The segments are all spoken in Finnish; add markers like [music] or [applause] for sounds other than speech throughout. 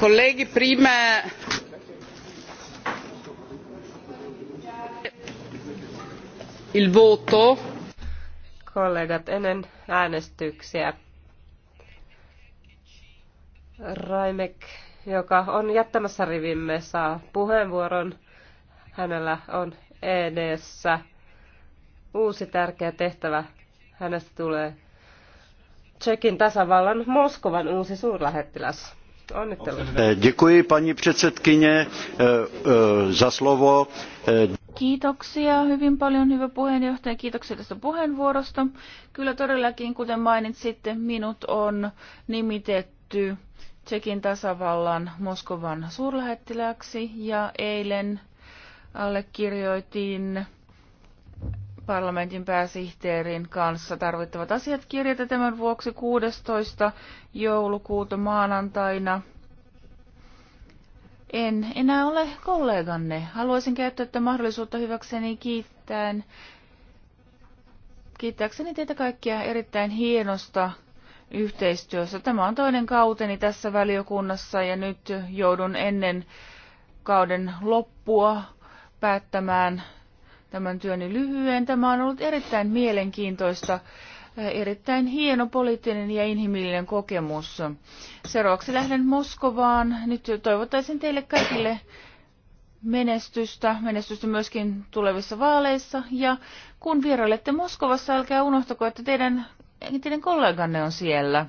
colleghi prima il voto kollegat ennen äänestyksiä Raimek, joka on jättämässä rivimme, saa puheenvuoron. Hänellä on edessä uusi tärkeä tehtävä. Hänestä tulee Čekin tasavallan Moskovan uusi suurlähettiläs. Onnittelut. Eh, děkuji paní předsedkyně eh, eh, za slovo. Kiitoksia hyvin paljon, hyvä puheenjohtaja. Kiitoksia tästä puheenvuorosta. Kyllä todellakin, kuten mainitsitte, minut on nimitetty Tsekin tasavallan Moskovan suurlähettiläksi ja eilen allekirjoitin parlamentin pääsihteerin kanssa tarvittavat asiat kirjata tämän vuoksi 16. joulukuuta maanantaina. En enää ole kolleganne. Haluaisin käyttää tätä mahdollisuutta hyväkseni kiittäen, kiittääkseni teitä kaikkia erittäin hienosta yhteistyössä. Tämä on toinen kauteni tässä valiokunnassa ja nyt joudun ennen kauden loppua päättämään tämän työni lyhyen. Tämä on ollut erittäin mielenkiintoista, erittäin hieno poliittinen ja inhimillinen kokemus. Seuraavaksi lähden Moskovaan. Nyt toivottaisin teille kaikille menestystä, menestystä myöskin tulevissa vaaleissa. Ja kun vierailette Moskovassa, älkää unohtako, että teidän, teidän kolleganne on siellä.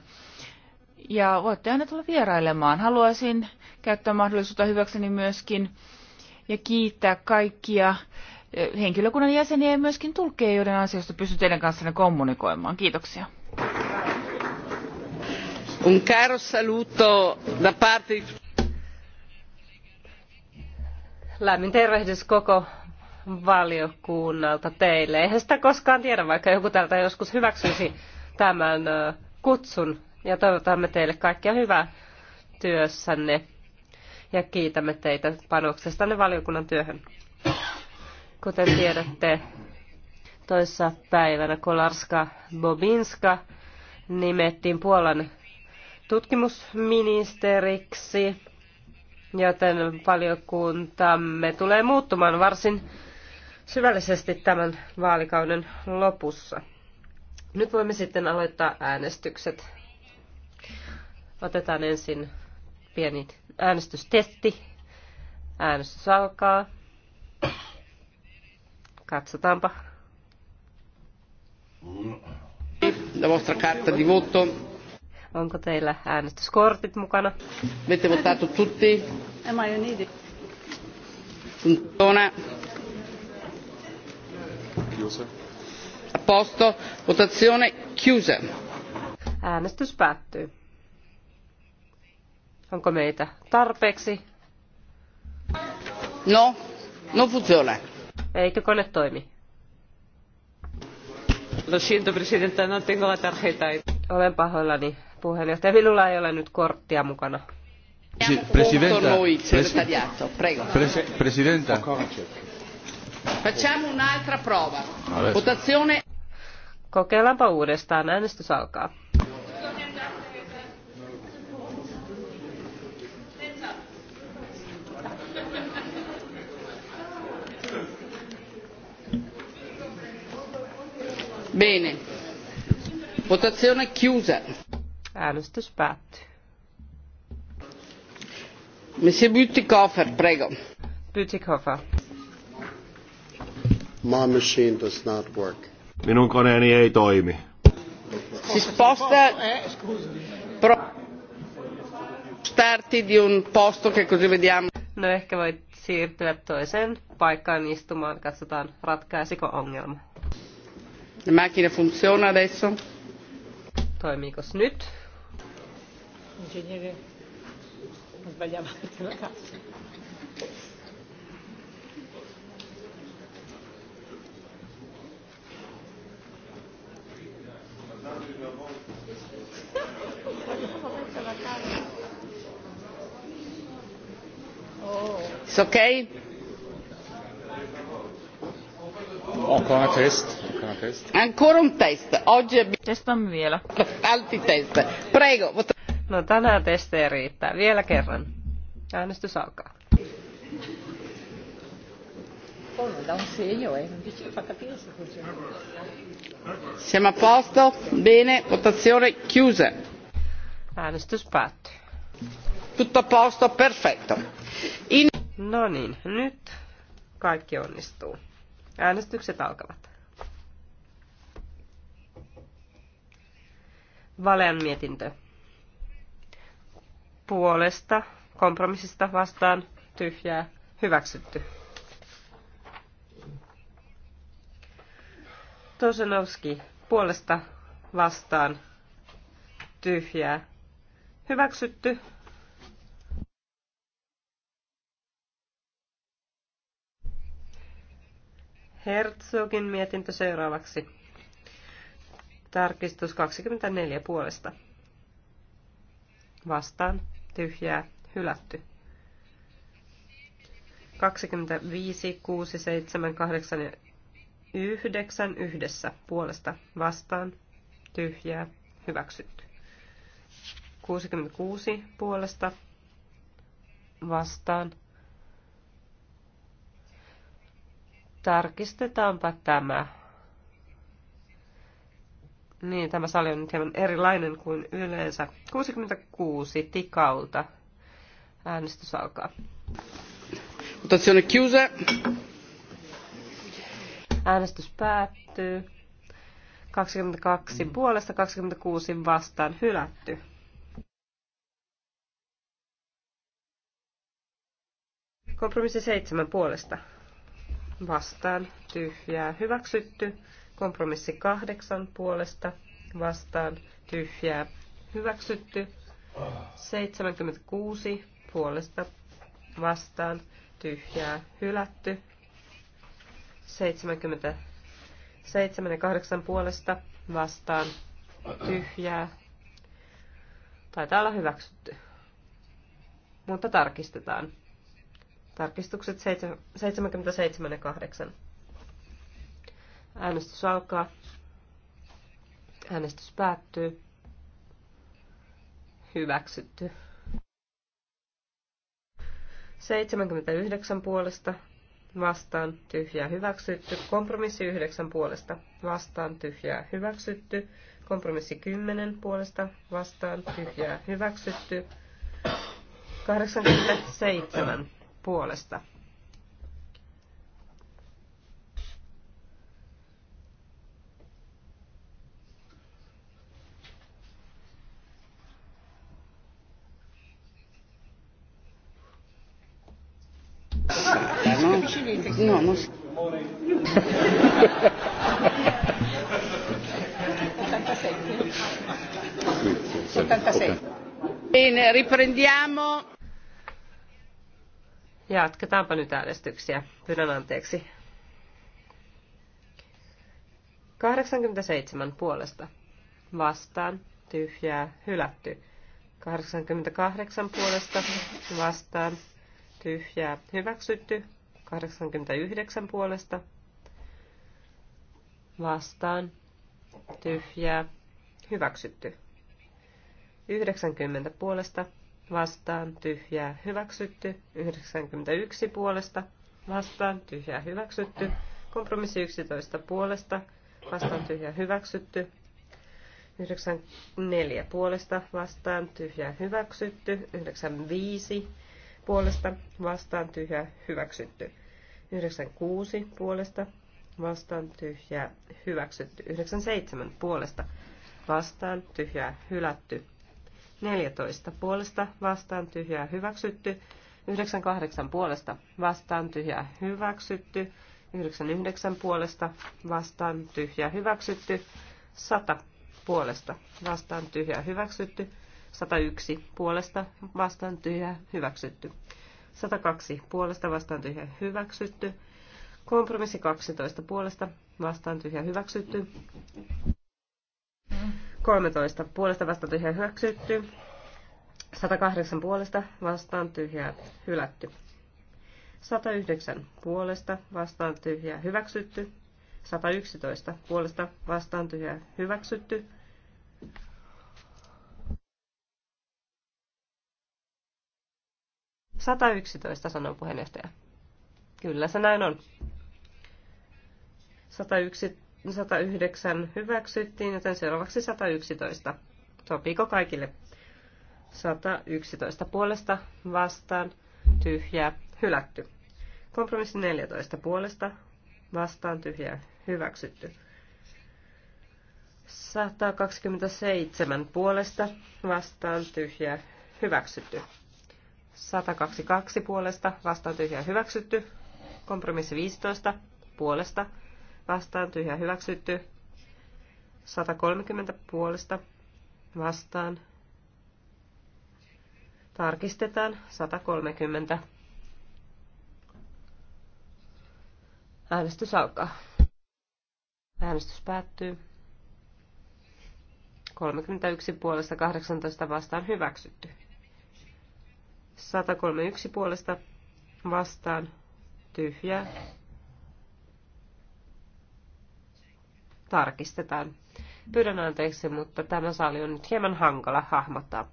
Ja voitte aina tulla vierailemaan. Haluaisin käyttää mahdollisuutta hyväkseni myöskin ja kiittää kaikkia henkilökunnan jäseniä ja myöskin tulkkeja, joiden ansiosta pystyn teidän kanssanne kommunikoimaan. Kiitoksia. Un caro saluto da parte... Lämmin tervehdys koko valiokunnalta teille. Eihän sitä koskaan tiedä, vaikka joku täältä joskus hyväksyisi tämän kutsun. Ja toivotamme teille kaikkia hyvää työssänne ja kiitämme teitä panoksestanne valiokunnan työhön. Kuten tiedätte, toissa päivänä Kolarska Bobinska nimettiin Puolan tutkimusministeriksi, joten valiokuntamme tulee muuttumaan varsin syvällisesti tämän vaalikauden lopussa. Nyt voimme sitten aloittaa äänestykset. Otetaan ensin pieni äänestystesti. Äänestys alkaa. Katsotaanpa. La vostra carta di voto. Onko teillä äänestyskortit mukana? Avete votato tutti? Eh, Am I needed? Funziona. Chiusa. A posto. Votazione chiusa. Äänestys päättyy. Onko meitä tarpeeksi? No, non funziona Eikö kone toimi? Lo siento, presidenta, no tengo la tarjeta. Olen pahoillani, puheenjohtaja. Minulla ei ole nyt korttia mukana. Presidenta, pres- presidenta. Facciamo un'altra prova. Votazione. Kokeillaanpa uudestaan. Äänestys alkaa. Bene. Votazione chiusa. Äänestys päättyy. Monsieur Bütikofer, prego. Bütikofer. My machine does not work. Minun koneeni ei toimi. Siis sposta pro starti di un posto che così vediamo. No ehkä voit siirtyä toiseen paikkaan istumaan, katsotaan ratkaisiko ongelma. La macchina funziona adesso? Toimiikos nyt? Ingegnere, sbagliavate la cassa. It's okay? Encore un test. Ancora un test. Oggi Testamme vielä. Alti test. Prego. No tänään testejä riittää. Vielä kerran. Äänestys alkaa. Da un segno, eh? Non dice, fa capire se funziona. Siamo a posto? Bene, votazione chiusa. Äänestys päättyy. Tutto a posto, perfetto. In... No niin, nyt kaikki onnistuu. Äänestykset alkavat. Valean mietintö. Puolesta, kompromissista vastaan, tyhjää, hyväksytty. Tosenowski, puolesta, vastaan, tyhjää, hyväksytty. Herzogin mietintö seuraavaksi. Tarkistus 24 puolesta. Vastaan. Tyhjää. Hylätty. 25, 6, 7, 8 ja 9 yhdessä puolesta vastaan. Tyhjää. Hyväksytty. 66 puolesta vastaan. Tarkistetaanpa tämä. Niin, tämä sali on nyt hieman erilainen kuin yleensä. 66 tikalta. Äänestys alkaa. Votazione chiusa. Äänestys päättyy. 22 puolesta, 26 vastaan hylätty. Kompromissi 7 puolesta. Vastaan tyhjää hyväksytty. Kompromissi kahdeksan puolesta vastaan tyhjää hyväksytty. 76 puolesta vastaan tyhjää hylätty. 77 ja 8 puolesta vastaan tyhjää. Taitaa olla hyväksytty. Mutta tarkistetaan. Tarkistukset 77 ja 8. Äänestys alkaa. Äänestys päättyy. Hyväksytty. 79 puolesta vastaan tyhjää hyväksytty. Kompromissi 9 puolesta vastaan tyhjää hyväksytty. Kompromissi 10 puolesta vastaan tyhjää hyväksytty. 87 puolesta riprendiamo. Jatketaanpa nyt äänestyksiä. Pyydän anteeksi. 87 puolesta. Vastaan. Tyhjää. Hylätty. 88 puolesta. Vastaan. Tyhjää. Hyväksytty. 89 puolesta. Vastaan. Tyhjää. Hyväksytty. 90 puolesta vastaan tyhjää hyväksytty. 91 puolesta vastaan tyhjää hyväksytty. Kompromissi 11 puolesta vastaan tyhjää hyväksytty. 94 puolesta vastaan tyhjää hyväksytty. 95 puolesta vastaan tyhjää hyväksytty. 96 puolesta vastaan tyhjää hyväksytty. 97 puolesta vastaan tyhjää hylätty. 14 puolesta vastaan tyhjää hyväksytty. 98 puolesta vastaan tyhjää hyväksytty. 99 puolesta vastaan tyhjää hyväksytty. 100 puolesta vastaan tyhjää hyväksytty. 101 puolesta vastaan tyhjää hyväksytty. 102 puolesta vastaan tyhjää hyväksytty. Kompromissi 12 puolesta vastaan tyhjä hyväksytty. 13. Puolesta vastaan tyhjää hyväksytty. 108 puolesta vastaan tyhjää hylätty. 109 puolesta vastaan tyhjää hyväksytty. 111 puolesta vastaan tyhjää hyväksytty. 111 sanoo puheenjohtaja. Kyllä se näin on. 101, 109 hyväksyttiin, joten seuraavaksi 111. Sopiiko kaikille? 111 puolesta vastaan, tyhjää, hylätty. Kompromissi 14 puolesta vastaan, tyhjää, hyväksytty. 127 puolesta vastaan, tyhjää, hyväksytty. 122 puolesta vastaan, tyhjää, hyväksytty. Kompromissi 15 puolesta vastaan tyhjä hyväksytty. 130 puolesta vastaan. Tarkistetaan 130. Äänestys alkaa. Äänestys päättyy. 31 puolesta 18 vastaan hyväksytty. 131 puolesta vastaan tyhjä tarkistetaan. Pyydän anteeksi, mutta tämä sali on nyt hieman hankala hahmottaa.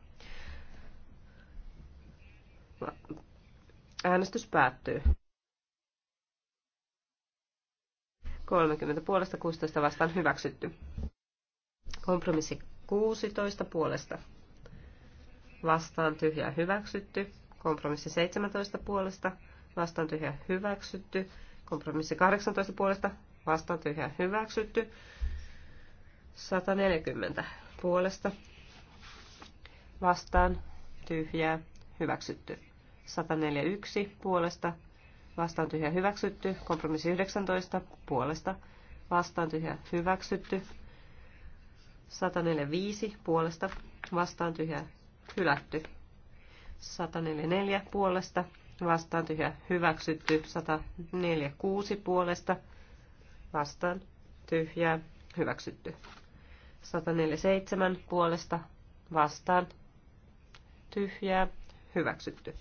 Äänestys päättyy. 30 puolesta 16 vastaan hyväksytty. Kompromissi 16 puolesta vastaan tyhjä hyväksytty. Kompromissi 17 puolesta vastaan tyhjä hyväksytty. Kompromissi 18 puolesta vastaan tyhjä hyväksytty. 140 puolesta vastaan tyhjää hyväksytty. 141 puolesta vastaan tyhjä hyväksytty. Kompromissi 19 puolesta vastaan tyhjä hyväksytty. 145 puolesta vastaan tyhjä hylätty. 144 puolesta vastaan tyhjä hyväksytty. 146 puolesta vastaan tyhjää hyväksytty. 147 puolesta vastaan tyhjää hyväksytty.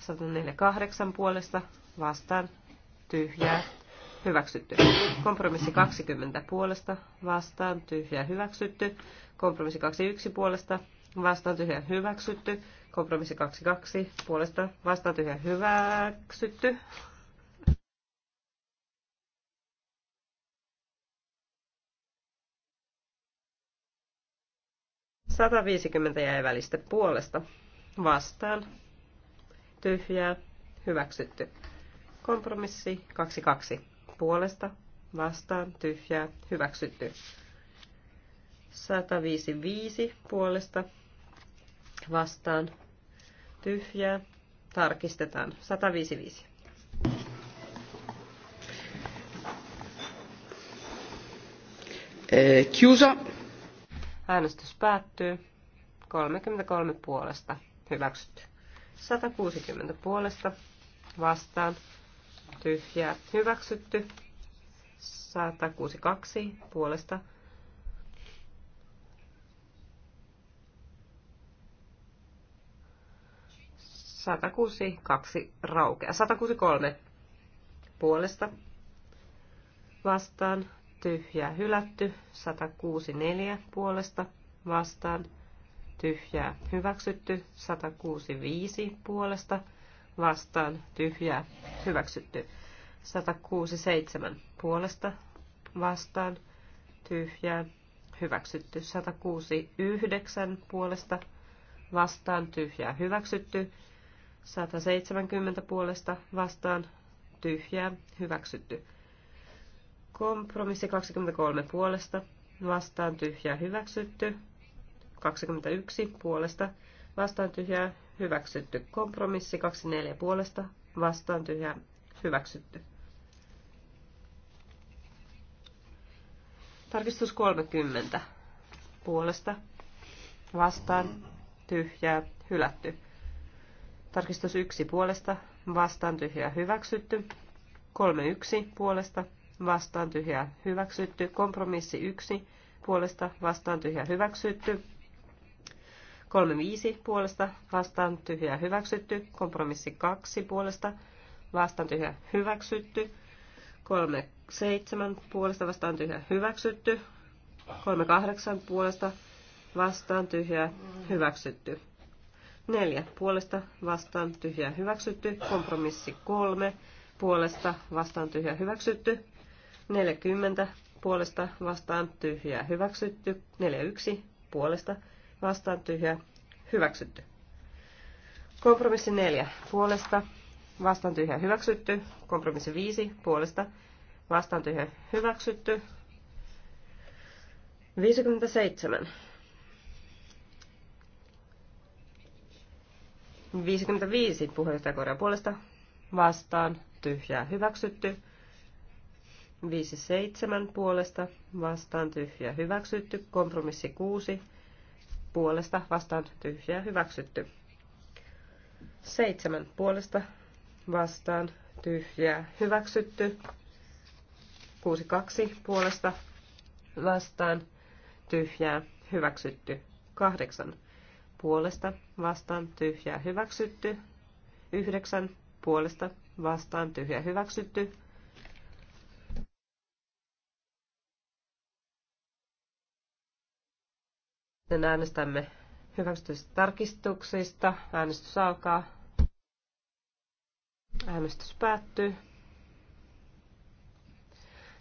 148 puolesta vastaan tyhjää hyväksytty. Kompromissi 20 puolesta vastaan tyhjää hyväksytty. Kompromissi 21 puolesta vastaan tyhjää hyväksytty. Kompromissi 22 puolesta vastaan tyhjää hyväksytty. 150 jäi välistä puolesta. Vastaan. Tyhjää. Hyväksytty. Kompromissi 22. Puolesta. Vastaan. Tyhjää. Hyväksytty. 155 puolesta. Vastaan. Tyhjää. Tarkistetaan. 155. Eh, chiusa. Äänestys päättyy. 33 puolesta. Hyväksytty. 160 puolesta. Vastaan. Tyhjää. Hyväksytty. 162 puolesta. Satakuusi kaksi raukea. Satakuusi kolme puolesta vastaan tyhjää hylätty, 164 puolesta vastaan, tyhjää hyväksytty, 165 puolesta vastaan, tyhjää hyväksytty, 167 puolesta vastaan, tyhjää hyväksytty, 169 puolesta vastaan, tyhjää hyväksytty, 170 puolesta vastaan, tyhjää hyväksytty. Kompromissi 23 puolesta, vastaan tyhjää hyväksytty. 21 puolesta, vastaan tyhjää hyväksytty. Kompromissi 24 puolesta, vastaan tyhjää hyväksytty. Tarkistus 30 puolesta, vastaan tyhjää hylätty. Tarkistus 1 puolesta, vastaan tyhjää hyväksytty. 31 puolesta, vastaan tyhjää hyväksytty. Kompromissi 1 puolesta vastaan tyhjää hyväksytty. 35 puolesta vastaan tyhjää hyväksytty. Kompromissi 2 puolesta vastaan tyhjää hyväksytty. 37 puolesta vastaan tyhjää hyväksytty. 38 puolesta vastaan tyhjää hyväksytty. 4 puolesta vastaan tyhjää hyväksytty. Kompromissi 3 puolesta vastaan tyhjää hyväksytty. 40 puolesta vastaan tyhjää hyväksytty. 41 puolesta vastaan tyhjää hyväksytty. Kompromissi 4 puolesta vastaan tyhjää hyväksytty. Kompromissi 5 puolesta vastaan tyhjää hyväksytty. 57. 55 puheenjohtajakorjan puolesta vastaan tyhjää hyväksytty. 57 puolesta vastaan tyhjä hyväksytty. Kompromissi 6 puolesta vastaan tyhjä hyväksytty. 7 puolesta vastaan tyhjä hyväksytty. 62 puolesta vastaan tyhjää hyväksytty. 8 puolesta vastaan tyhjää hyväksytty. 9 puolesta vastaan tyhjää hyväksytty. Sitten äänestämme hyväksytyistä tarkistuksista. Äänestys alkaa. Äänestys päättyy.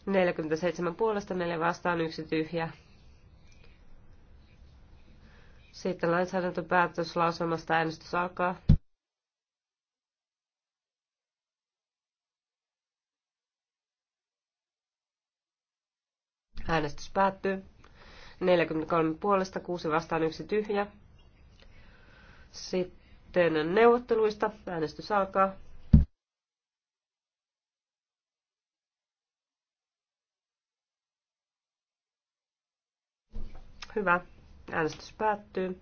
47 puolesta, 4 vastaan, 1 tyhjä. Sitten lainsäädäntöpäätös lausumasta äänestys alkaa. Äänestys päättyy. 43 puolesta, 6 vastaan, 1 tyhjä. Sitten neuvotteluista. Äänestys alkaa. Hyvä. Äänestys päättyy.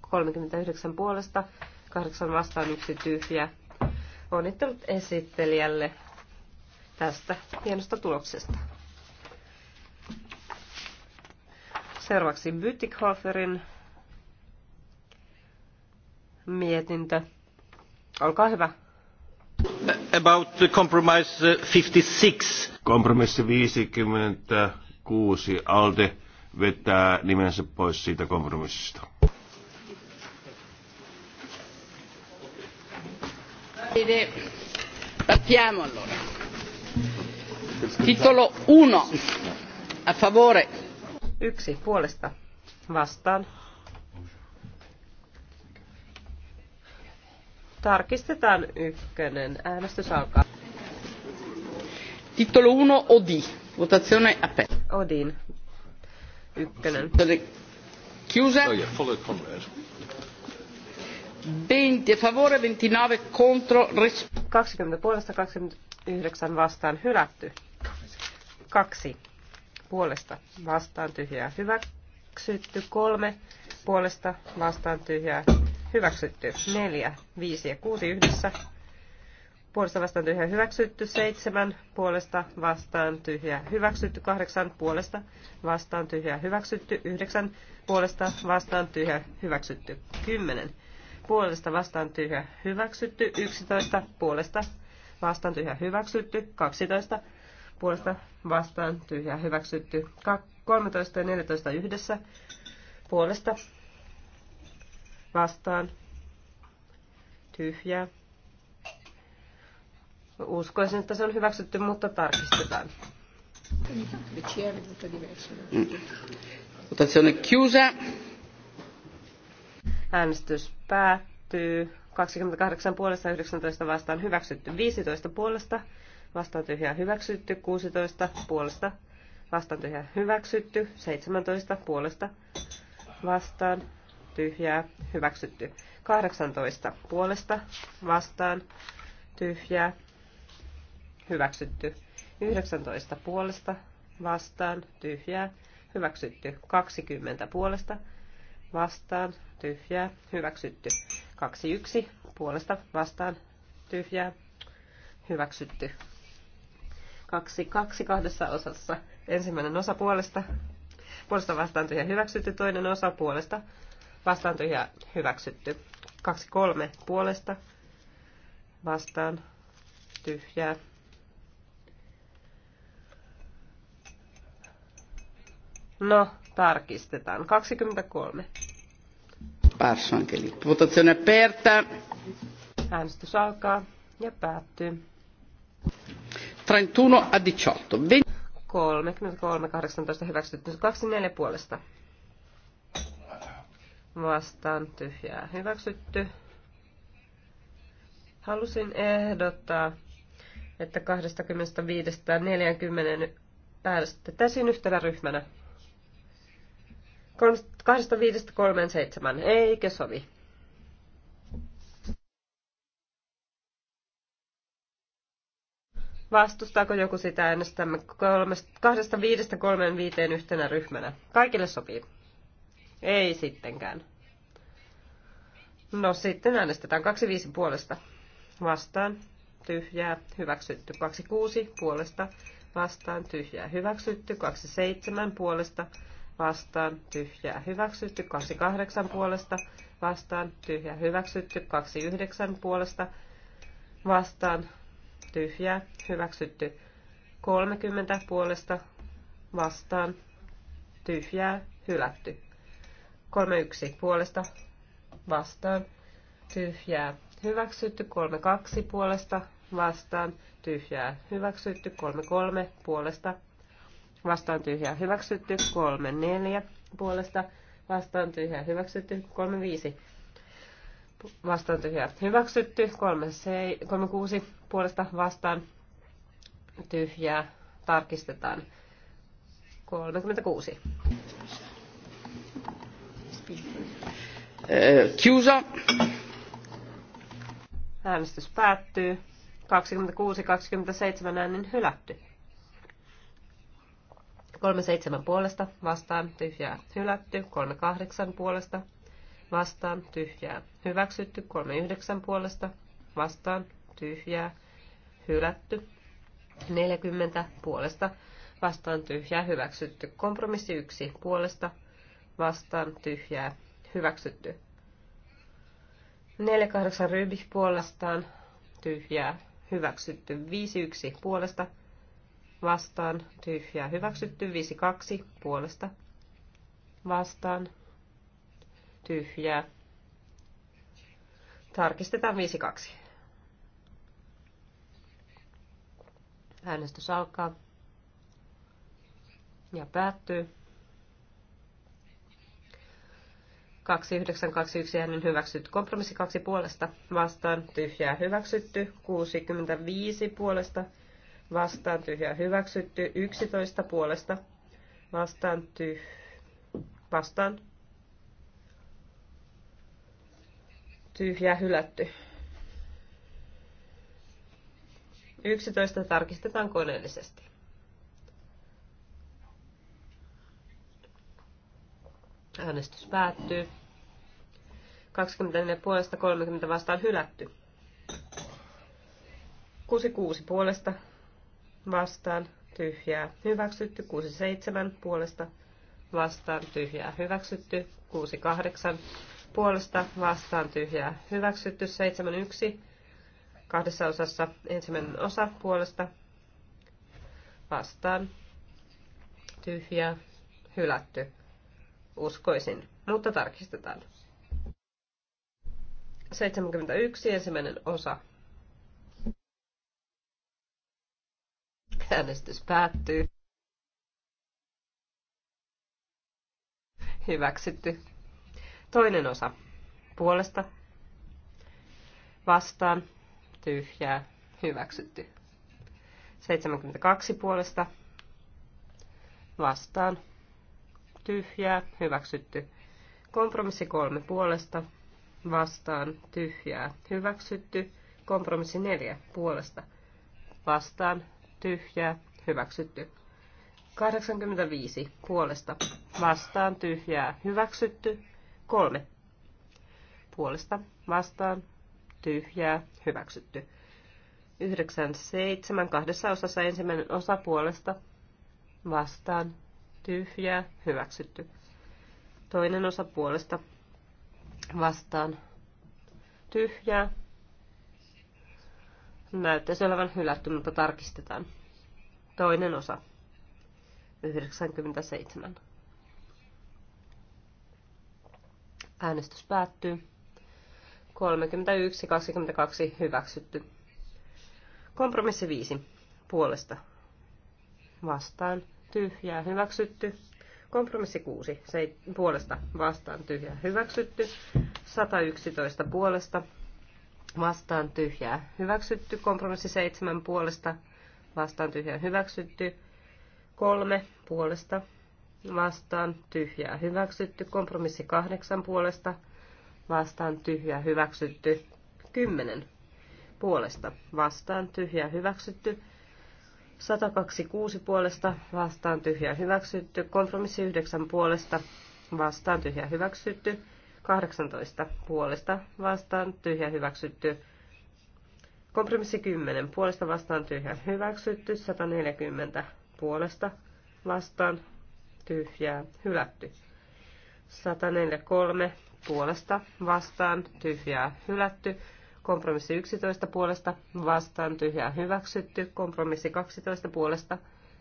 39 puolesta, 8 vastaan, 1 tyhjä. Onnittelut esittelijälle tästä hienosta tuloksesta. Seuraavaksi Bütikhoferin mietintö. Olkaa hyvä. About the compromise 56. Uh, Kompromissi 56. Alde vetää nimensä pois siitä kompromissista. Titolo 1. A favore Yksi puolesta vastaan. Tarkistetaan ykkönen. Äänestys alkaa. Titolo 1 Odi. Votazione aperta. Odin. Ykkönen. Chiusa. Oh 20 favore, 29 contro. 20 puolesta, 29 vastaan hylätty. Kaksi puolesta vastaan tyhjää hyväksytty. Kolme puolesta vastaan tyhjää hyväksytty. Neljä, viisi ja kuusi yhdessä. Puolesta vastaan tyhjää hyväksytty. Seitsemän puolesta vastaan tyhjää hyväksytty. Kahdeksan puolesta vastaan tyhjää hyväksytty. Yhdeksän puolesta vastaan tyhjää hyväksytty. Kymmenen puolesta vastaan tyhjää hyväksytty, yksitoista puolesta vastaan tyhjää hyväksytty, Kaksitoista puolesta vastaan tyhjä hyväksytty. 13 ja 14 yhdessä puolesta vastaan tyhjä Uskoisin, että se on hyväksytty, mutta tarkistetaan. on kiusa. Äänestys päättyy. 28 puolesta 19 vastaan hyväksytty 15 puolesta vastaan tyhjää hyväksytty, 16 puolesta vastaan tyhjää hyväksytty, 17 puolesta vastaan tyhjää hyväksytty, 18 puolesta vastaan tyhjää hyväksytty, 19 puolesta vastaan tyhjää hyväksytty, 20 puolesta vastaan tyhjää hyväksytty, 21 puolesta vastaan tyhjää hyväksytty. Kaksi kaksi kahdessa osassa. Ensimmäinen osa puolesta, puolesta vastaan tyhjä hyväksytty, toinen osa puolesta vastaan tyhjä hyväksytty. kaksi kolme puolesta vastaan tyhjää No, tarkistetaan. 23. Parsankeli. Votazione aperta. Äänestys alkaa ja päättyy. 31 a 18. 33, 18 hyväksytty, 24 puolesta. Vastaan tyhjää hyväksytty. Halusin ehdottaa, että 25-40 päästettäisiin yhtenä ryhmänä. 25-37, eikö sovi? Vastustaako joku sitä äänestämme kolmesta, kahdesta viidestä kolmeen viiteen yhtenä ryhmänä? Kaikille sopii. Ei sittenkään. No sitten äänestetään 25 puolesta. Vastaan. Tyhjää. Hyväksytty. 26 puolesta. Vastaan. Tyhjää. Hyväksytty. 27 puolesta. Vastaan. Tyhjää. Hyväksytty. 28 puolesta. Vastaan. Tyhjää. Hyväksytty. 29 puolesta. Vastaan tyhjää, hyväksytty. 30 puolesta vastaan, tyhjää, hylätty. 31 puolesta vastaan, tyhjää, hyväksytty. 32 puolesta vastaan, tyhjää, hyväksytty. 33 puolesta vastaan, tyhjää, hyväksytty. 34 puolesta vastaan, tyhjää, hyväksytty. 35 vastaan tyhjää hyväksytty, 36 puolesta vastaan tyhjää tarkistetaan 36. Kiusa. Äh, Äänestys päättyy. 26-27 äänen hylätty. 37 puolesta vastaan tyhjää hylätty. 38 puolesta vastaan tyhjää. Hyväksytty 39 puolesta vastaan tyhjää. Hylätty 40 puolesta vastaan tyhjää. Hyväksytty kompromissi 1 puolesta vastaan tyhjää. Hyväksytty 48 Ryby puolestaan tyhjää. Hyväksytty 51 puolesta vastaan tyhjää. Hyväksytty 52 puolesta vastaan tyhjää. Tarkistetaan 5-2. Äänestys alkaa ja päättyy. 2921 äänen hyväksytty. Kompromissi 2 puolesta vastaan tyhjää hyväksytty. 65 puolesta vastaan tyhjää hyväksytty. 11 puolesta vastaan tyh... vastaan tyhjä hylätty. 11 tarkistetaan koneellisesti. Äänestys päättyy. 24 puolesta 30 vastaan hylätty. 66 puolesta vastaan tyhjää hyväksytty. 67 puolesta vastaan tyhjää hyväksytty. 68 puolesta vastaan tyhjää hyväksytty. 71 kahdessa osassa ensimmäinen osa puolesta vastaan tyhjää hylätty. Uskoisin, mutta tarkistetaan. 71 ensimmäinen osa. Äänestys päättyy. Hyväksytty. Toinen osa puolesta vastaan tyhjää hyväksytty. 72 puolesta vastaan tyhjää hyväksytty. Kompromissi kolme puolesta vastaan tyhjää hyväksytty. Kompromissi neljä puolesta vastaan tyhjää hyväksytty. 85 puolesta vastaan tyhjää hyväksytty kolme puolesta vastaan tyhjää hyväksytty. 97 kahdessa osassa ensimmäinen osa puolesta vastaan tyhjää hyväksytty. Toinen osa puolesta vastaan tyhjää. Näyttäisi olevan hylätty, mutta tarkistetaan. Toinen osa. 97. Äänestys päättyy. 31-22 hyväksytty. Kompromissi 5. Puolesta. Vastaan. Tyhjää. Hyväksytty. Kompromissi 6. puolesta. Vastaan. Tyhjää. Hyväksytty. 111. Puolesta. Vastaan. Tyhjää. Hyväksytty. Kompromissi 7. Puolesta. Vastaan. Tyhjää. Hyväksytty. 3. Puolesta vastaan tyhjää hyväksytty. Kompromissi kahdeksan puolesta vastaan tyhjää hyväksytty. kymmenen puolesta vastaan tyhjää hyväksytty. 126 puolesta vastaan tyhjää hyväksytty. Kompromissi 9 puolesta vastaan tyhjää hyväksytty. 18 puolesta vastaan tyhjä hyväksytty. Kompromissi 10 puolesta vastaan tyhjä hyväksytty. 140 puolesta vastaan tyhjää, hylätty. 143 puolesta vastaan tyhjää, hylätty. Kompromissi 11 puolesta vastaan tyhjää, hyväksytty. Kompromissi 12 puolesta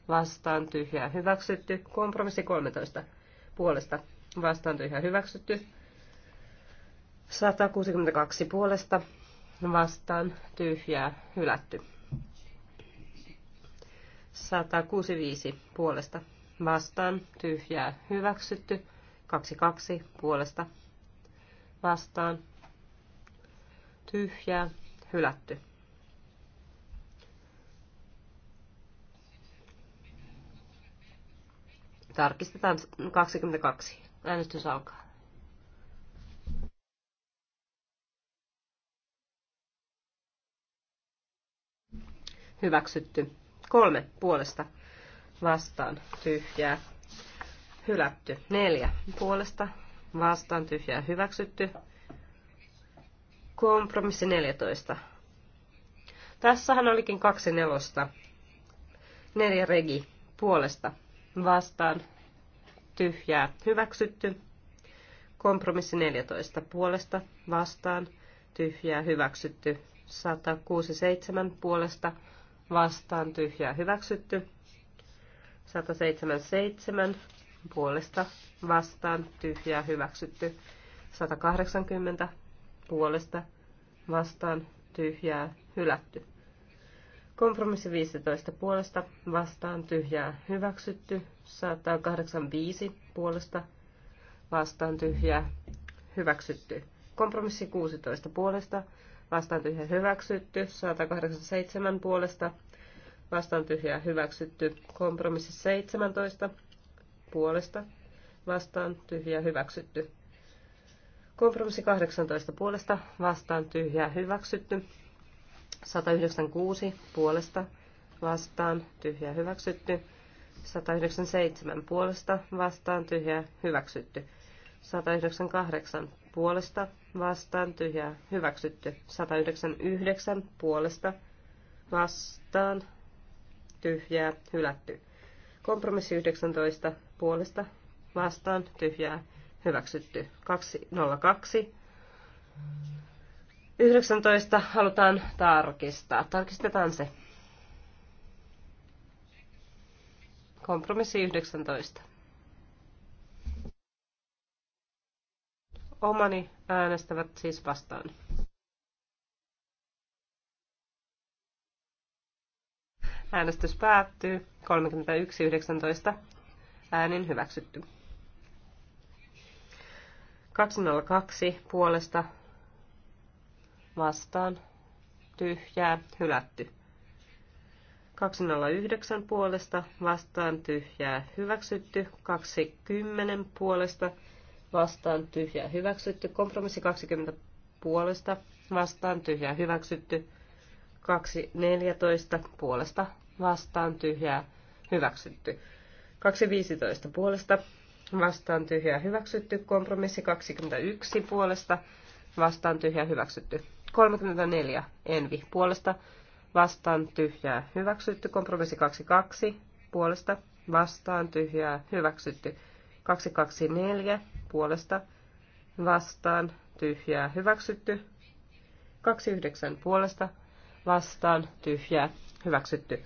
vastaan tyhjää, hyväksytty. Kompromissi 13 puolesta vastaan tyhjää, hyväksytty. 162 puolesta vastaan tyhjää, hylätty. 165 puolesta vastaan tyhjää hyväksytty. 22 puolesta vastaan tyhjää hylätty. Tarkistetaan 22. Äänestys alkaa. Hyväksytty. Kolme puolesta vastaan tyhjää hylätty. Neljä puolesta vastaan tyhjää hyväksytty. Kompromissi 14. Tässähän olikin kaksi nelosta. Neljä regi puolesta vastaan tyhjää hyväksytty. Kompromissi 14 puolesta vastaan tyhjää hyväksytty. 167 puolesta vastaan tyhjää hyväksytty. 177 puolesta vastaan tyhjää hyväksytty. 180 puolesta vastaan tyhjää hylätty. Kompromissi 15 puolesta vastaan tyhjää hyväksytty. 185 puolesta vastaan tyhjää hyväksytty. Kompromissi 16 puolesta vastaan tyhjää hyväksytty. 187 puolesta vastaan tyhjää hyväksytty. Kompromissi 17 puolesta vastaan tyhjää hyväksytty. Kompromissi 18 puolesta vastaan tyhjää hyväksytty. 196 puolesta vastaan tyhjää hyväksytty. 197 puolesta vastaan tyhjää hyväksytty. 198 puolesta vastaan tyhjää hyväksytty. 199 puolesta vastaan tyhjää, hylätty. Kompromissi 19 puolesta vastaan tyhjää, hyväksytty. 202. 19 halutaan tarkistaa. Tarkistetaan se. Kompromissi 19. Omani äänestävät siis vastaan. Äänestys päättyy 31.19 äänin hyväksytty. 202 puolesta vastaan tyhjää hylätty. 209 puolesta vastaan tyhjää hyväksytty. 210 puolesta vastaan tyhjää hyväksytty. Kompromissi 20 puolesta vastaan tyhjää hyväksytty. 2.14 puolesta vastaan tyhjää hyväksytty. 2.15 puolesta vastaan tyhjää hyväksytty. Kompromissi 21 puolesta vastaan tyhjää hyväksytty. 34 envi puolesta vastaan tyhjää hyväksytty. Kompromissi 22 puolesta vastaan tyhjää hyväksytty. 224 puolesta vastaan tyhjää hyväksytty. 29 puolesta vastaan, tyhjää, hyväksytty.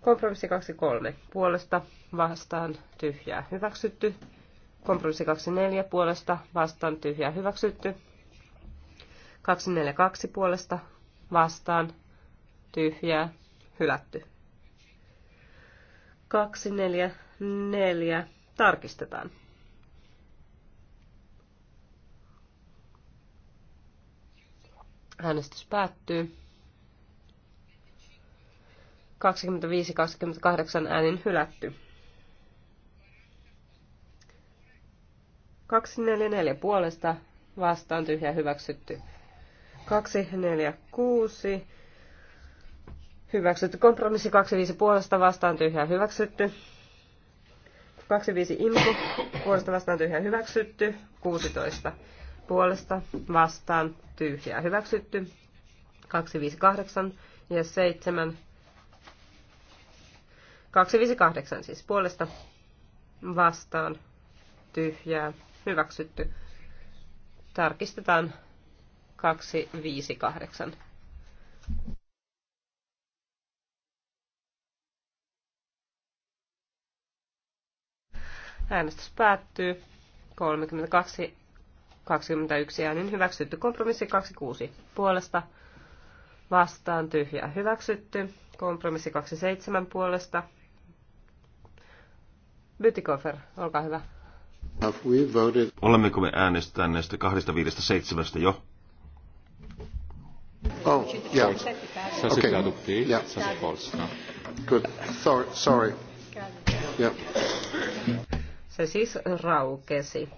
Kompromissi 23 puolesta, vastaan, tyhjää, hyväksytty. Kompromissi 24 puolesta, vastaan, tyhjää, hyväksytty. 242 puolesta, vastaan, tyhjää, hylätty. 244 tarkistetaan. Äänestys päättyy. 25-28 äänin hylätty. 244 puolesta vastaan tyhjä hyväksytty. 246 hyväksytty. Kompromissi 25 puolesta vastaan tyhjä hyväksytty. 25 imku puolesta vastaan tyhjä hyväksytty. 16 puolesta vastaan tyhjä hyväksytty. 258 ja 7 258 siis puolesta vastaan tyhjää hyväksytty. Tarkistetaan 258. Äänestys päättyy. 32 21 äänin hyväksytty. Kompromissi 26 puolesta. Vastaan tyhjää hyväksytty. Kompromissi 27 puolesta Bytikofer, olkaa hyvä. Olemmeko me äänestäneet kahdesta viidestä seitsemästä jo? Oh, yeah. Okay. Yeah. No. Good. Sorry, sorry. Yeah. Se siis raukesi.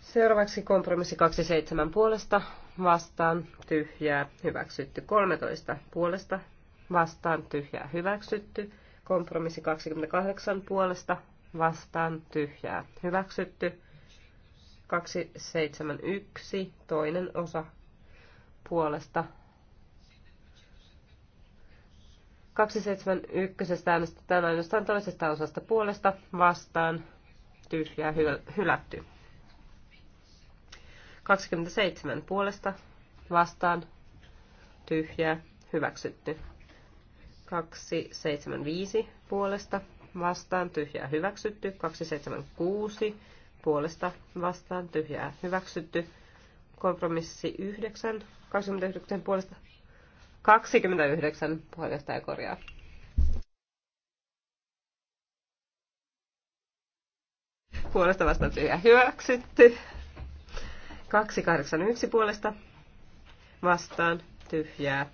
Seuraavaksi kompromissi 27 puolesta vastaan, tyhjää, hyväksytty 13 puolesta vastaan tyhjää hyväksytty. Kompromissi 28 puolesta vastaan tyhjää hyväksytty. 271 toinen osa puolesta. 271 äänestetään ainoastaan toisesta osasta puolesta vastaan tyhjää hylätty. 27 puolesta vastaan tyhjää hyväksytty. 275 puolesta vastaan tyhjää hyväksytty, 276 puolesta vastaan tyhjää hyväksytty, kompromissi 9, 29 puolesta, 29 puheenjohtaja korjaa. Puolesta vastaan tyhjää hyväksytty, 281 puolesta vastaan tyhjää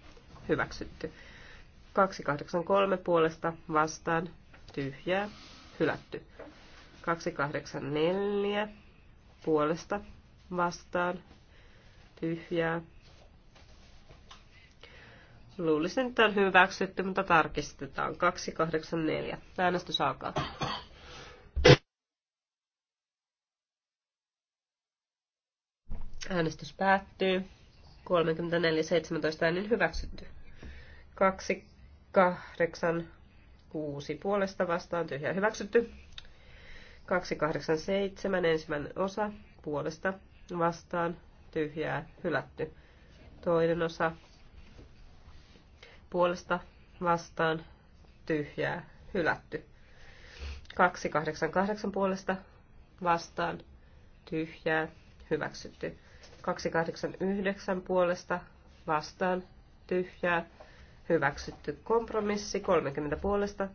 hyväksytty. 283 puolesta vastaan tyhjää, hylätty. 284 puolesta vastaan tyhjää. Luulisin, että on hyväksytty, mutta tarkistetaan. 284. Äänestys alkaa. Äänestys päättyy. 34.17 äänin hyväksytty. 2, 8, kuusi puolesta vastaan tyhjä hyväksytty. 287 ensimmäinen osa puolesta vastaan tyhjää hylätty. Toinen osa puolesta vastaan tyhjää hylätty. 288 puolesta vastaan tyhjää hyväksytty. 289 puolesta vastaan tyhjää hyväksytty. Kompromissi 30 puolesta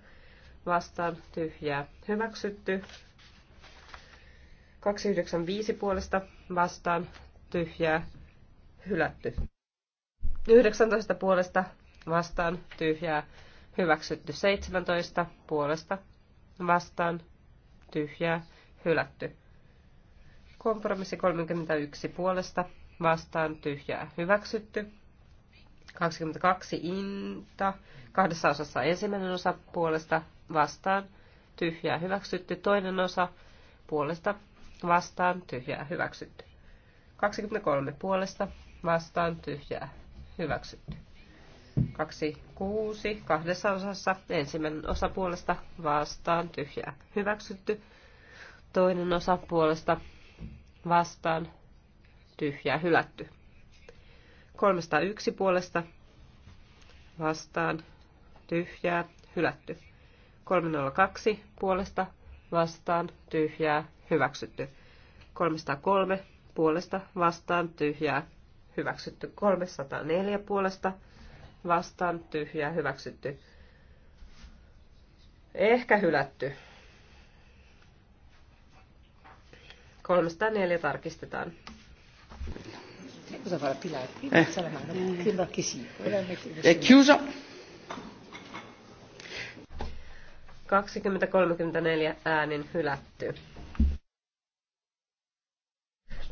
vastaan tyhjää hyväksytty. 295 puolesta vastaan tyhjää hylätty. 19 puolesta vastaan tyhjää hyväksytty. 17 puolesta vastaan tyhjää hylätty. Kompromissi 31 puolesta vastaan tyhjää hyväksytty. 22 inta, kahdessa osassa ensimmäinen osa puolesta vastaan, tyhjää hyväksytty, toinen osa puolesta vastaan, tyhjää hyväksytty. 23 puolesta vastaan, tyhjää hyväksytty. 26 kahdessa osassa, ensimmäinen osa puolesta vastaan, tyhjää hyväksytty, toinen osa puolesta vastaan, tyhjää hylätty. 301 puolesta vastaan tyhjää hylätty. 302 puolesta vastaan tyhjää hyväksytty. 303 puolesta vastaan tyhjää hyväksytty. 304 puolesta vastaan tyhjää hyväksytty. Ehkä hylätty. 304 tarkistetaan. Eh. È chiuso. 20-34 äänin hylätty.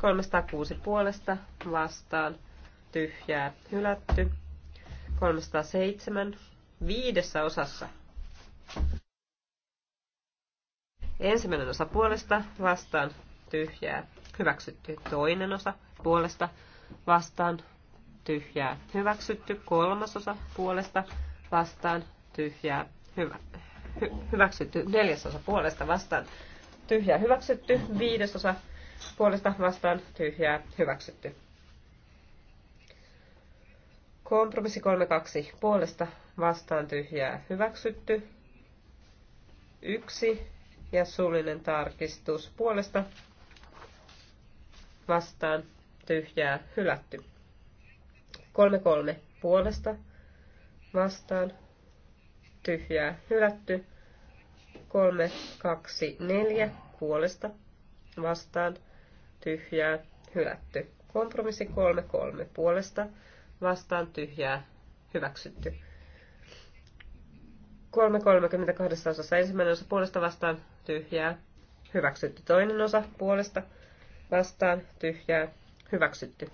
306 puolesta vastaan tyhjää hylätty. 307 viidessä osassa. Ensimmäinen osa puolesta vastaan tyhjää hyväksytty. Toinen osa puolesta vastaan tyhjää. Hyväksytty kolmasosa puolesta vastaan tyhjää. Hyvä. Hy- hyväksytty neljäsosa puolesta vastaan tyhjää. Hyväksytty viidesosa puolesta vastaan tyhjää. Hyväksytty. Kompromissi 32 puolesta vastaan tyhjää. Hyväksytty. Yksi ja suullinen tarkistus puolesta vastaan tyhjää hylätty. 3-3 puolesta vastaan tyhjää hylätty. 3-2-4 puolesta vastaan tyhjää hylätty. Kompromissi 3-3 puolesta vastaan tyhjää hyväksytty. 3.32 osassa ensimmäinen osa puolesta vastaan tyhjää, hyväksytty toinen osa puolesta vastaan tyhjää, Hyväksytty.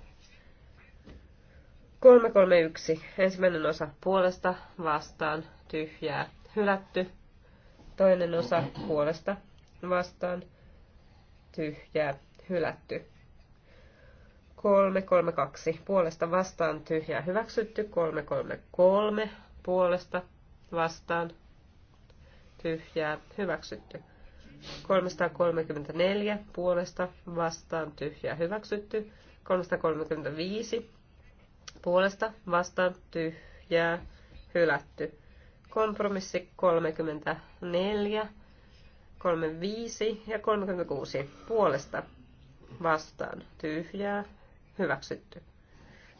331. Ensimmäinen osa puolesta, vastaan, tyhjää, hylätty. Toinen osa puolesta, vastaan, tyhjää, hylätty. 332. Puolesta vastaan tyhjää hyväksytty. 333. Puolesta vastaan tyhjää hyväksytty. 334. Puolesta vastaan tyhjää hyväksytty. 335 puolesta vastaan tyhjää hylätty. Kompromissi 34, 35 ja 36 puolesta vastaan tyhjää hyväksytty.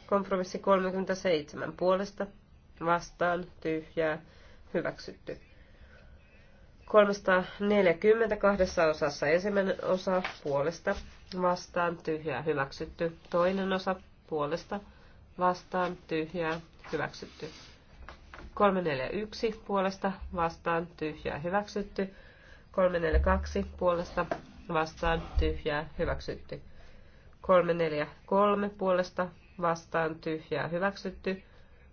Kompromissi 37 puolesta vastaan tyhjää hyväksytty. 340 kahdessa osassa ensimmäinen osa puolesta vastaan tyhjää hyväksytty. Toinen osa puolesta vastaan tyhjää hyväksytty. 341 puolesta vastaan tyhjää hyväksytty. 342 puolesta vastaan tyhjää hyväksytty. 343 puolesta vastaan tyhjää hyväksytty.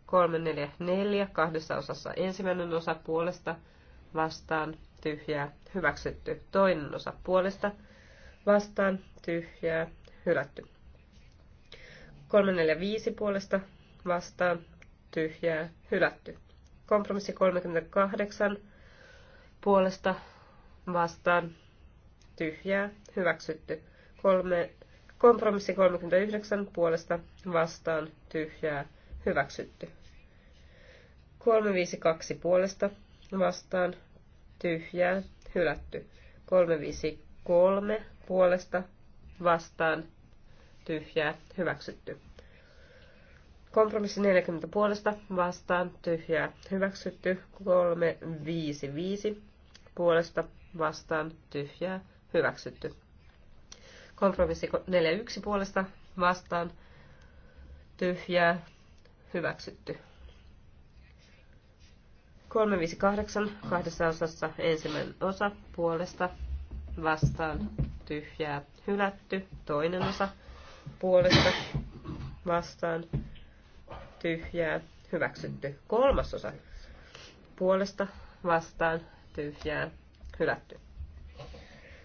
344 kahdessa osassa ensimmäinen osa puolesta vastaan, vastaan tyhjää hyväksytty. Toinen osa puolesta vastaan tyhjää hylätty. 345 puolesta vastaan tyhjää hylätty. Kompromissi 38 puolesta vastaan tyhjää hyväksytty. Kolme, kompromissi 39 puolesta vastaan tyhjää hyväksytty. 352 puolesta vastaan tyhjää, hylätty. 353 puolesta vastaan tyhjää, hyväksytty. Kompromissi 40 puolesta vastaan tyhjää, hyväksytty. 355 puolesta vastaan tyhjää, hyväksytty. Kompromissi 41 puolesta vastaan tyhjää, hyväksytty. 358 kahdessa osassa ensimmäinen osa puolesta vastaan tyhjää hylätty. Toinen osa puolesta vastaan tyhjää hyväksytty. Kolmas osa puolesta vastaan tyhjää hylätty.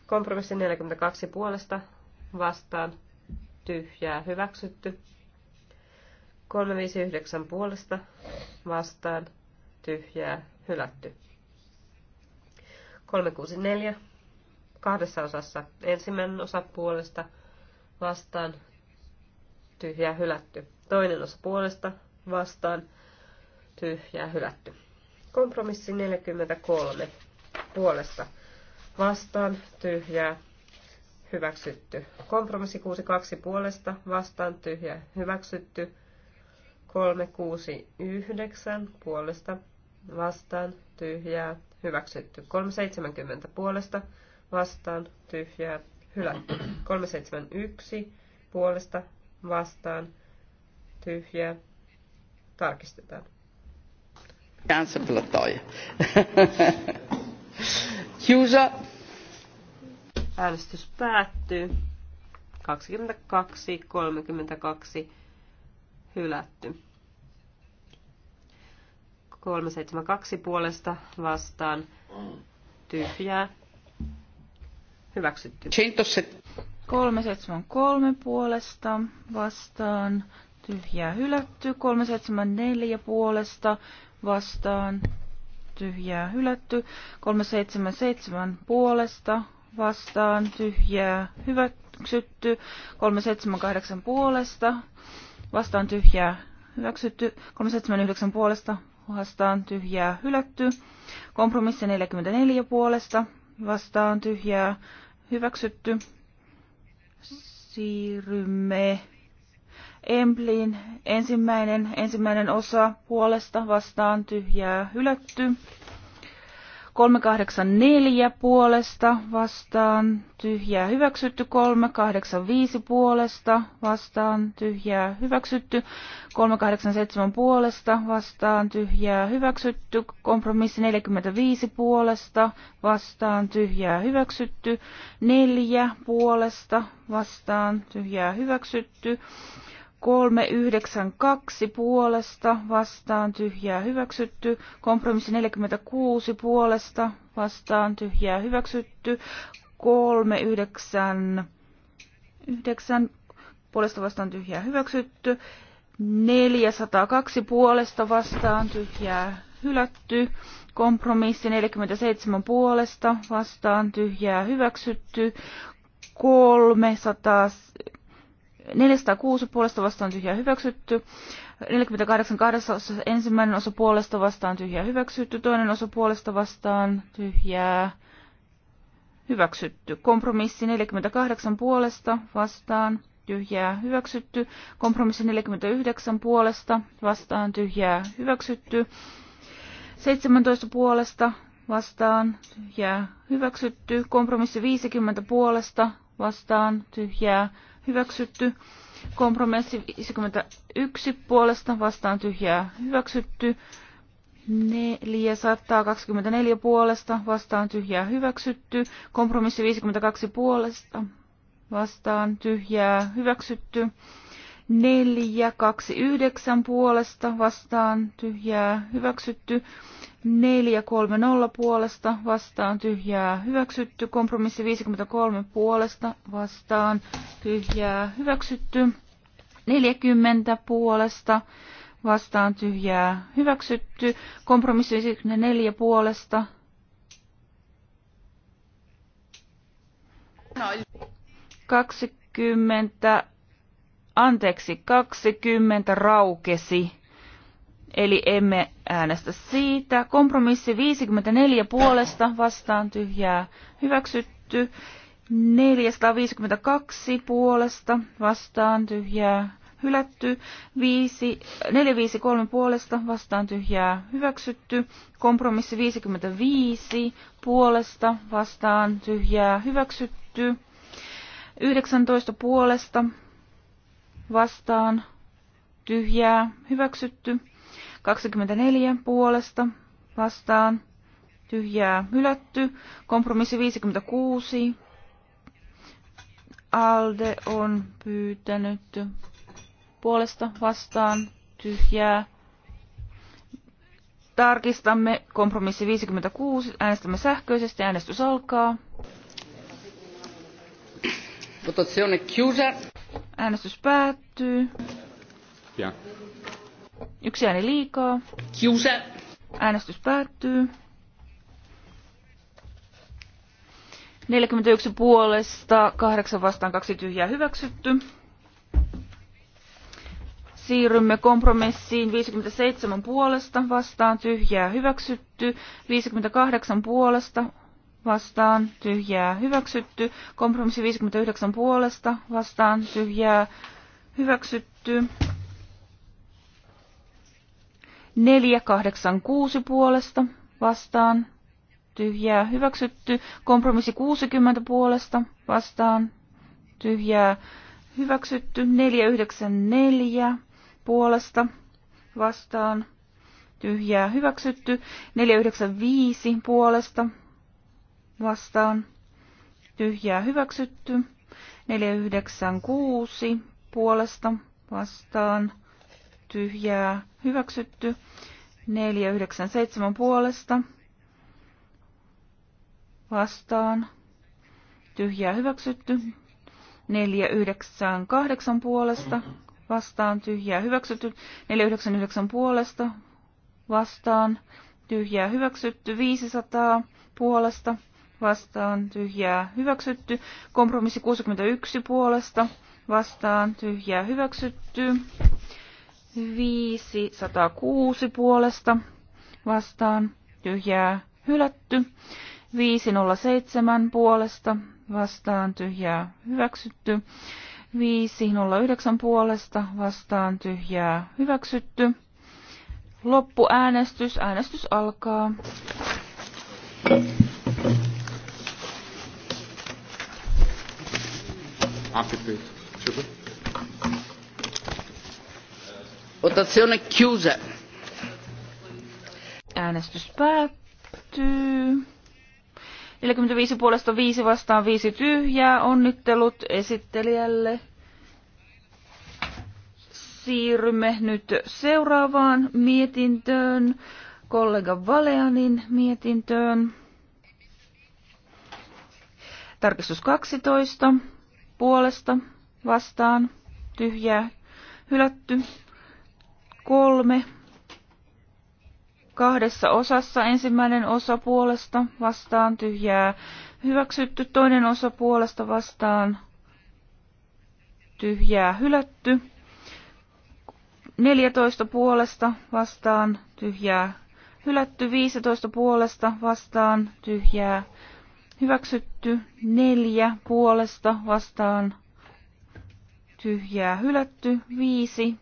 Kompromissi 42 puolesta vastaan tyhjää hyväksytty. 359 puolesta vastaan tyhjää, hylätty. 364 kahdessa osassa. Ensimmäinen osa puolesta vastaan, tyhjää, hylätty. Toinen osa puolesta vastaan, tyhjää, hylätty. Kompromissi 43 puolesta vastaan, tyhjää, hyväksytty. Kompromissi 62 puolesta vastaan, tyhjää, hyväksytty. 369 puolesta vastaan, tyhjää, hyväksytty. 370 puolesta, vastaan, tyhjää, hylätty. 371 puolesta, vastaan, tyhjää, tarkistetaan. Kansanplatoi. [laughs] Kiusa. Äänestys päättyy. 22, 32 hylätty. 372 puolesta vastaan tyhjää. Hyväksytty. 373 puolesta vastaan tyhjää hylätty. 374 puolesta vastaan tyhjää hylätty. 377 puolesta vastaan tyhjää hyväksytty. 378 puolesta vastaan tyhjää hyväksytty. 379 puolesta vastaan tyhjää hylätty. Kompromissi 44 puolesta vastaan tyhjää hyväksytty. Siirrymme Emblin ensimmäinen, ensimmäinen osa puolesta vastaan tyhjää hylätty. 384 puolesta vastaan tyhjää hyväksytty, 385 puolesta vastaan tyhjää hyväksytty, 387 puolesta vastaan tyhjää hyväksytty, kompromissi 45 puolesta vastaan tyhjää hyväksytty, 4 puolesta vastaan tyhjää hyväksytty, 392 puolesta vastaan tyhjää hyväksytty. Kompromissi 46 puolesta vastaan tyhjää hyväksytty. 399 puolesta vastaan tyhjää hyväksytty. 402 puolesta vastaan tyhjää hylätty. Kompromissi 47 puolesta vastaan tyhjää hyväksytty. 300 406 puolesta vastaan tyhjää hyväksytty. 482 ensimmäinen osa puolesta vastaan tyhjää hyväksytty. Toinen osa puolesta vastaan tyhjää hyväksytty. Kompromissi 48 puolesta vastaan tyhjää hyväksytty. Kompromissi 49 puolesta vastaan tyhjää hyväksytty. 17 puolesta vastaan tyhjää hyväksytty. Kompromissi 50 puolesta vastaan tyhjää hyväksytty hyväksytty. Kompromissi 51 puolesta vastaan tyhjää hyväksytty. 424 puolesta vastaan tyhjää hyväksytty. Kompromissi 52 puolesta vastaan tyhjää hyväksytty. 4, 2, 9 puolesta vastaan tyhjää hyväksytty. 4, 3, 0 puolesta vastaan tyhjää hyväksytty. Kompromissi 53 puolesta vastaan tyhjää hyväksytty. 40 puolesta vastaan tyhjää hyväksytty. Kompromissi 54 puolesta. 20 no, anteeksi, 20 raukesi, eli emme äänestä siitä. Kompromissi 54 puolesta vastaan tyhjää hyväksytty. 452 puolesta vastaan tyhjää hylätty, 453 puolesta vastaan tyhjää hyväksytty, kompromissi 55 puolesta vastaan tyhjää hyväksytty, 19 puolesta vastaan tyhjää hyväksytty. 24 puolesta vastaan tyhjää hylätty. Kompromissi 56. Alde on pyytänyt puolesta vastaan tyhjää. Tarkistamme kompromissi 56. Äänestämme sähköisesti. Äänestys alkaa. Votazione chiusa. Äänestys päättyy. Ja. Yksi ääni liikaa. Kiusa. Äänestys päättyy. 41 puolesta, 8 vastaan, 2 tyhjää hyväksytty. Siirrymme kompromissiin 57 puolesta, vastaan tyhjää hyväksytty, 58 puolesta, vastaan tyhjää hyväksytty. Kompromissi 59 puolesta vastaan tyhjää hyväksytty. 486 puolesta vastaan tyhjää hyväksytty. Kompromissi 60 puolesta vastaan tyhjää hyväksytty. 494 puolesta vastaan tyhjää hyväksytty. 495 puolesta vastaan tyhjää hyväksytty. 496 puolesta vastaan tyhjää hyväksytty. 497 puolesta vastaan tyhjää hyväksytty. 498 puolesta vastaan tyhjää hyväksytty. 499 puolesta vastaan tyhjää hyväksytty. 500 puolesta vastaan tyhjää hyväksytty. Kompromissi 61 puolesta vastaan tyhjää hyväksytty. 506 puolesta vastaan tyhjää hylätty. 507 puolesta vastaan tyhjää hyväksytty. 509 puolesta vastaan tyhjää hyväksytty. Loppuäänestys. Äänestys alkaa. APP. Votazione chiusa. Äänestys päättyy. 45 puolesta 5 vastaan 5 tyhjää. Onnittelut esittelijälle. Siirrymme nyt seuraavaan mietintöön, kollega Valeanin mietintöön. Tarkistus 12 puolesta vastaan tyhjää hylätty. Kolme kahdessa osassa ensimmäinen osa puolesta vastaan tyhjää hyväksytty, toinen osa puolesta vastaan tyhjää hylätty. 14 puolesta vastaan tyhjää hylätty, 15 puolesta vastaan tyhjää Hyväksytty neljä puolesta vastaan tyhjää. Hylätty viisi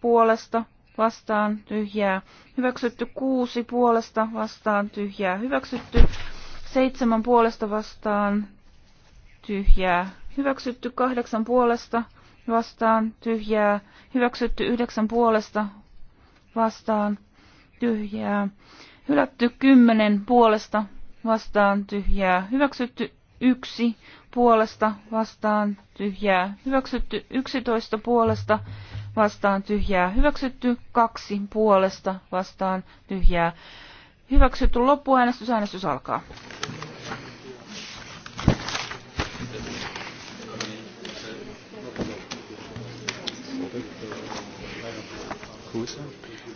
puolesta vastaan tyhjää. Hyväksytty kuusi puolesta vastaan tyhjää. Hyväksytty seitsemän puolesta vastaan tyhjää. Hyväksytty kahdeksan puolesta vastaan tyhjää. Hyväksytty yhdeksän puolesta vastaan tyhjää. Hylätty kymmenen puolesta vastaan tyhjää hyväksytty yksi puolesta vastaan tyhjää hyväksytty yksitoista puolesta vastaan tyhjää hyväksytty kaksi puolesta vastaan tyhjää hyväksytty loppuäänestys äänestys alkaa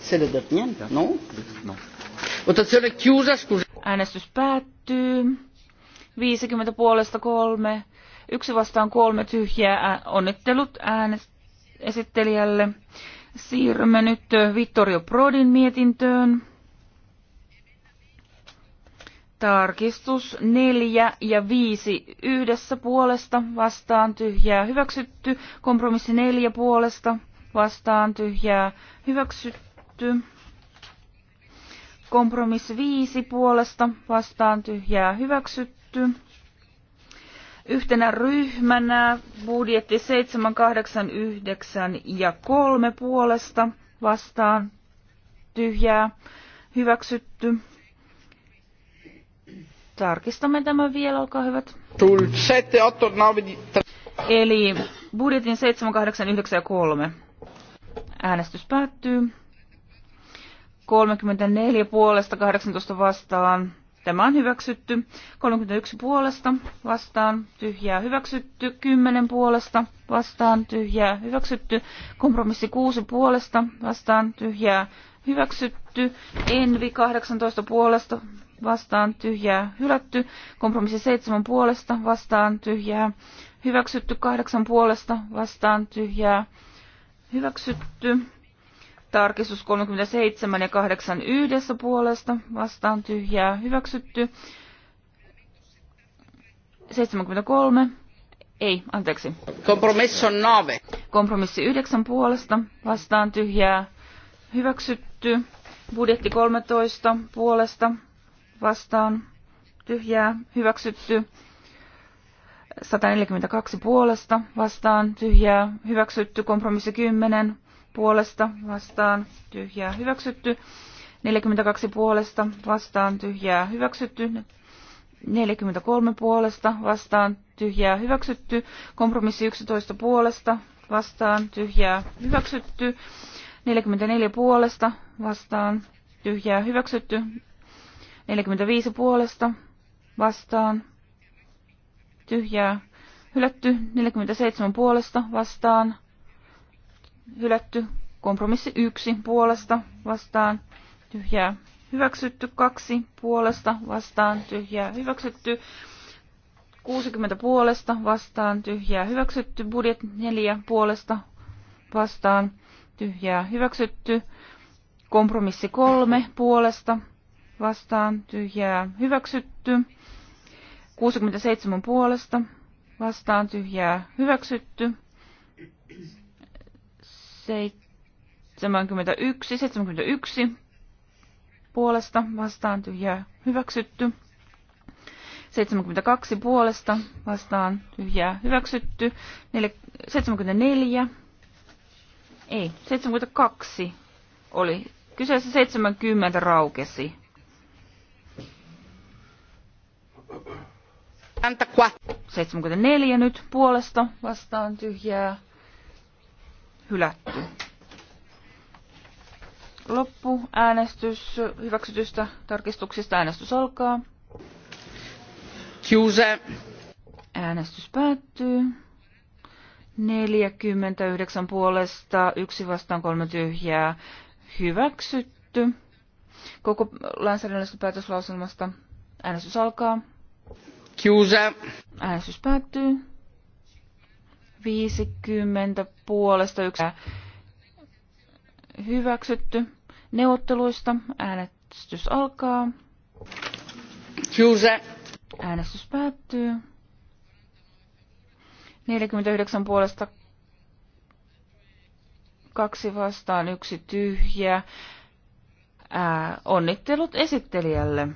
C'est le dernier, non Non. Votazione chiusa, scusa. Äänestys päättyy. 50 puolesta kolme. Yksi vastaan kolme tyhjää. Onnittelut äänestelijälle. esittelijälle. Siirrymme nyt Vittorio Prodin mietintöön. Tarkistus 4 ja 5 yhdessä puolesta vastaan tyhjää hyväksytty. Kompromissi 4 puolesta vastaan tyhjää hyväksytty. Kompromissi viisi puolesta vastaan tyhjää hyväksytty. Yhtenä ryhmänä budjetti 7, 8, 9 ja 3 puolesta vastaan tyhjää hyväksytty. Tarkistamme tämän vielä, olkaa hyvät. Eli budjetin 7, 8, 9 ja 3. Äänestys päättyy. 34 puolesta 18 vastaan. Tämä on hyväksytty. 31 puolesta vastaan tyhjää hyväksytty. 10 puolesta vastaan tyhjää hyväksytty. Kompromissi 6 puolesta vastaan tyhjää hyväksytty. Envi 18 puolesta vastaan tyhjää hylätty. Kompromissi 7 puolesta vastaan tyhjää hyväksytty. 8 puolesta vastaan tyhjää hyväksytty. Tarkistus 37 ja 8 yhdessä puolesta vastaan tyhjää hyväksytty. 73. Ei, anteeksi. Kompromissi on nave. Kompromissi 9 puolesta vastaan tyhjää hyväksytty. Budjetti 13 puolesta vastaan tyhjää hyväksytty. 142 puolesta vastaan tyhjää hyväksytty. Kompromissi 10 puolesta vastaan tyhjää hyväksytty. 42 puolesta vastaan tyhjää hyväksytty. 43 puolesta vastaan tyhjää hyväksytty. Kompromissi 11 puolesta vastaan tyhjää hyväksytty. 44 puolesta vastaan tyhjää hyväksytty. 45 puolesta vastaan tyhjää hylätty. 47 puolesta vastaan hylätty. Kompromissi yksi puolesta vastaan tyhjää hyväksytty. Kaksi puolesta vastaan tyhjää hyväksytty. 60 puolesta vastaan tyhjää hyväksytty. Budjet neljä puolesta vastaan tyhjää hyväksytty. Kompromissi kolme puolesta vastaan tyhjää hyväksytty. 67 puolesta vastaan tyhjää hyväksytty. 71, 71 puolesta vastaan tyhjää hyväksytty. 72 puolesta vastaan tyhjää hyväksytty. 74, ei, 72 oli. Kyseessä 70 raukesi. 74 nyt puolesta vastaan tyhjää hylätty. Loppu äänestys hyväksytystä tarkistuksista. Äänestys alkaa. Kiuse. Äänestys päättyy. 49 puolesta, yksi vastaan kolme tyhjää. Hyväksytty. Koko lainsäädännöllisestä päätöslauselmasta äänestys alkaa. Kiuse. Äänestys päättyy. 50 puolesta yksi hyväksytty. Neuvotteluista äänestys alkaa. Kiuse. Äänestys päättyy. 49 puolesta kaksi vastaan, yksi tyhjä. Ää, onnittelut esittelijälle.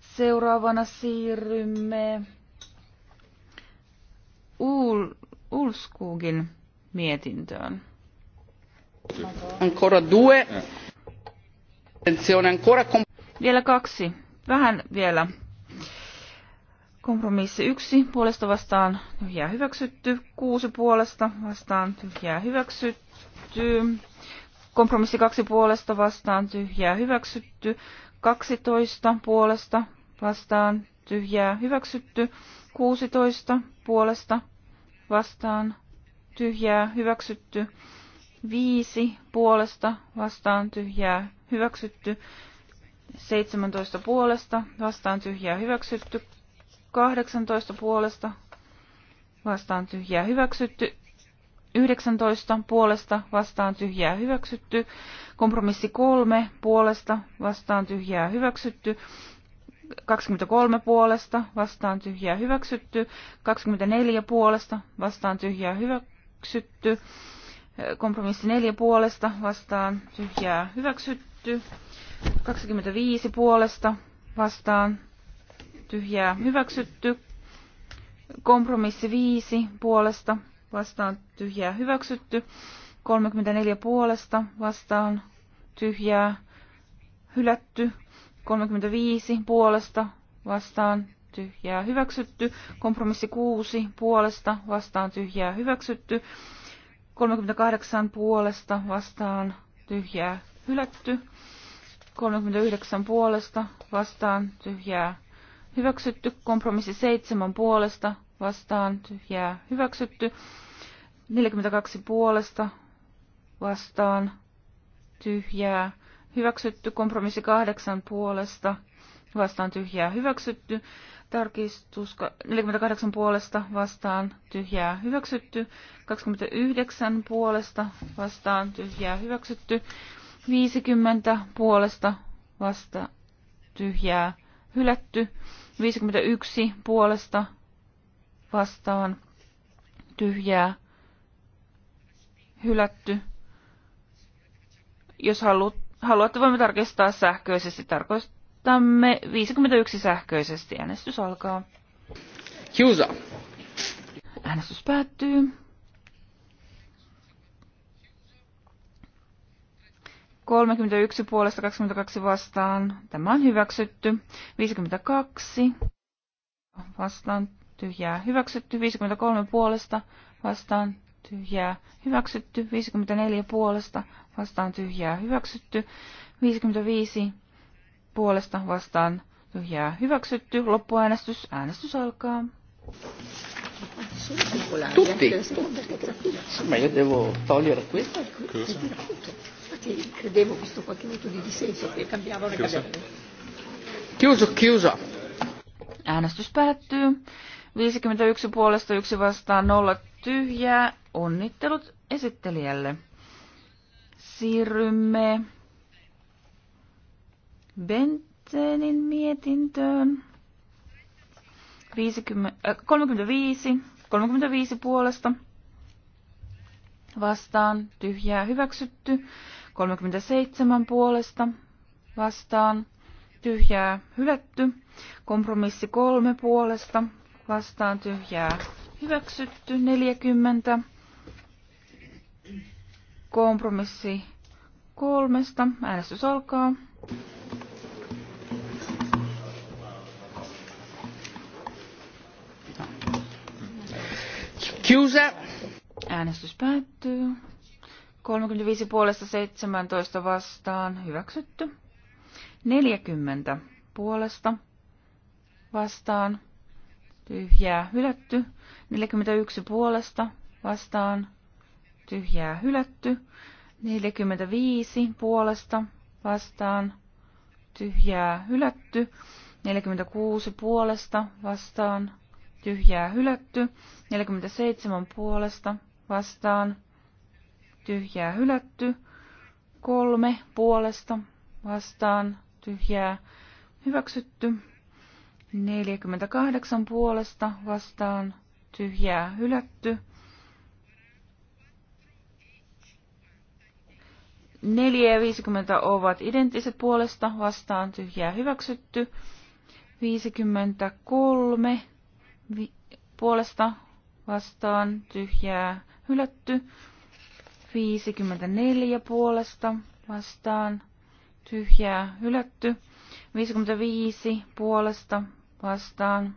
Seuraavana siirrymme Ul, Ulskuugin mietintöön. Ancora due. Ancora vielä kaksi. Vähän vielä. Kompromissi yksi puolesta vastaan tyhjää hyväksytty. Kuusi puolesta vastaan tyhjää hyväksytty. Kompromissi kaksi puolesta vastaan tyhjää hyväksytty. Kaksitoista puolesta vastaan tyhjää hyväksytty. 16 puolesta vastaan tyhjää hyväksytty. 5 puolesta vastaan tyhjää hyväksytty. 17 puolesta vastaan tyhjää hyväksytty. 18 puolesta vastaan tyhjää hyväksytty. 19 puolesta vastaan tyhjää hyväksytty. Kompromissi 3 puolesta vastaan tyhjää hyväksytty. 23 puolesta vastaan tyhjää hyväksytty, 24 puolesta vastaan tyhjää hyväksytty, kompromissi 4 puolesta vastaan tyhjää hyväksytty, 25 puolesta vastaan tyhjää hyväksytty, kompromissi 5 puolesta vastaan tyhjää hyväksytty, 34 puolesta vastaan tyhjää hylätty, 35 puolesta vastaan tyhjää hyväksytty. Kompromissi 6 puolesta vastaan tyhjää hyväksytty. 38 puolesta vastaan tyhjää hylätty. 39 puolesta vastaan tyhjää hyväksytty. Kompromissi 7 puolesta vastaan tyhjää hyväksytty. 42 puolesta vastaan tyhjää hyväksytty, kompromissi kahdeksan puolesta, vastaan tyhjää hyväksytty, tarkistus 48 puolesta vastaan tyhjää hyväksytty, 29 puolesta vastaan tyhjää hyväksytty, 50 puolesta vasta tyhjää hylätty, 51 puolesta vastaan tyhjää hylätty. Jos haluat haluatte, voimme tarkistaa sähköisesti. Tarkoitamme 51 sähköisesti. Äänestys alkaa. Kiusa. Äänestys päättyy. 31 puolesta 22 vastaan. Tämä on hyväksytty. 52 vastaan tyhjää hyväksytty. 53 puolesta vastaan tyhjää, hyväksytty. 54 puolesta vastaan tyhjää, hyväksytty. 55 puolesta vastaan tyhjää, hyväksytty. Loppuäänestys, äänestys alkaa. Tutti. Ma io devo togliere questo. Cosa? Infatti credevo qualche di dissenso che cambiavano le Chiuso, chiuso. Äänestys päättyy. 51 puolesta, yksi vastaan, nolla tyhjää. Onnittelut esittelijälle. Siirrymme Bentenin mietintöön. 50, äh, 35, 35 puolesta vastaan, tyhjää hyväksytty. 37 puolesta vastaan, tyhjää hylätty. Kompromissi kolme puolesta vastaan, tyhjää hyväksytty 40 kompromissi kolmesta. Äänestys alkaa. Kiusa. Äänestys päättyy. 35 puolesta 17 vastaan. Hyväksytty. 40 puolesta vastaan tyhjää hylätty. 41 puolesta vastaan tyhjää hylätty. 45 puolesta vastaan tyhjää hylätty. 46 puolesta vastaan tyhjää hylätty. 47 puolesta vastaan tyhjää hylätty. 3 puolesta vastaan tyhjää hyväksytty. 48 puolesta vastaan tyhjää hylätty. 4 ja 50 ovat identtiset puolesta vastaan tyhjää hyväksytty. 53 vi- puolesta vastaan tyhjää hylätty. 54 puolesta vastaan tyhjää hylätty. 55 puolesta vastaan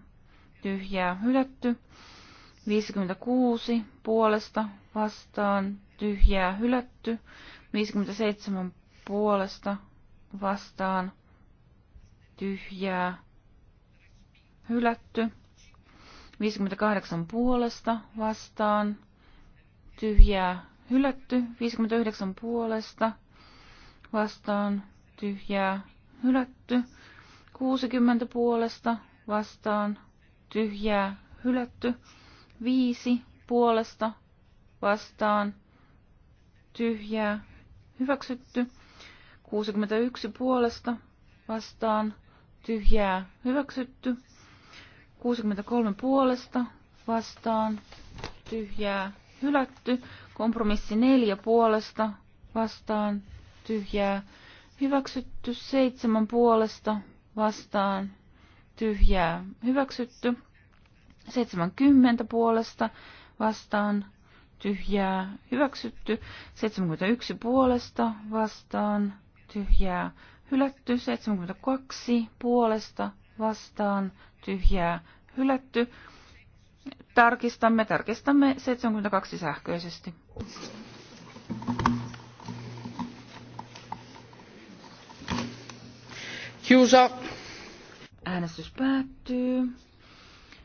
tyhjää hylätty. 56 puolesta vastaan tyhjää hylätty. 57 puolesta vastaan tyhjää hylätty. 58 puolesta vastaan tyhjää hylätty. 59 puolesta vastaan tyhjää hylätty. 60 puolesta vastaan tyhjää hylätty. 5 puolesta vastaan tyhjää hyväksytty. 61 puolesta vastaan tyhjää hyväksytty. 63 puolesta vastaan tyhjää hylätty. Kompromissi 4 puolesta vastaan tyhjää Hyväksytty seitsemän puolesta vastaan tyhjää. Hyväksytty kymmentä puolesta vastaan tyhjää. Hyväksytty 71 puolesta vastaan tyhjää. Hylätty 72 puolesta vastaan tyhjää. Hylätty. Tarkistamme, tarkistamme 72 sähköisesti. Thank you. Kiusa. Äänestys päättyy.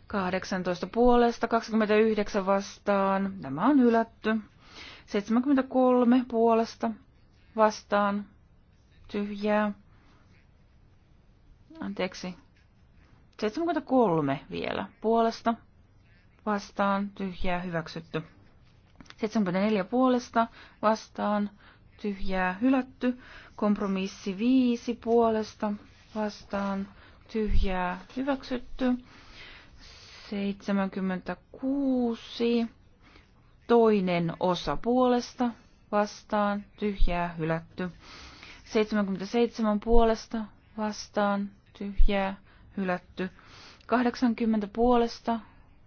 18 puolesta, 29 vastaan. Tämä on hylätty. 73 puolesta vastaan. Tyhjää. Anteeksi. 73 vielä puolesta vastaan. Tyhjää hyväksytty. 74 puolesta vastaan. Tyhjää hylätty. Kompromissi 5 puolesta vastaan tyhjää hyväksytty. 76 toinen osa puolesta vastaan tyhjää hylätty. 77 puolesta vastaan tyhjää hylätty. 80 puolesta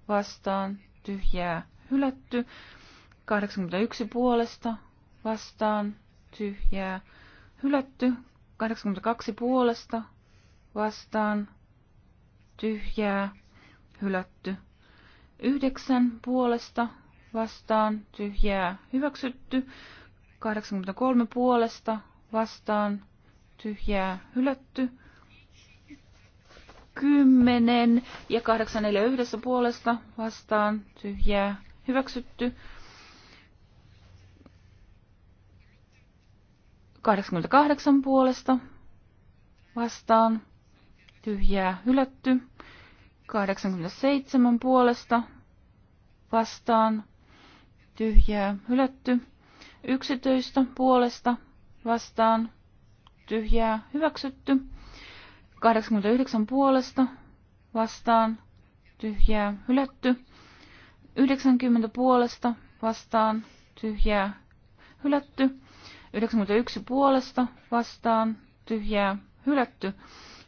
vastaan tyhjää hylätty. 81 puolesta vastaan tyhjää hylätty. 82 puolesta vastaan tyhjää hylätty. Yhdeksän puolesta vastaan tyhjää hyväksytty. 83 puolesta vastaan tyhjää hylätty. 10 ja 84 yhdessä puolesta vastaan tyhjää hyväksytty. 88 puolesta vastaan tyhjää hylätty. 87 puolesta vastaan tyhjää hylätty. 11 puolesta vastaan tyhjää hyväksytty. 89 puolesta vastaan tyhjää hylätty. 90 puolesta vastaan tyhjää hylätty. 91 puolesta vastaan tyhjää hylätty.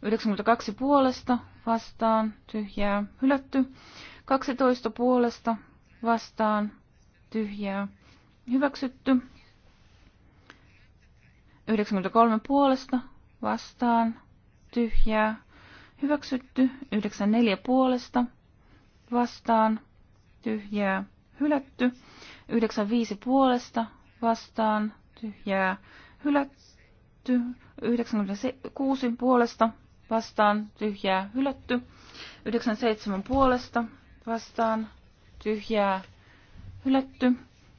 92 puolesta vastaan tyhjää hylätty. 12 puolesta vastaan tyhjää hyväksytty. 93 puolesta vastaan tyhjää hyväksytty. 94 puolesta vastaan tyhjää hylätty. 95 puolesta vastaan tyhjää hylätty. 96 puolesta vastaan tyhjää hylätty. 97 puolesta vastaan tyhjää hylätty.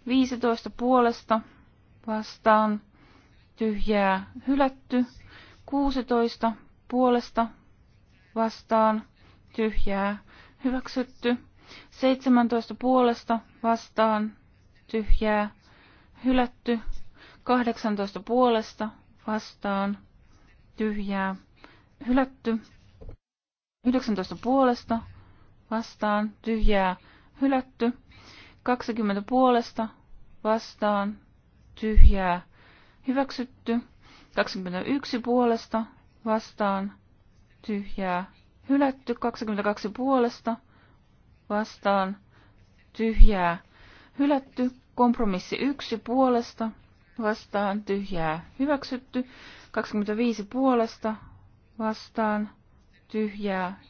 15 puolesta vastaan tyhjää hylätty. 16 puolesta vastaan tyhjää hyväksytty. 17 puolesta vastaan tyhjää hylätty. 18 puolesta vastaan tyhjää hylätty. 19 puolesta vastaan tyhjää hylätty. 20 puolesta vastaan tyhjää hyväksytty. 21 puolesta vastaan tyhjää hylätty. 22 puolesta vastaan tyhjää hylätty. Kompromissi 1 puolesta vastaan tyhjää hyväksytty. 25 puolesta vastaan tyhjää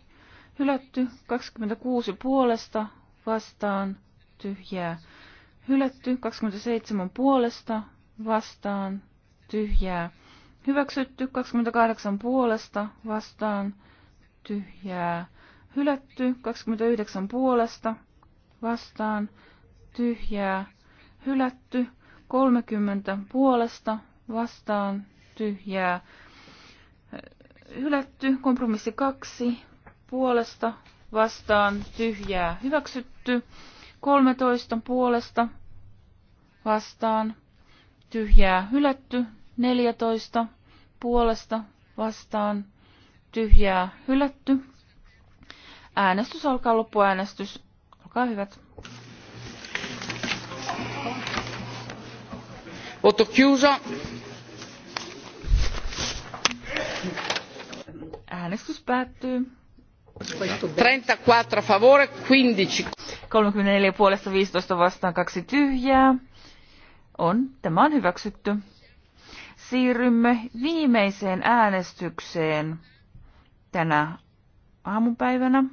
hylätty. 26 puolesta vastaan tyhjää hylätty. 27 puolesta vastaan tyhjää hyväksytty. 28 puolesta vastaan tyhjää hylätty. 29 puolesta vastaan tyhjää hylätty. 30 puolesta vastaan tyhjää hylätty. Kompromissi kaksi puolesta vastaan tyhjää hyväksytty. 13 puolesta vastaan tyhjää hylätty. 14 puolesta vastaan tyhjää hylätty. Äänestys alkaa loppuäänestys. Olkaa hyvät. Voto chiuso. Äänestys päättyy. 34 favore, 15. 34 puolesta 15 vastaan kaksi tyhjää. On, tämä on hyväksytty. Siirrymme viimeiseen äänestykseen tänä aamupäivänä.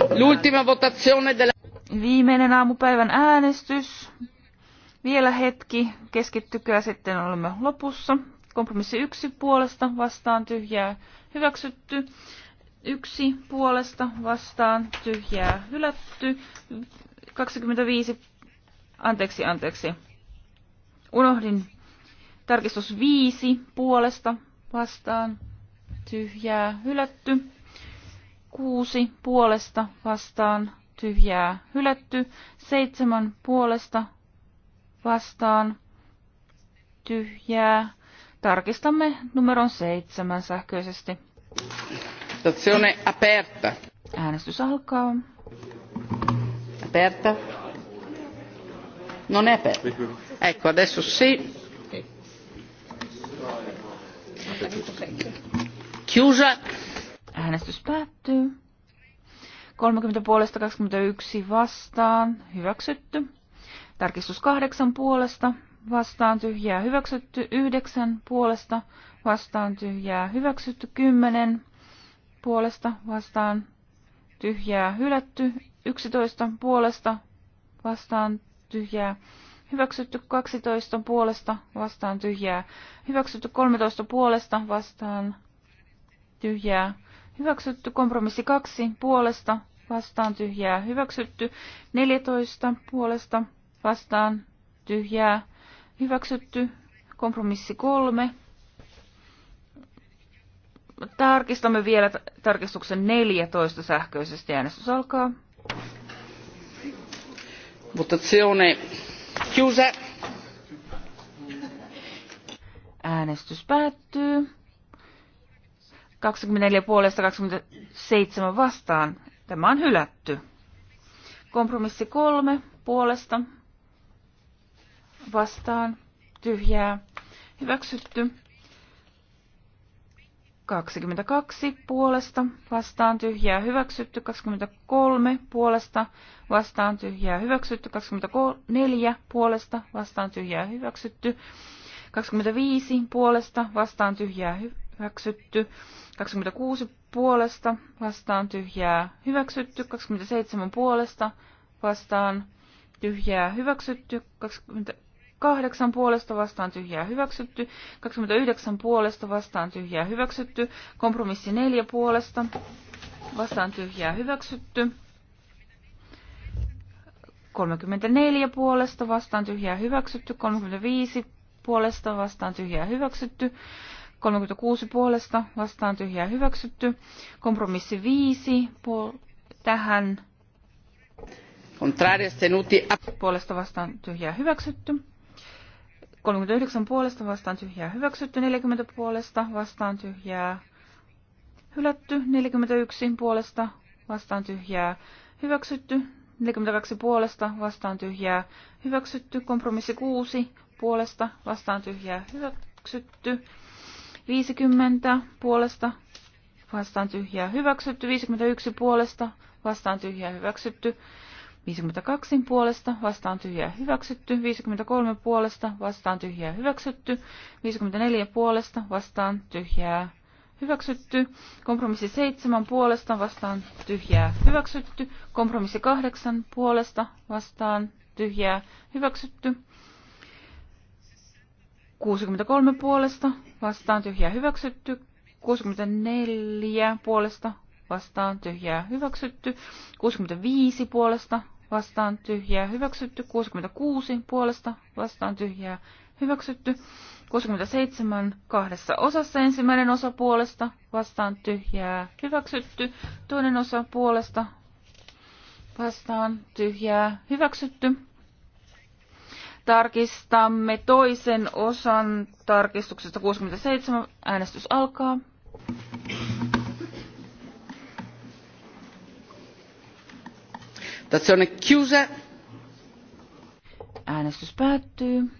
L'ultima votazione della... Viimeinen aamupäivän äänestys. Vielä hetki, keskittykää sitten olemme lopussa. Kompromissi yksi puolesta vastaan tyhjää hyväksytty. Yksi puolesta vastaan tyhjää hylätty. 25, anteeksi, anteeksi, unohdin. Tarkistus viisi puolesta vastaan tyhjää hylätty. Kuusi puolesta vastaan tyhjää hylätty. Seitsemän puolesta vastaan tyhjää Tarkistamme numeron seitsemän sähköisesti. Stazione aperta. Äänestys alkaa. Aperta. Non è aperta. Ecco, adesso sì. Chiusa. Äänestys päättyy. 30 puolesta 21 vastaan. Hyväksytty. Tarkistus kahdeksan puolesta vastaan tyhjää hyväksytty, yhdeksän puolesta vastaan tyhjää hyväksytty, kymmenen puolesta vastaan tyhjää hylätty, yksitoista puolesta vastaan tyhjää hyväksytty, kaksitoista puolesta vastaan tyhjää hyväksytty, kolmetoista puolesta vastaan tyhjää hyväksytty, kompromissi kaksi puolesta vastaan tyhjää hyväksytty, neljätoista puolesta vastaan tyhjää Hyväksytty. Kompromissi kolme. Tarkistamme vielä tarkistuksen 14 sähköisesti. Äänestys alkaa. Votazione chiusa. Äänestys päättyy. 24 puolesta 27 vastaan. Tämä on hylätty. Kompromissi kolme puolesta vastaan tyhjää hyväksytty. 22 puolesta vastaan tyhjää hyväksytty, 23 puolesta vastaan tyhjää hyväksytty, 24 puolesta vastaan tyhjää hyväksytty, 25 puolesta vastaan tyhjää hyväksytty, 26 puolesta vastaan tyhjää hyväksytty, 27 puolesta vastaan tyhjää hyväksytty, 20 kahdeksan puolesta vastaan tyhjää hyväksytty, 29 puolesta vastaan tyhjää hyväksytty, kompromissi 4 puolesta vastaan tyhjää hyväksytty, 34 puolesta vastaan tyhjää hyväksytty, 35 puolesta vastaan tyhjää hyväksytty, 36 puolesta vastaan tyhjää hyväksytty, kompromissi 5 puol- tähän Contrari astenuti. Puolesta vastaan tyhjää hyväksytty. 39 puolesta vastaan tyhjää hyväksytty, 40 puolesta vastaan tyhjää hylätty, 41 puolesta vastaan tyhjää hyväksytty, 42 puolesta vastaan tyhjää hyväksytty, kompromissi 6 puolesta vastaan tyhjää hyväksytty, 50 puolesta vastaan tyhjää hyväksytty, 51 puolesta vastaan tyhjää hyväksytty, 52 puolesta vastaan tyhjää hyväksytty, 53 puolesta vastaan tyhjää hyväksytty, 54 puolesta vastaan tyhjää hyväksytty, kompromissi 7 puolesta vastaan tyhjää hyväksytty, kompromissi 8 puolesta vastaan tyhjää hyväksytty, 63 puolesta vastaan tyhjää hyväksytty, 64 puolesta vastaan tyhjää hyväksytty, 65 puolesta vastaan tyhjää hyväksytty, 66 puolesta vastaan tyhjää hyväksytty, 67 kahdessa osassa ensimmäinen osa puolesta vastaan tyhjää hyväksytty, toinen osa puolesta vastaan tyhjää hyväksytty. Tarkistamme toisen osan tarkistuksesta 67. Äänestys alkaa. Votazione chiusa. Äänestys päättyy.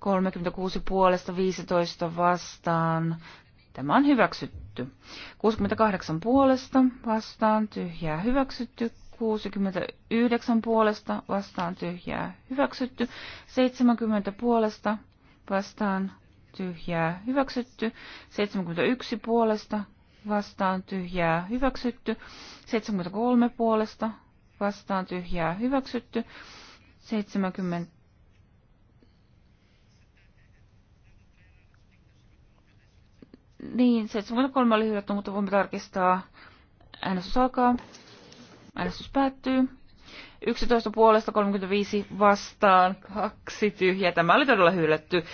36 puolesta 15 vastaan. Tämä on hyväksytty. 68 puolesta vastaan tyhjää hyväksytty. 69 puolesta vastaan tyhjää hyväksytty. 70 puolesta vastaan tyhjää hyväksytty. 71 puolesta vastaan tyhjää hyväksytty. 73 puolesta vastaan tyhjää hyväksytty. 70 Niin, 73 oli hylätty, mutta voimme tarkistaa. Äänestys alkaa. Äänestys päättyy. 11 puolesta 35 vastaan, kaksi tyhjää. Tämä oli todella hylätty.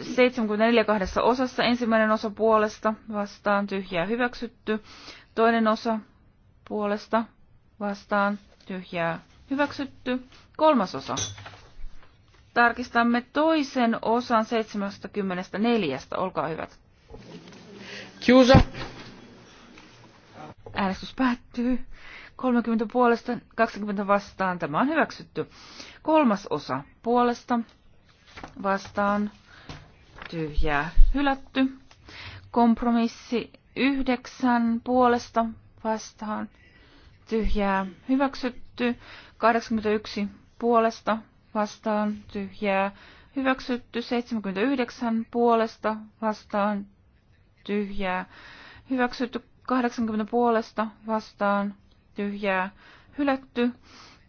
74 kahdessa osassa. Ensimmäinen osa puolesta vastaan, tyhjää hyväksytty. Toinen osa puolesta vastaan, tyhjää hyväksytty. Kolmas osa. Tarkistamme toisen osan 74. Olkaa hyvät. Kiusa. Äänestys päättyy. 30 puolesta, 20 vastaan. Tämä on hyväksytty. Kolmas osa puolesta, vastaan, tyhjää, hylätty. Kompromissi 9 puolesta, vastaan, tyhjää hyväksytty, 81 puolesta vastaan tyhjää hyväksytty, 79 puolesta vastaan tyhjää hyväksytty, 80 puolesta vastaan tyhjää hylätty,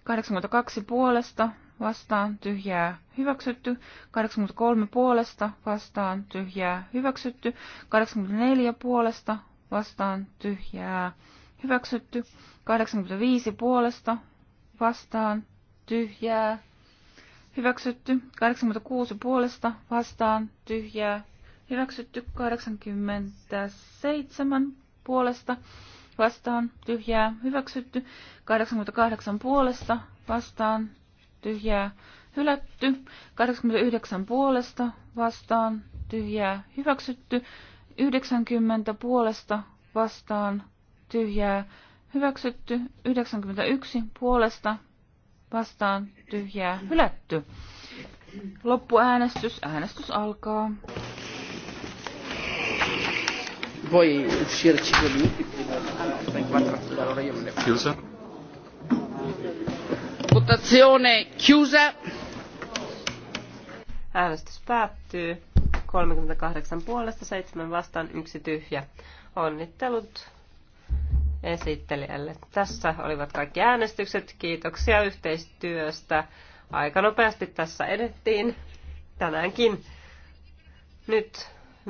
82 puolesta vastaan tyhjää hyväksytty, 83 puolesta vastaan tyhjää hyväksytty, 84 puolesta vastaan tyhjää hyväksytty. 85 puolesta vastaan tyhjää hyväksytty. 86 puolesta vastaan tyhjää hyväksytty. 87 puolesta vastaan tyhjää hyväksytty. 88 puolesta vastaan tyhjää hylätty. 89 puolesta vastaan tyhjää hyväksytty. 90 puolesta vastaan tyhjää hyväksytty, 91 puolesta vastaan tyhjää hylätty. Loppuäänestys, äänestys alkaa. Voi uscirci Chiusa. Votazione chiusa. Äänestys päättyy. 38 puolesta, 7 vastaan, yksi tyhjä. Onnittelut esittelijälle. Tässä olivat kaikki äänestykset. Kiitoksia yhteistyöstä. Aika nopeasti tässä edettiin tänäänkin. Nyt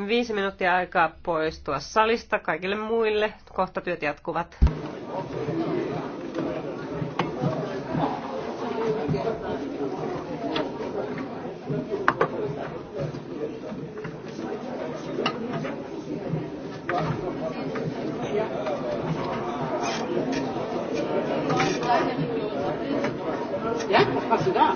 viisi minuuttia aikaa poistua salista kaikille muille. Kohta työt jatkuvat. Hast du da?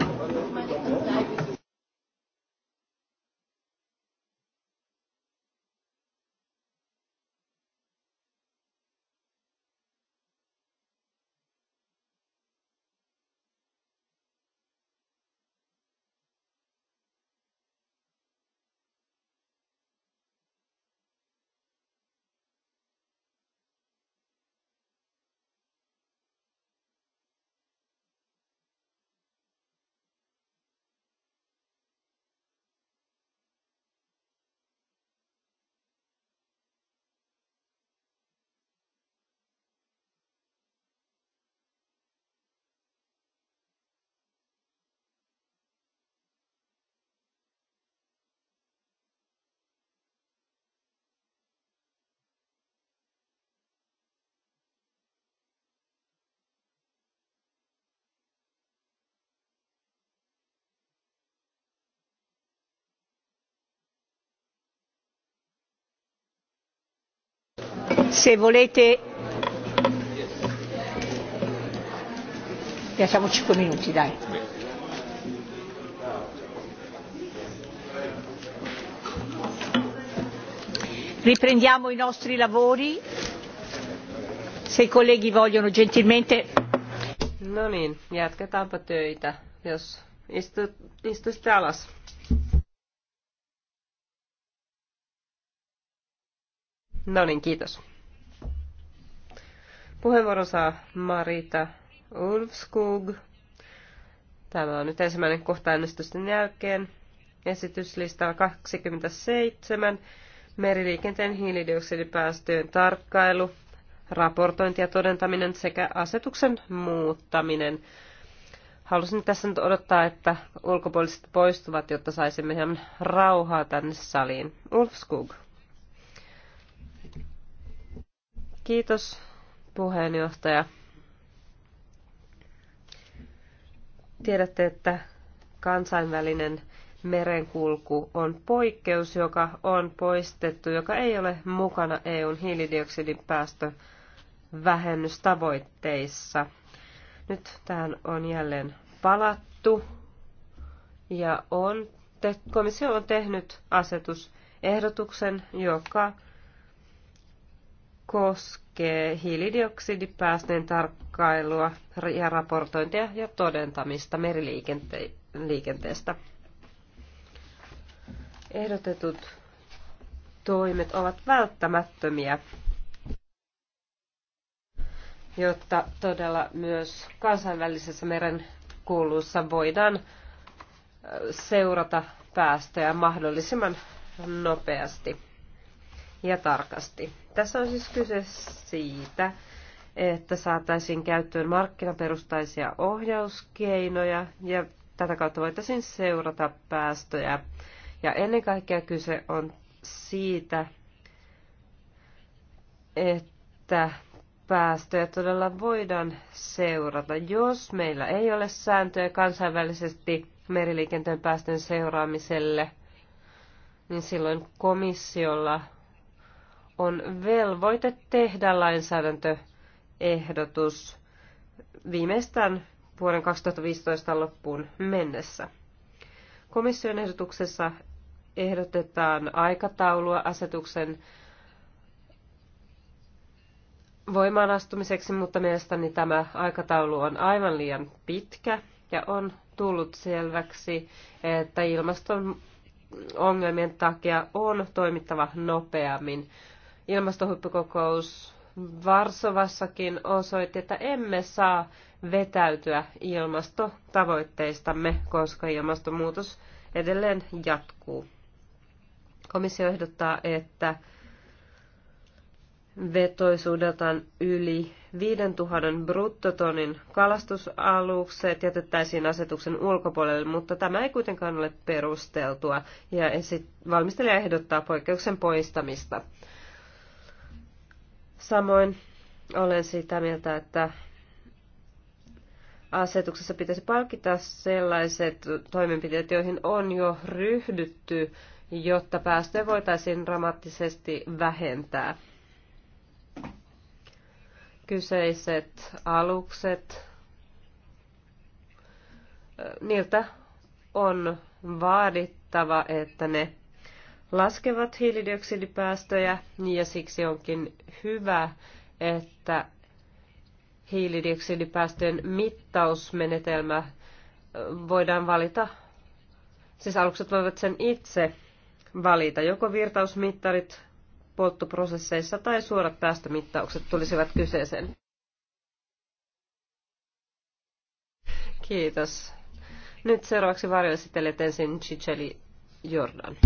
se volete lasciamo cinque minuti dai riprendiamo i nostri lavori se i colleghi vogliono gentilmente no niin jatketaanpa töitä jos istut, alas No niin, kiitos. Puheenvuoron saa Marita Ulfskog. Tämä on nyt ensimmäinen kohta äänestysten jälkeen. Esityslista 27. Meriliikenteen hiilidioksidipäästöjen tarkkailu, raportointi ja todentaminen sekä asetuksen muuttaminen. Halusin tässä nyt odottaa, että ulkopuoliset poistuvat, jotta saisimme ihan rauhaa tänne saliin. Ulfskog. Kiitos puheenjohtaja. Tiedätte, että kansainvälinen merenkulku on poikkeus, joka on poistettu, joka ei ole mukana EUn hiilidioksidin päästövähennystavoitteissa. Nyt tähän on jälleen palattu ja on te, komissio on tehnyt asetusehdotuksen, joka koskee hiilidioksidipäästöjen tarkkailua ja raportointia ja todentamista meriliikenteestä. Ehdotetut toimet ovat välttämättömiä, jotta todella myös kansainvälisessä meren kuuluussa voidaan seurata päästöjä mahdollisimman nopeasti ja tarkasti. Tässä on siis kyse siitä, että saataisiin käyttöön markkinaperustaisia ohjauskeinoja ja tätä kautta voitaisiin seurata päästöjä. Ja ennen kaikkea kyse on siitä, että päästöjä todella voidaan seurata. Jos meillä ei ole sääntöjä kansainvälisesti meriliikenteen päästön seuraamiselle, niin silloin komissiolla on velvoite tehdä lainsäädäntöehdotus viimeistään vuoden 2015 loppuun mennessä. Komission ehdotuksessa ehdotetaan aikataulua asetuksen voimaan astumiseksi, mutta mielestäni tämä aikataulu on aivan liian pitkä ja on tullut selväksi, että ilmaston ongelmien takia on toimittava nopeammin ilmastohuippukokous Varsovassakin osoitti, että emme saa vetäytyä ilmastotavoitteistamme, koska ilmastonmuutos edelleen jatkuu. Komissio ehdottaa, että vetoisuudeltaan yli 5000 bruttotonin kalastusalukset jätettäisiin asetuksen ulkopuolelle, mutta tämä ei kuitenkaan ole perusteltua ja valmistelija ehdottaa poikkeuksen poistamista. Samoin olen sitä mieltä, että asetuksessa pitäisi palkita sellaiset toimenpiteet, joihin on jo ryhdytty, jotta päästöjä voitaisiin dramaattisesti vähentää. Kyseiset alukset, niiltä on vaadittava, että ne laskevat hiilidioksidipäästöjä ja siksi onkin hyvä, että hiilidioksidipäästöjen mittausmenetelmä voidaan valita, siis alukset voivat sen itse valita. Joko virtausmittarit polttoprosesseissa tai suorat päästömittaukset tulisivat kyseeseen. Kiitos. Nyt seuraavaksi varjoesittelijät ensin Chicheli Jordan.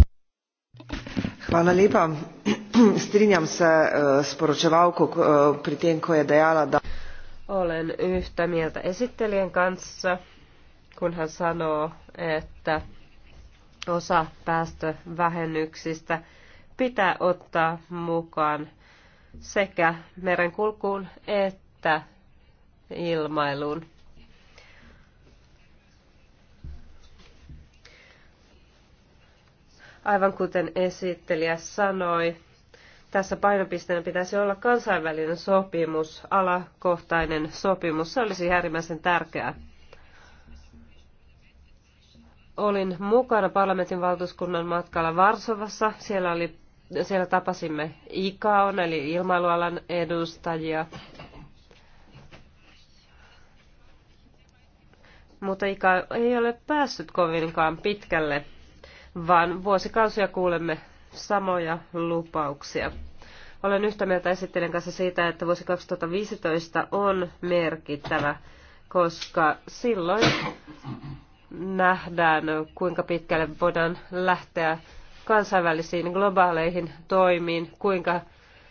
Hvala lepa. [clears throat] Strinjam se eh, s poročevalko eh, pri tem, ko je dejala, da... Olen yhtä mieltä esittelijän kanssa, kun hän sanoo, että osa päästövähennyksistä pitää ottaa mukaan sekä merenkulkuun että ilmailuun. Aivan kuten esittelijä sanoi, tässä painopisteenä pitäisi olla kansainvälinen sopimus, alakohtainen sopimus. Se olisi äärimmäisen tärkeää. Olin mukana parlamentin valtuuskunnan matkalla Varsovassa. Siellä, oli, siellä tapasimme ICAON, eli ilmailualan edustajia. Mutta ICAO ei ole päässyt kovinkaan pitkälle vaan vuosikausia kuulemme samoja lupauksia. Olen yhtä mieltä esittelen kanssa siitä, että vuosi 2015 on merkittävä, koska silloin nähdään, kuinka pitkälle voidaan lähteä kansainvälisiin globaaleihin toimiin, kuinka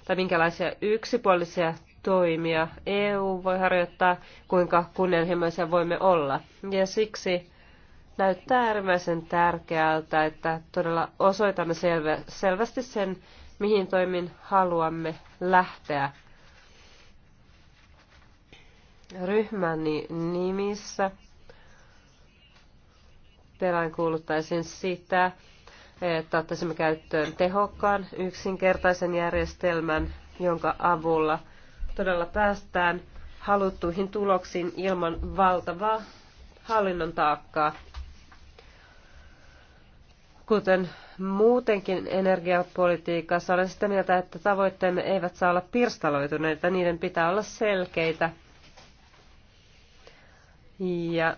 tai minkälaisia yksipuolisia toimia EU voi harjoittaa, kuinka kunnianhimoisia voimme olla. Ja siksi näyttää äärimmäisen tärkeältä, että todella osoitamme selvä, selvästi sen, mihin toimin haluamme lähteä. Ryhmäni nimissä kuuluttaisin sitä, että ottaisimme käyttöön tehokkaan yksinkertaisen järjestelmän, jonka avulla todella päästään haluttuihin tuloksiin ilman valtavaa hallinnon taakkaa. Kuten muutenkin energiapolitiikassa olen sitä mieltä, että tavoitteemme eivät saa olla pirstaloituneita, niiden pitää olla selkeitä. Ja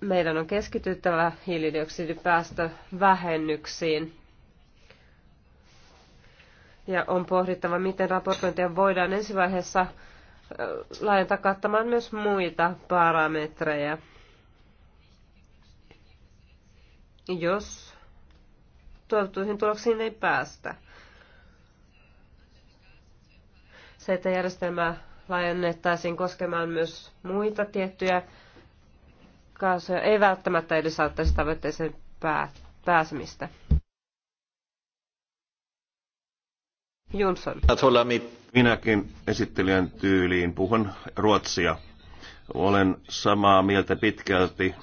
meidän on keskityttävä hiilidioksidipäästövähennyksiin. Ja on pohdittava, miten raportointia voidaan ensivaiheessa laajentaa kattamaan myös muita parametreja. Jos toivottuihin tuloksiin ei päästä. Se, että järjestelmää laajennettaisiin koskemaan myös muita tiettyjä kaasuja, ei välttämättä edesauttaisi tavoitteeseen pääsemistä. Jonsson. Minäkin esittelijän tyyliin puhun ruotsia. Olen samaa mieltä pitkälti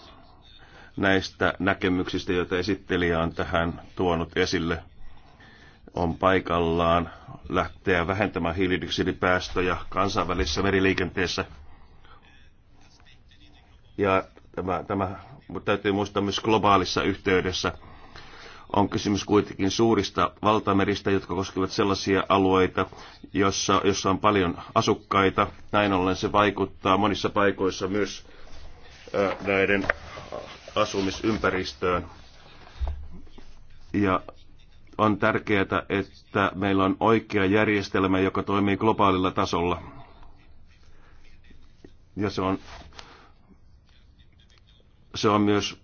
näistä näkemyksistä, joita esittelijä on tähän tuonut esille. On paikallaan lähteä vähentämään hiilidioksidipäästöjä kansainvälisessä meriliikenteessä. Ja tämä, tämä täytyy muistaa myös globaalissa yhteydessä. On kysymys kuitenkin suurista valtameristä, jotka koskevat sellaisia alueita, jossa, jossa on paljon asukkaita. Näin ollen se vaikuttaa monissa paikoissa myös näiden asumisympäristöön. Ja on tärkeää, että meillä on oikea järjestelmä, joka toimii globaalilla tasolla. Ja se on, se on myös,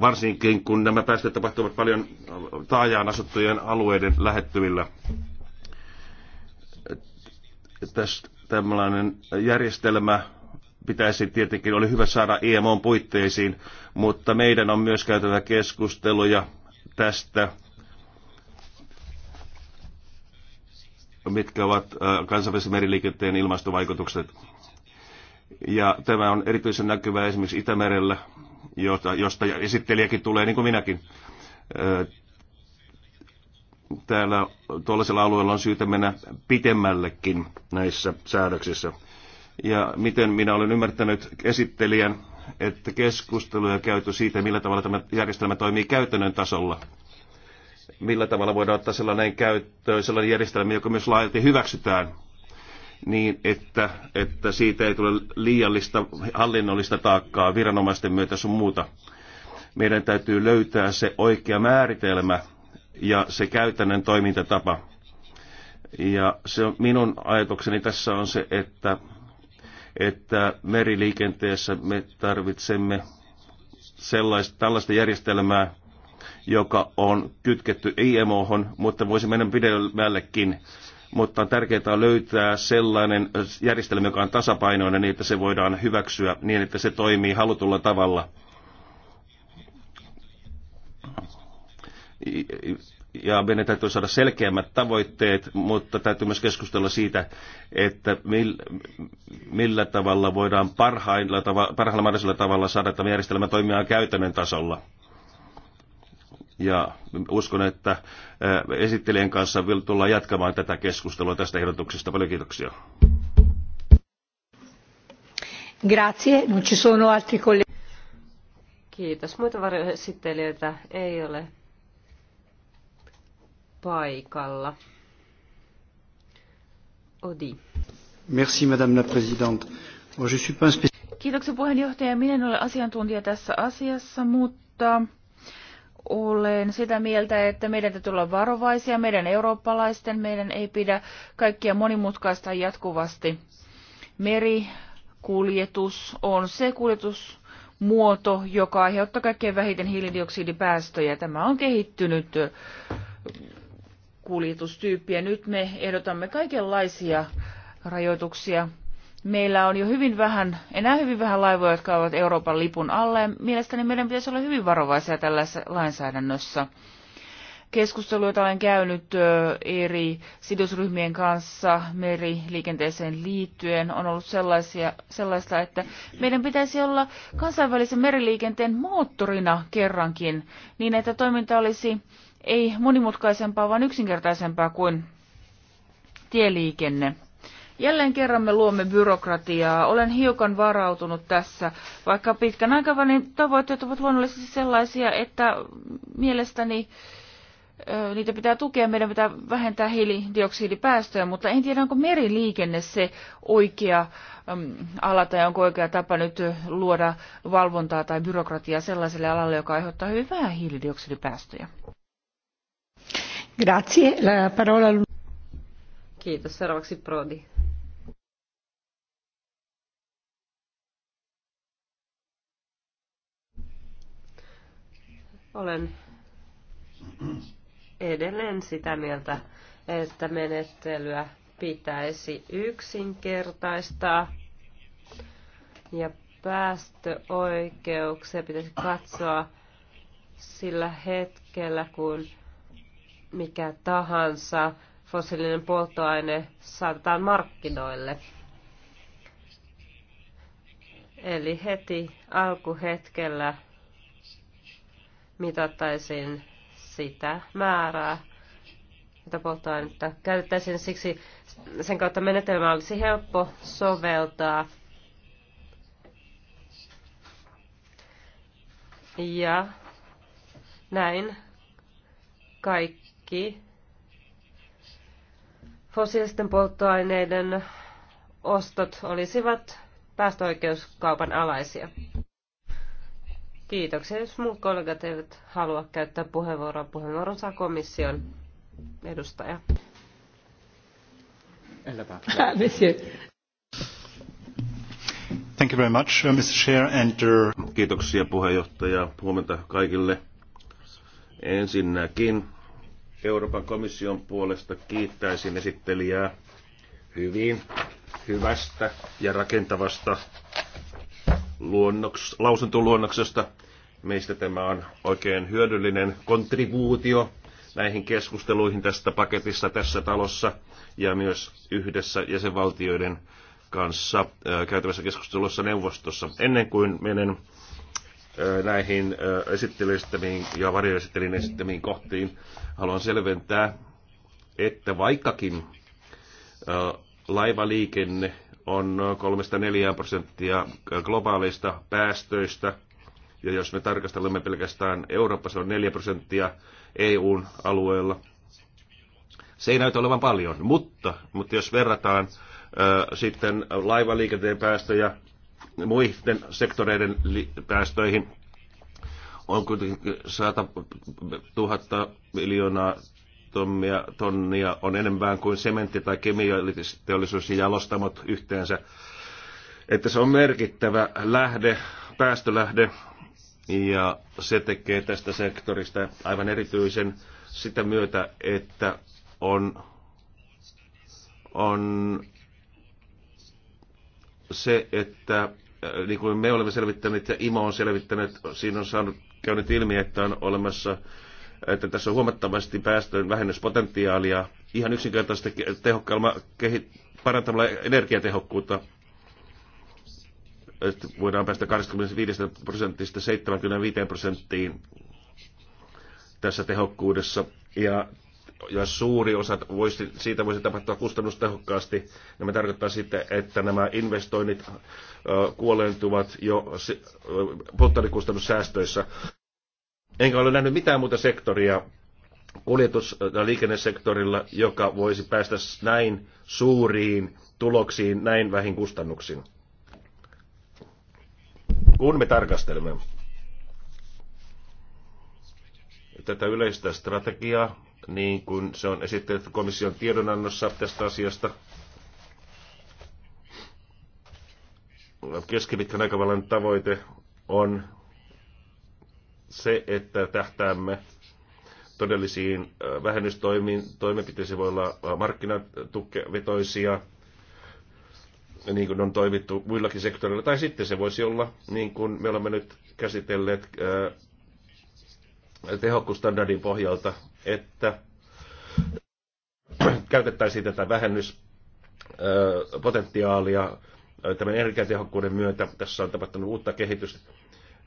varsinkin kun nämä päästöt tapahtuvat paljon taajaan asuttujen alueiden lähettyvillä. Tästä tämmöinen järjestelmä pitäisi tietenkin, oli hyvä saada IMOn puitteisiin, mutta meidän on myös käytävä keskusteluja tästä, mitkä ovat äh, kansainvälisen meriliikenteen ilmastovaikutukset. Ja tämä on erityisen näkyvää esimerkiksi Itämerellä, josta, josta esittelijäkin tulee, niin kuin minäkin. Äh, täällä tuollaisella alueella on syytä mennä pitemmällekin näissä säädöksissä ja miten minä olen ymmärtänyt esittelijän, että keskusteluja käyty siitä, millä tavalla tämä järjestelmä toimii käytännön tasolla. Millä tavalla voidaan ottaa sellainen käyttöön, sellainen järjestelmä, joka myös laajalti hyväksytään, niin että, että siitä ei tule liiallista hallinnollista taakkaa viranomaisten myötä sun muuta. Meidän täytyy löytää se oikea määritelmä ja se käytännön toimintatapa. Ja se on, minun ajatukseni tässä on se, että että meriliikenteessä me tarvitsemme sellaista, tällaista järjestelmää, joka on kytketty IMOhon, mutta voisi mennä pidemmällekin. Mutta on tärkeää löytää sellainen järjestelmä, joka on tasapainoinen niin, että se voidaan hyväksyä niin, että se toimii halutulla tavalla ja meidän täytyy saada selkeämmät tavoitteet, mutta täytyy myös keskustella siitä, että millä, millä tavalla voidaan parhailla, parhailla mahdollisella tavalla saada tämä järjestelmä toimimaan käytännön tasolla. Ja uskon, että äh, esittelijän kanssa tullaan jatkamaan tätä keskustelua tästä ehdotuksesta. Paljon kiitoksia. Grazie, non ci sono altri colleghi. Kiitos. Muita varjoesittelijöitä ei ole paikalla. Odi. Merci, Madame la Présidente. Je suis pas un Kiitoksia puheenjohtaja. Minä en ole asiantuntija tässä asiassa, mutta olen sitä mieltä, että meidän täytyy olla varovaisia, meidän eurooppalaisten, meidän ei pidä kaikkia monimutkaista jatkuvasti. Merikuljetus on se kuljetusmuoto, joka aiheuttaa kaikkein vähiten hiilidioksidipäästöjä. Tämä on kehittynyt kuljetustyyppiä. Nyt me ehdotamme kaikenlaisia rajoituksia. Meillä on jo hyvin vähän, enää hyvin vähän laivoja, jotka ovat Euroopan lipun alle. mielestäni meidän pitäisi olla hyvin varovaisia tällaisessa lainsäädännössä. Keskustelu, jota olen käynyt eri sidosryhmien kanssa meriliikenteeseen liittyen, on ollut sellaisia, sellaista, että meidän pitäisi olla kansainvälisen meriliikenteen moottorina kerrankin, niin että toiminta olisi ei monimutkaisempaa, vaan yksinkertaisempaa kuin tieliikenne. Jälleen kerran me luomme byrokratiaa. Olen hiukan varautunut tässä, vaikka pitkän aikavälin tavoitteet ovat luonnollisesti sellaisia, että mielestäni niitä pitää tukea, meidän pitää vähentää hiilidioksidipäästöjä, mutta en tiedä, onko meriliikenne se oikea mm, ala tai onko oikea tapa nyt luoda valvontaa tai byrokratiaa sellaiselle alalle, joka aiheuttaa hyvää hiilidioksidipäästöjä. Grazie. La parola... Kiitos. Seuraavaksi Prodi. Olen edelleen sitä mieltä, että menettelyä pitäisi yksinkertaistaa ja päästöoikeuksia pitäisi katsoa sillä hetkellä, kun mikä tahansa fossiilinen polttoaine saatetaan markkinoille. Eli heti alkuhetkellä mitattaisiin sitä määrää, mitä polttoainetta käytettäisiin. Siksi sen kautta menetelmä olisi helppo soveltaa. Ja näin kaikki kaikki fossiilisten polttoaineiden ostot olisivat päästöoikeuskaupan alaisia. Kiitoksia, jos muut kollegat eivät halua käyttää puheenvuoroa. Puheenvuoron saa komission edustaja. [laughs] Thank you very much, uh, Mr. Chair, and, uh, Kiitoksia puheenjohtaja. Huomenta kaikille. Ensinnäkin Euroopan komission puolesta kiittäisin esittelijää hyvin hyvästä ja rakentavasta luonnoks, lausuntoluonnoksesta. Meistä tämä on oikein hyödyllinen kontribuutio näihin keskusteluihin tästä paketissa tässä talossa ja myös yhdessä jäsenvaltioiden kanssa äh, käytävässä keskustelussa neuvostossa. Ennen kuin menen näihin esittelystämiin ja varjoesittelin esittämiin kohtiin haluan selventää, että vaikkakin laivaliikenne on 3-4 prosenttia globaaleista päästöistä, ja jos me tarkastelemme pelkästään Eurooppa, se on 4 prosenttia EUn alueella. Se ei näytä olevan paljon, mutta, mutta jos verrataan ö, sitten laivaliikenteen päästöjä muiden sektoreiden päästöihin on kuitenkin 100 000 miljoonaa tonnia, tonnia on enemmän kuin sementti- tai kemiallisteollisuus ja jalostamot yhteensä. Että se on merkittävä lähde, päästölähde, ja se tekee tästä sektorista aivan erityisen sitä myötä, että on, on se, että äh, niin kuin me olemme selvittäneet ja IMO on selvittänyt, siinä on saanut, käynyt ilmi, että on olemassa että tässä on huomattavasti päästöjen vähennyspotentiaalia ihan yksinkertaisesti tehokkaalla parantamalla energiatehokkuutta. Että voidaan päästä 25 prosentista 75 prosenttiin tässä tehokkuudessa. Ja ja suuri osa voisi, siitä voisi tapahtua kustannustehokkaasti. Nämä tarkoittaa sitä, että nämä investoinnit kuolentuvat jo polttoainekustannussäästöissä. Enkä ole nähnyt mitään muuta sektoria kuljetus- ja liikennesektorilla, joka voisi päästä näin suuriin tuloksiin näin vähin kustannuksiin. Kun me tarkastelemme tätä yleistä strategiaa, niin kuin se on esitetty komission tiedonannossa tästä asiasta. Keskipitkän aikavälin tavoite on se, että tähtäämme todellisiin vähennystoimiin. Toimenpiteisiin voi olla markkinatukevetoisia, niin kuin on toimittu muillakin sektoreilla, tai sitten se voisi olla, niin kuin me olemme nyt käsitelleet tehokkuustandardin pohjalta, että käytettäisiin tätä vähennyspotentiaalia tämän energiatehokkuuden myötä. Tässä on tapahtunut uutta kehitystä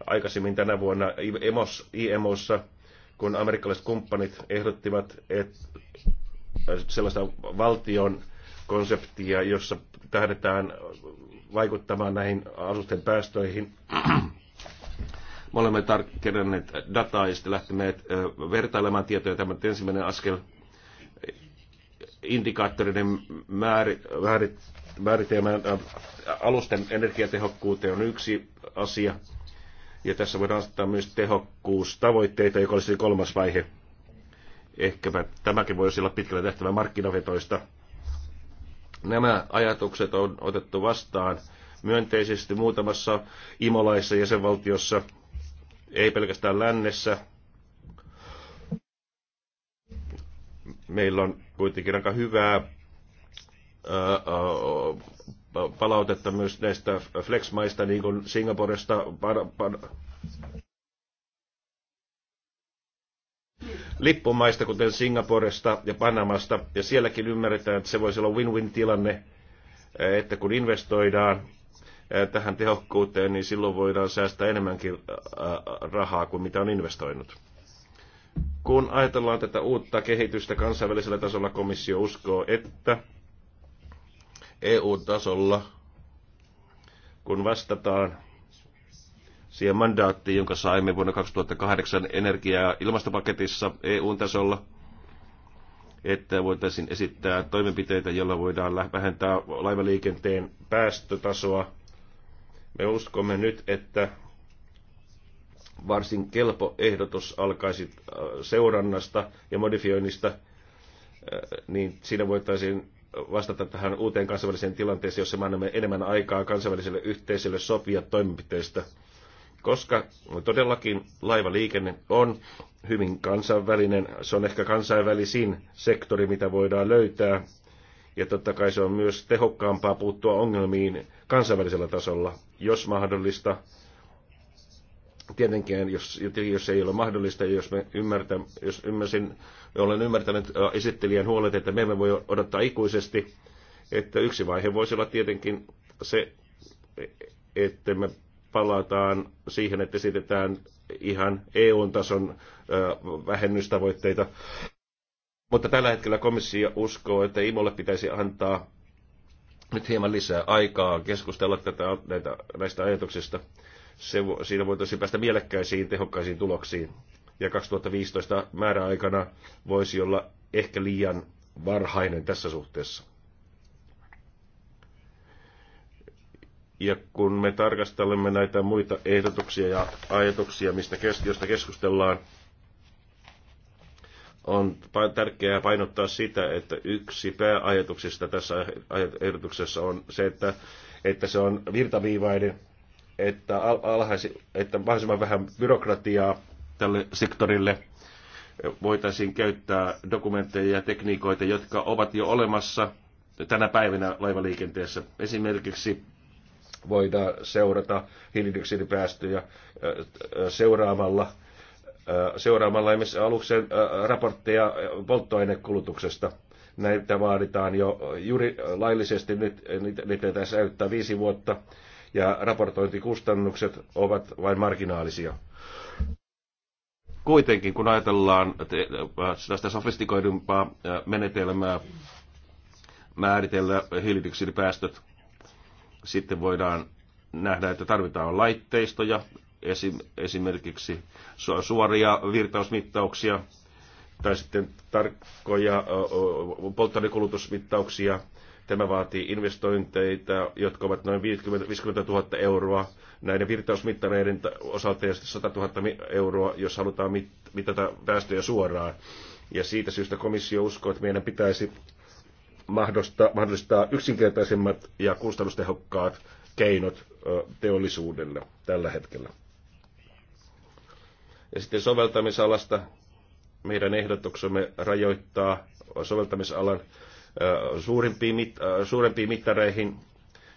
aikaisemmin tänä vuonna IMOS, IMOssa, kun amerikkalaiset kumppanit ehdottivat että sellaista valtion konseptia, jossa tähdetään vaikuttamaan näihin asusten päästöihin me olemme tarkennanneet dataa ja sitten lähteneet vertailemaan tietoja. Tämä on ensimmäinen askel indikaattorinen määri, määrit, määritelmän alusten energiatehokkuuteen on yksi asia. Ja tässä voidaan asettaa myös tehokkuustavoitteita, joka olisi kolmas vaihe. Ehkäpä tämäkin voisi olla pitkällä tehtävä markkinavetoista. Nämä ajatukset on otettu vastaan myönteisesti muutamassa imolaissa jäsenvaltiossa – ei pelkästään lännessä. Meillä on kuitenkin aika hyvää palautetta myös näistä flexmaista, niin kuin Singaporesta. lippumaista, kuten Singaporesta ja Panamasta, ja sielläkin ymmärretään, että se voisi olla win-win tilanne, että kun investoidaan tähän tehokkuuteen, niin silloin voidaan säästää enemmänkin rahaa kuin mitä on investoinut. Kun ajatellaan tätä uutta kehitystä kansainvälisellä tasolla, komissio uskoo, että EU-tasolla, kun vastataan siihen mandaattiin, jonka saimme vuonna 2008 energia- ja ilmastopaketissa EU-tasolla, että voitaisiin esittää toimenpiteitä, joilla voidaan vähentää laivaliikenteen päästötasoa me uskomme nyt, että varsin kelpo ehdotus alkaisi äh, seurannasta ja modifioinnista, äh, niin siinä voitaisiin vastata tähän uuteen kansainväliseen tilanteeseen, jossa me annamme enemmän aikaa kansainväliselle yhteisölle sopia toimenpiteistä, koska todellakin laivaliikenne on hyvin kansainvälinen. Se on ehkä kansainvälisin sektori, mitä voidaan löytää ja totta kai se on myös tehokkaampaa puuttua ongelmiin kansainvälisellä tasolla, jos mahdollista. Tietenkin, jos, jos ei ole mahdollista, jos, me ymmärtän, jos ymmärsin, olen ymmärtänyt esittelijän huolet, että me emme voi odottaa ikuisesti, että yksi vaihe voisi olla tietenkin se, että me palataan siihen, että esitetään ihan EU-tason vähennystavoitteita mutta tällä hetkellä komissio uskoo, että IMOlle pitäisi antaa nyt hieman lisää aikaa keskustella tätä, näitä, näistä ajatuksista. Se, siinä voitaisiin päästä mielekkäisiin, tehokkaisiin tuloksiin. Ja 2015 määräaikana voisi olla ehkä liian varhainen tässä suhteessa. Ja kun me tarkastelemme näitä muita ehdotuksia ja ajatuksia, mistä kes, josta keskustellaan, on tärkeää painottaa sitä, että yksi pääajatuksista tässä ehdotuksessa on se, että, että se on virtaviivainen, että, alhaisi, että mahdollisimman vähän byrokratiaa tälle sektorille voitaisiin käyttää dokumentteja ja tekniikoita, jotka ovat jo olemassa tänä päivänä laivaliikenteessä. Esimerkiksi voidaan seurata hiilidioksidipäästöjä seuraamalla – seuraamalla esimerkiksi aluksen äh, raportteja polttoainekulutuksesta. Näitä vaaditaan jo juuri laillisesti, nyt niitä tässä säilyttää viisi vuotta, ja raportointikustannukset ovat vain marginaalisia. Kuitenkin, kun ajatellaan tästä sofistikoidumpaa äh, menetelmää määritellä hiilidioksidipäästöt, sitten voidaan nähdä, että tarvitaan laitteistoja, esim, esimerkiksi suoria virtausmittauksia tai sitten tarkkoja polttoainekulutusmittauksia. Tämä vaatii investointeita, jotka ovat noin 50, 50 000 euroa näiden virtausmittareiden osalta ja 100 000 euroa, jos halutaan mit, mitata päästöjä suoraan. Ja siitä syystä komissio uskoo, että meidän pitäisi mahdollistaa yksinkertaisemmat ja kustannustehokkaat keinot teollisuudelle tällä hetkellä. Ja sitten soveltamisalasta meidän ehdotuksemme rajoittaa soveltamisalan suurimpiin, mit, suurempiin mittareihin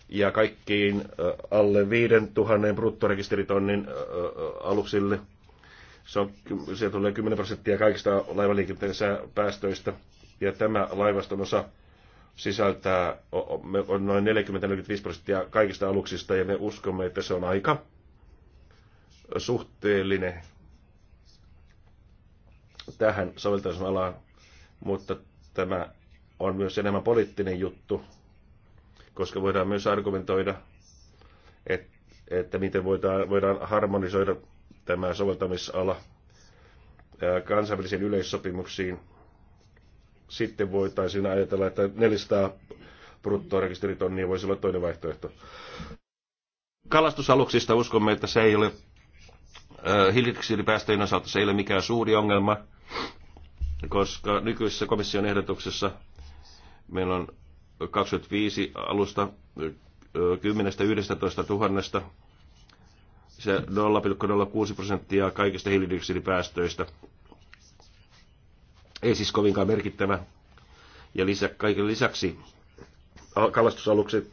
ja kaikkiin alle 5000 bruttorekisteritonnin aluksille. Se, on, se tulee 10 prosenttia kaikista laivaliikenteen päästöistä. Ja tämä laivaston osa sisältää on noin 40-45 prosenttia kaikista aluksista ja me uskomme, että se on aika suhteellinen tähän soveltamisalaan, mutta tämä on myös enemmän poliittinen juttu, koska voidaan myös argumentoida, että, että miten voidaan, voidaan harmonisoida tämä soveltamisala kansainvälisiin yleissopimuksiin. Sitten voitaisiin ajatella, että 400 bruttorekisteritonnia voisi olla toinen vaihtoehto. Kalastusaluksista uskomme, että se ei ole hiilidioksidipäästöjen osalta se ei ole mikään suuri ongelma koska nykyisessä komission ehdotuksessa meillä on 25 alusta 10 11 000 se 0,06 prosenttia kaikista hiilidioksidipäästöistä. Ei siis kovinkaan merkittävä. Ja lisä, kaiken lisäksi kalastusalukset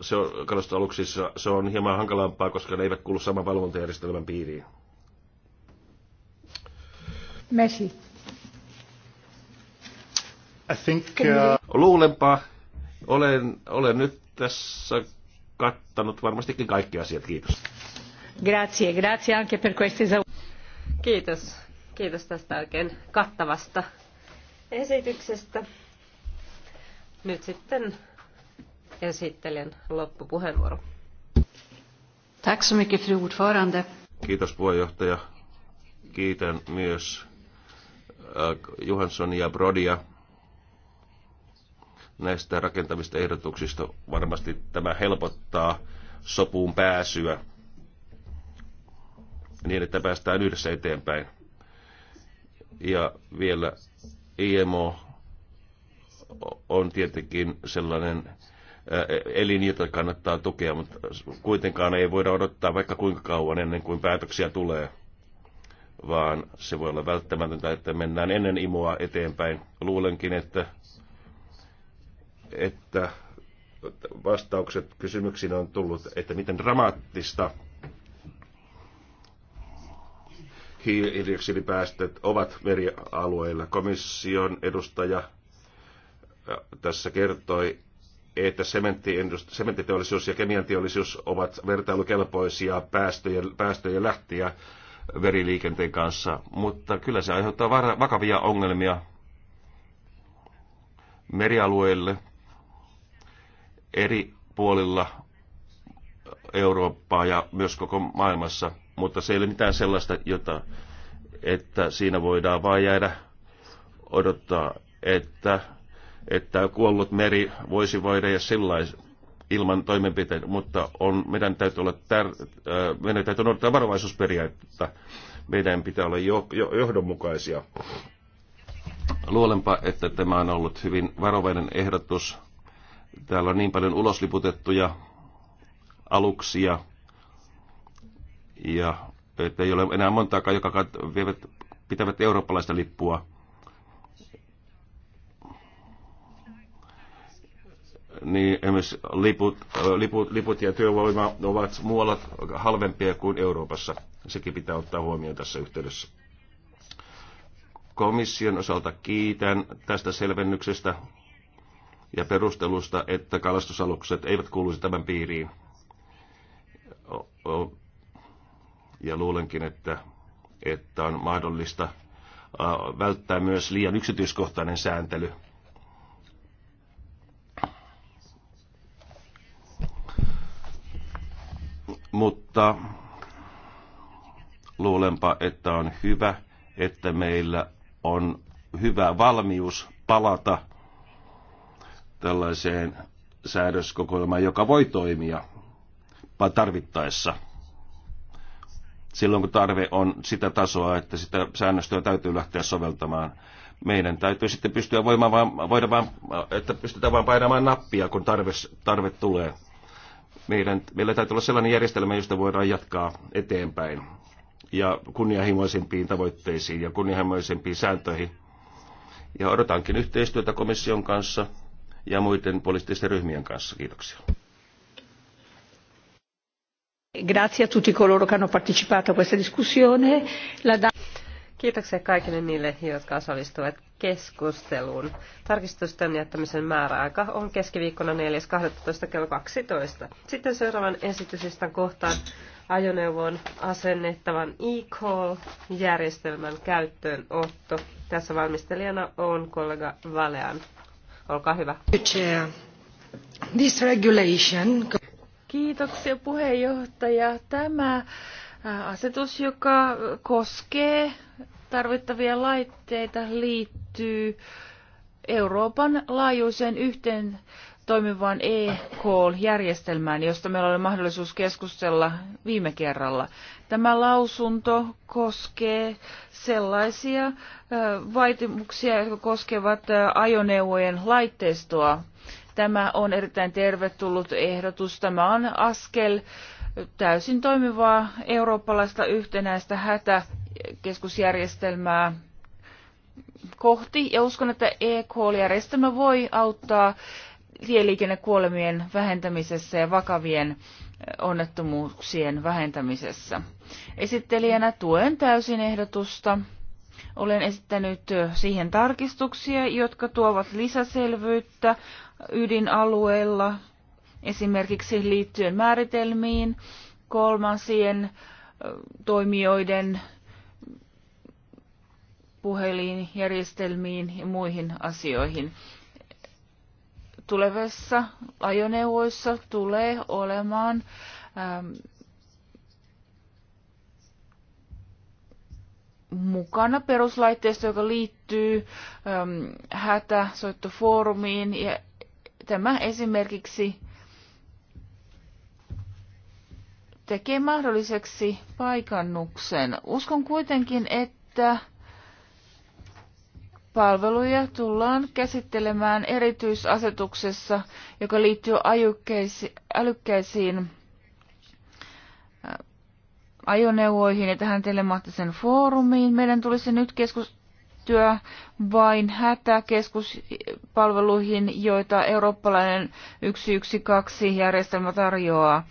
se on, kalastusaluksissa se on hieman hankalampaa, koska ne eivät kuulu saman valvontajärjestelmän piiriin. Messi. I think, uh... Luulenpa, olen, olen nyt tässä kattanut varmastikin kaikki asiat. Kiitos. Grazie, grazie anche per questo. Kiitos. Kiitos tästä oikein kattavasta esityksestä. Nyt sitten esittelijän loppupuheenvuoro. Tack så mycket, fru ordförande. Kiitos puheenjohtaja. Kiitän myös äh, Johansson ja Brodia näistä rakentavista ehdotuksista. Varmasti tämä helpottaa sopuun pääsyä niin, että päästään yhdessä eteenpäin. Ja vielä IMO on tietenkin sellainen elin, jota kannattaa tukea, mutta kuitenkaan ei voida odottaa vaikka kuinka kauan ennen kuin päätöksiä tulee, vaan se voi olla välttämätöntä, että mennään ennen imoa eteenpäin. Luulenkin, että, että vastaukset kysymyksiin on tullut, että miten dramaattista hiilidioksidipäästöt ovat merialueilla. Komission edustaja tässä kertoi, että sementtiteollisuus ja kemianteollisuus ovat vertailukelpoisia päästöjen, päästöjen lähtiä veriliikenteen kanssa, mutta kyllä se aiheuttaa vakavia ongelmia merialueille eri puolilla Eurooppaa ja myös koko maailmassa, mutta se ei ole mitään sellaista, jota, että siinä voidaan vain jäädä odottaa, että että kuollut meri voisi voida ja sillain ilman toimenpiteitä, mutta on, meidän, täytyy olla tär, meidän täytyy noudattaa varovaisuusperiaatetta. Meidän pitää olla jo, jo, johdonmukaisia. Luulenpa, että tämä on ollut hyvin varovainen ehdotus. Täällä on niin paljon ulosliputettuja aluksia, ja että ei ole enää montaakaan, joka pitävät eurooppalaista lippua niin esimerkiksi liput, liput, liput ja työvoima ovat muualla halvempia kuin Euroopassa. Sekin pitää ottaa huomioon tässä yhteydessä. Komission osalta kiitän tästä selvennyksestä ja perustelusta, että kalastusalukset eivät kuuluisi tämän piiriin. Ja luulenkin, että, että on mahdollista välttää myös liian yksityiskohtainen sääntely Mutta luulenpa, että on hyvä, että meillä on hyvä valmius palata tällaiseen säädöskokoelmaan, joka voi toimia tarvittaessa silloin, kun tarve on sitä tasoa, että sitä säännöstöä täytyy lähteä soveltamaan. Meidän täytyy sitten pystyä voimaan vaan, voida vaan, että pystytään vain painamaan nappia, kun tarve, tarve tulee meidän, meillä täytyy olla sellainen järjestelmä, josta voidaan jatkaa eteenpäin ja kunnianhimoisempiin tavoitteisiin ja kunnianhimoisempiin sääntöihin. Ja odotankin yhteistyötä komission kanssa ja muiden poliittisten ryhmien kanssa. Kiitoksia. Grazie a tutti coloro che hanno partecipato a questa discussione. La Kiitoksia kaikille niille, jotka osallistuvat keskusteluun. Tarkistusten jättämisen määräaika on keskiviikkona 4.12. kello 12. Sitten seuraavan esityslistan kohtaan ajoneuvon asennettavan e-call-järjestelmän käyttöönotto. Tässä valmistelijana on kollega Valean. Olkaa hyvä. This regulation... Kiitoksia puheenjohtaja. Tämä asetus, joka koskee tarvittavia laitteita, liittyy Euroopan laajuiseen yhteen toimivaan e-call-järjestelmään, josta meillä oli mahdollisuus keskustella viime kerralla. Tämä lausunto koskee sellaisia vaatimuksia, jotka koskevat ajoneuvojen laitteistoa. Tämä on erittäin tervetullut ehdotus. Tämä on askel täysin toimivaa eurooppalaista yhtenäistä hätäkeskusjärjestelmää kohti. Ja uskon, että e-call-järjestelmä voi auttaa tieliikennekuolemien vähentämisessä ja vakavien onnettomuuksien vähentämisessä. Esittelijänä tuen täysin ehdotusta. Olen esittänyt siihen tarkistuksia, jotka tuovat lisäselvyyttä ydinalueella esimerkiksi liittyen määritelmiin, kolmansien toimijoiden puhelinjärjestelmiin ja muihin asioihin. Tulevissa ajoneuvoissa tulee olemaan ähm, mukana peruslaitteisto, joka liittyy ähm, hätäsoittofoorumiin. Ja tämä esimerkiksi tekee mahdolliseksi paikannuksen. Uskon kuitenkin, että palveluja tullaan käsittelemään erityisasetuksessa, joka liittyy älykkäisiin äh, ajoneuvoihin ja tähän telemaattisen foorumiin. Meidän tulisi nyt keskustella vain hätäkeskuspalveluihin, joita eurooppalainen 112-järjestelmä tarjoaa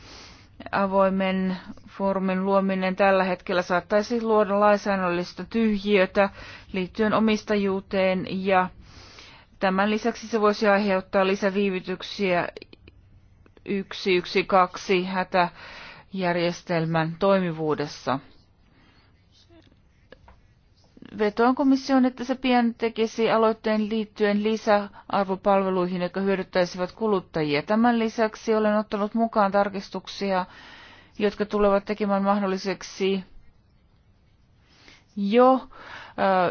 avoimen foorumin luominen tällä hetkellä saattaisi luoda lainsäädännöllistä tyhjiötä liittyen omistajuuteen ja tämän lisäksi se voisi aiheuttaa lisäviivytyksiä 112 hätäjärjestelmän toimivuudessa vetoan komission, että se pian tekisi aloitteen liittyen lisäarvopalveluihin, jotka hyödyttäisivät kuluttajia. Tämän lisäksi olen ottanut mukaan tarkistuksia, jotka tulevat tekemään mahdolliseksi jo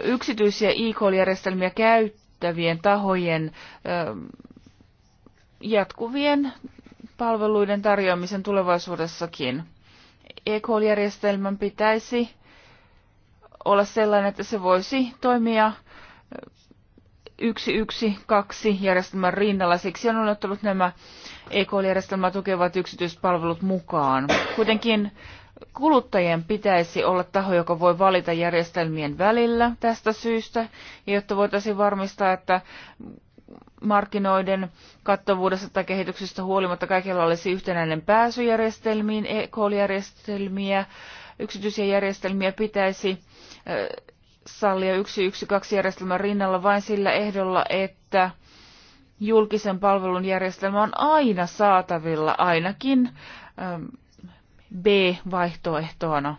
yksityisiä e-call-järjestelmiä käyttävien tahojen jatkuvien palveluiden tarjoamisen tulevaisuudessakin. E-call-järjestelmän pitäisi olla sellainen, että se voisi toimia yksi yksi kaksi järjestelmän rinnalla. Siksi on ottanut nämä EK-järjestelmää tukevat yksityispalvelut mukaan. Kuitenkin kuluttajien pitäisi olla taho, joka voi valita järjestelmien välillä tästä syystä, jotta voitaisiin varmistaa, että markkinoiden kattavuudesta tai kehityksestä huolimatta kaikilla olisi yhtenäinen pääsyjärjestelmiin, e järjestelmiä yksityisiä järjestelmiä pitäisi sallia 112-järjestelmän rinnalla vain sillä ehdolla, että julkisen palvelun järjestelmä on aina saatavilla ainakin B-vaihtoehtoona.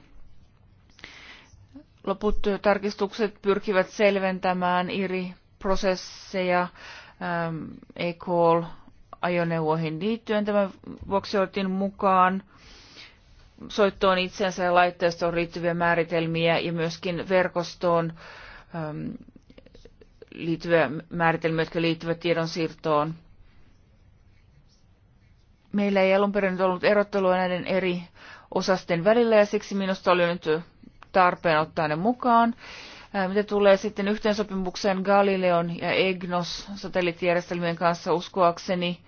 Loput tarkistukset pyrkivät selventämään eri prosesseja e-call ajoneuvoihin liittyen. Tämän vuoksi otin mukaan soittoon itseensä ja laitteistoon liittyviä määritelmiä ja myöskin verkostoon ähm, liittyviä määritelmiä, jotka liittyvät tiedonsiirtoon. Meillä ei alun perin ollut erottelua näiden eri osasten välillä ja siksi minusta oli nyt tarpeen ottaa ne mukaan. Äh, mitä tulee sitten yhteensopimukseen Galileon ja EGNOS satelliittijärjestelmien kanssa uskoakseni,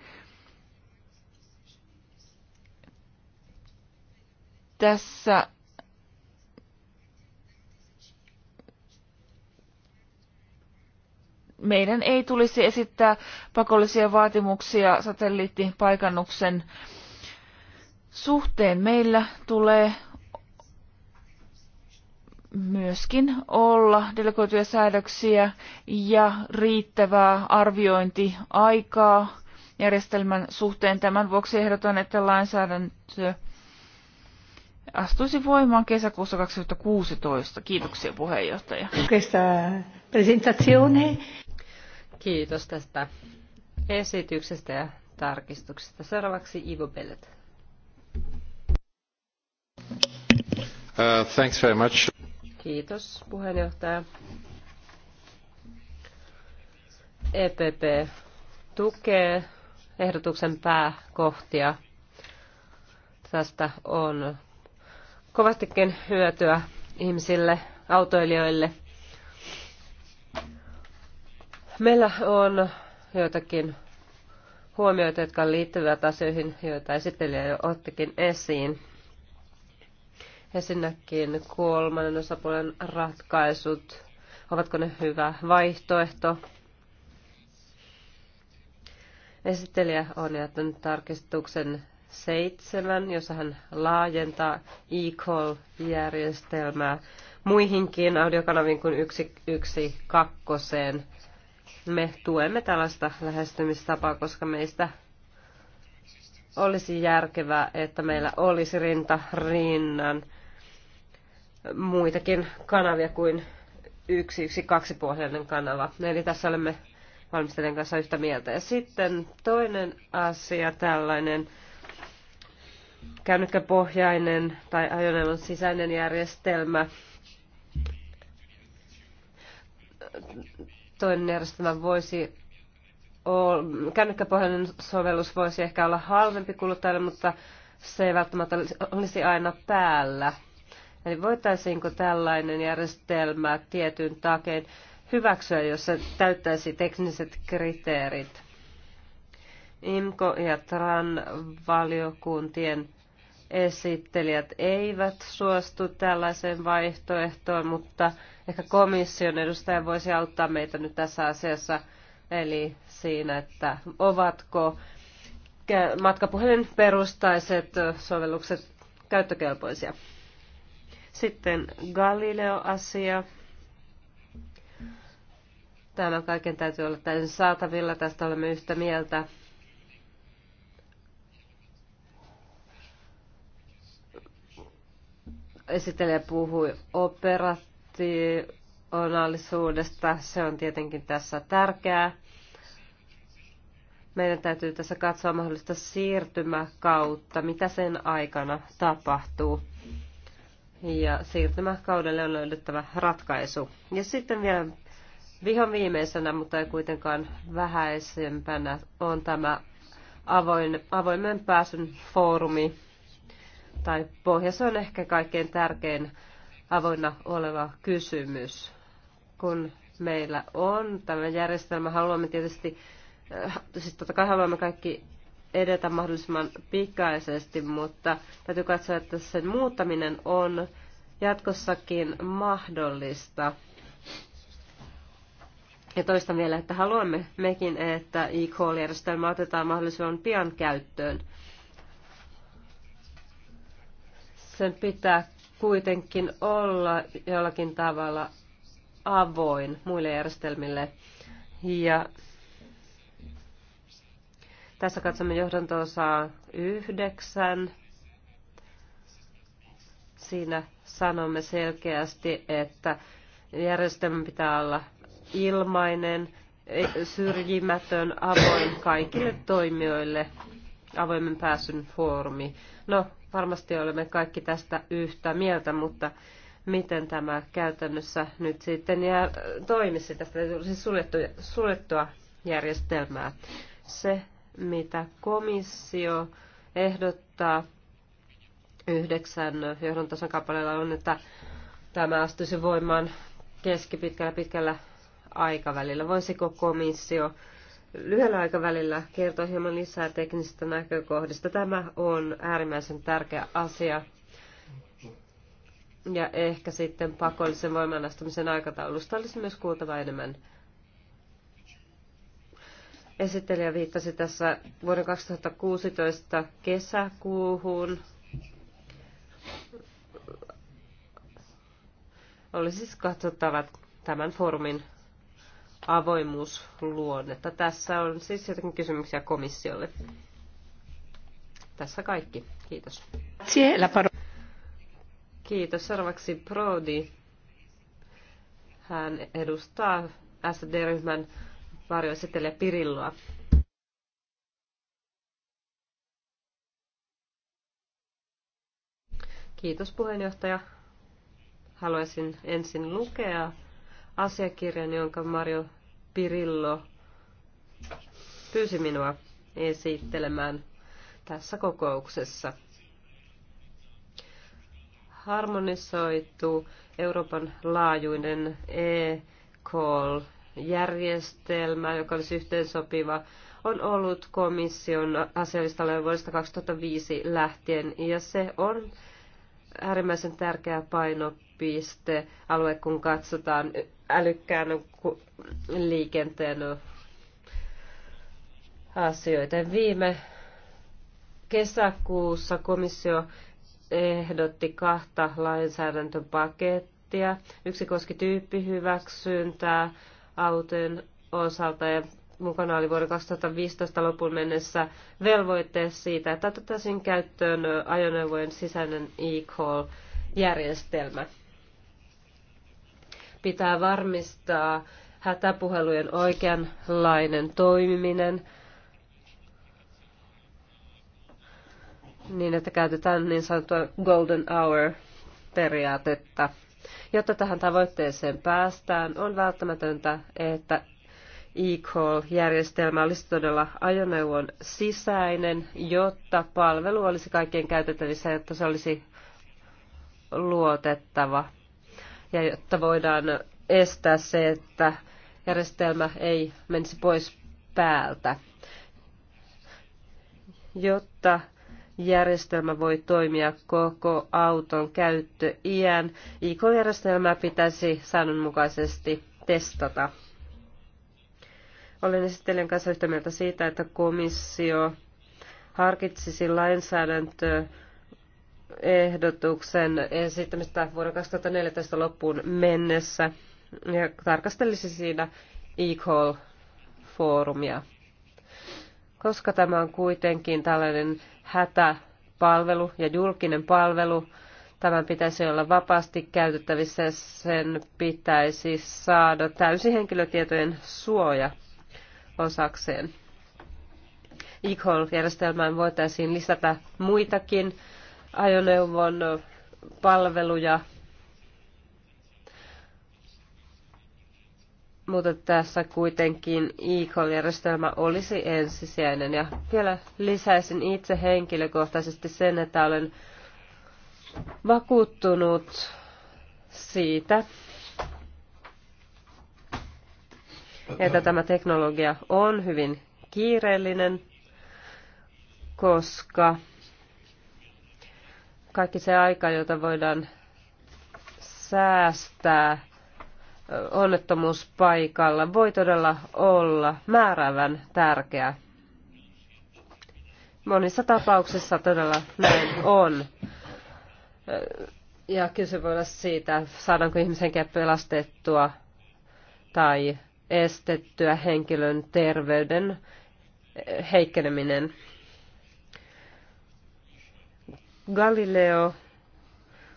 tässä meidän ei tulisi esittää pakollisia vaatimuksia satelliittipaikannuksen suhteen. Meillä tulee myöskin olla delegoituja säädöksiä ja riittävää arviointiaikaa järjestelmän suhteen. Tämän vuoksi ehdotan, että lainsäädäntö astuisi voimaan kesäkuussa 2016. Kiitoksia puheenjohtaja. Kiitos tästä esityksestä ja tarkistuksesta. Seuraavaksi Ivo Pellet. Uh, thanks very much. Kiitos puheenjohtaja. EPP tukee ehdotuksen pääkohtia. Tästä on kovastikin hyötyä ihmisille, autoilijoille. Meillä on joitakin huomioita, jotka liittyvät asioihin, joita esittelijä jo ottikin esiin. Ensinnäkin kolmannen osapuolen ratkaisut, ovatko ne hyvä vaihtoehto. Esittelijä on jättänyt tarkistuksen 7, jossa hän laajentaa e-call-järjestelmää muihinkin audiokanaviin kuin 112. Me tuemme tällaista lähestymistapaa, koska meistä olisi järkevää, että meillä olisi rinta rinnan muitakin kanavia kuin yksi, yksi kaksipohjainen kanava. Eli tässä olemme valmistelijan kanssa yhtä mieltä. Ja sitten toinen asia, tällainen kännykkäpohjainen tai ajoneuvon sisäinen järjestelmä. Toinen järjestelmä voisi kännykkäpohjainen sovellus voisi ehkä olla halvempi kuluttajalle, mutta se ei välttämättä olisi aina päällä. Eli voitaisiinko tällainen järjestelmä tietyn takeen hyväksyä, jos se täyttäisi tekniset kriteerit? IMKO ja TRAN valiokuntien esittelijät eivät suostu tällaiseen vaihtoehtoon, mutta ehkä komission edustaja voisi auttaa meitä nyt tässä asiassa, eli siinä, että ovatko matkapuhelin perustaiset sovellukset käyttökelpoisia. Sitten Galileo-asia. Tämä kaiken täytyy olla täysin saatavilla, tästä olemme yhtä mieltä. esittelijä puhui operationaalisuudesta. Se on tietenkin tässä tärkeää. Meidän täytyy tässä katsoa mahdollista siirtymäkautta, mitä sen aikana tapahtuu. Ja siirtymäkaudelle on löydettävä ratkaisu. Ja sitten vielä vihon viimeisenä, mutta ei kuitenkaan vähäisempänä, on tämä avoin, avoimen pääsyn foorumi tai pohja. Se on ehkä kaikkein tärkein avoinna oleva kysymys. Kun meillä on tämä järjestelmä, haluamme tietysti, äh, siis totta kai haluamme kaikki edetä mahdollisimman pikaisesti, mutta täytyy katsoa, että sen muuttaminen on jatkossakin mahdollista. Ja toista vielä, että haluamme mekin, että e-call-järjestelmä otetaan mahdollisimman pian käyttöön. sen pitää kuitenkin olla jollakin tavalla avoin muille järjestelmille. Ja tässä katsomme johdanto-osaa yhdeksän. Siinä sanomme selkeästi, että järjestelmän pitää olla ilmainen, syrjimätön, avoin kaikille toimijoille avoimen pääsyn foorumi. No, varmasti olemme kaikki tästä yhtä mieltä, mutta miten tämä käytännössä nyt sitten jää, äh, toimisi. Tästä siis suljettua, suljettua järjestelmää. Se, mitä komissio ehdottaa yhdeksän johdontason kappaleella on, että tämä astuisi voimaan keskipitkällä pitkällä aikavälillä. Voisiko komissio lyhyellä aikavälillä kertoa hieman lisää teknisistä näkökohdista. Tämä on äärimmäisen tärkeä asia. Ja ehkä sitten pakollisen voimanastamisen aikataulusta olisi myös kuultava enemmän. Esittelijä viittasi tässä vuoden 2016 kesäkuuhun. Oli siis katsottava tämän foorumin avoimuusluonnetta. Tässä on siis jotakin kysymyksiä komissiolle. Tässä kaikki. Kiitos. Siellä paro- Kiitos. Seuraavaksi Prodi. Hän edustaa SD-ryhmän varjoesittelijä Pirilloa. Kiitos puheenjohtaja. Haluaisin ensin lukea asiakirjan, jonka Mario Pirillo pyysi minua esittelemään tässä kokouksessa. Harmonisoitu Euroopan laajuinen e-call-järjestelmä, joka olisi yhteensopiva, on ollut komission asiallista vuodesta 2005 lähtien, ja se on äärimmäisen tärkeä painopiste alue, kun katsotaan älykkään liikenteen asioita. Viime kesäkuussa komissio ehdotti kahta lainsäädäntöpakettia. Yksi koski tyyppihyväksyntää autojen osalta ja mukana oli vuoden 2015 lopun mennessä velvoite siitä, että otettaisiin käyttöön ajoneuvojen sisäinen e-call-järjestelmä. Pitää varmistaa hätäpuhelujen oikeanlainen toimiminen niin, että käytetään niin sanottua golden hour periaatetta. Jotta tähän tavoitteeseen päästään, on välttämätöntä, että e-call-järjestelmä olisi todella ajoneuvon sisäinen, jotta palvelu olisi kaikkien käytettävissä, jotta se olisi luotettava ja jotta voidaan estää se, että järjestelmä ei menisi pois päältä. Jotta järjestelmä voi toimia koko auton käyttöiän, IK-järjestelmää pitäisi säännönmukaisesti testata. Olen esittelijän kanssa yhtä mieltä siitä, että komissio harkitsisi lainsäädäntöä ehdotuksen esittämistä vuoden 2014 loppuun mennessä ja tarkastelisi siinä e-call-foorumia. Koska tämä on kuitenkin tällainen hätäpalvelu ja julkinen palvelu, tämän pitäisi olla vapaasti käytettävissä ja sen pitäisi saada täysi henkilötietojen suoja osakseen. e järjestelmään voitaisiin lisätä muitakin ajoneuvon palveluja. Mutta tässä kuitenkin e-call-järjestelmä olisi ensisijainen. Ja vielä lisäisin itse henkilökohtaisesti sen, että olen vakuuttunut siitä, että tämä teknologia on hyvin kiireellinen, koska kaikki se aika, jota voidaan säästää onnettomuuspaikalla, voi todella olla määrävän tärkeä. Monissa tapauksissa todella näin on. Ja kyse voi olla siitä, saadaanko ihmisenkin pelastettua tai estettyä henkilön terveyden heikkeneminen. Galileo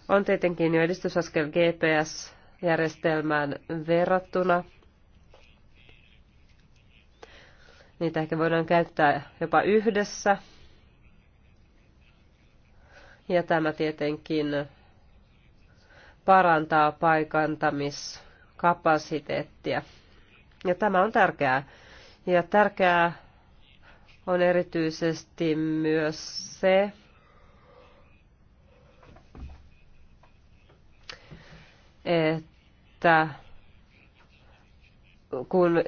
on tietenkin jo edistysaskel GPS-järjestelmään verrattuna. Niitä ehkä voidaan käyttää jopa yhdessä. Ja tämä tietenkin parantaa paikantamiskapasiteettia. Ja tämä on tärkeää. Ja tärkeää on erityisesti myös se, että kun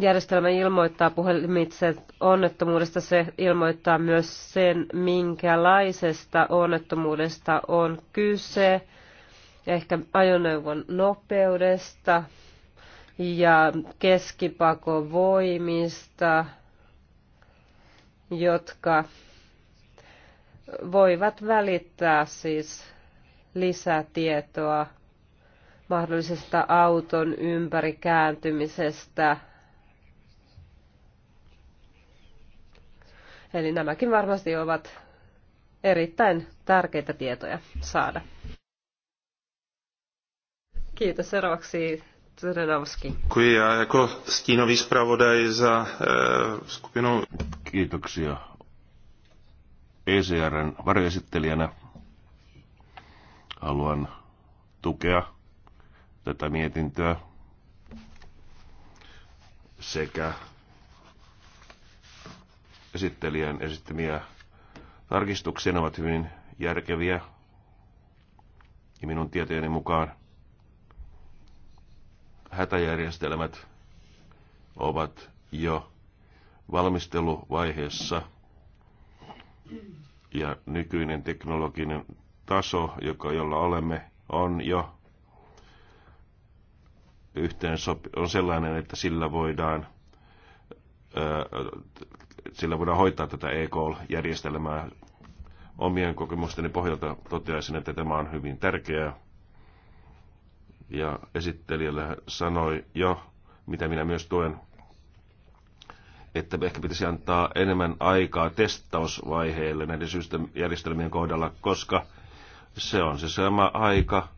järjestelmä ilmoittaa puhelimitse onnettomuudesta, se ilmoittaa myös sen, minkälaisesta onnettomuudesta on kyse, ehkä ajoneuvon nopeudesta ja keskipakovoimista, jotka voivat välittää siis lisätietoa mahdollisesta auton ympärikääntymisestä. Eli nämäkin varmasti ovat erittäin tärkeitä tietoja saada. Kiitos. Seuraavaksi Tserenovski. jako stínový zpravodaj za eh, skupinou... Kiitoksia. ECRn varjoesittelijänä haluan tukea tätä mietintöä sekä esittelijän esittämiä tarkistuksia. Ne ovat hyvin järkeviä ja minun tietojeni mukaan hätäjärjestelmät ovat jo valmisteluvaiheessa ja nykyinen teknologinen taso, joka, jolla olemme, on jo yhteen on sellainen, että sillä voidaan, sillä voidaan hoitaa tätä EKL-järjestelmää. Omien kokemusteni pohjalta toteaisin, että tämä on hyvin tärkeää. Ja esittelijällä sanoi jo, mitä minä myös tuen, että ehkä pitäisi antaa enemmän aikaa testausvaiheelle näiden järjestelmien kohdalla, koska se on se sama aika,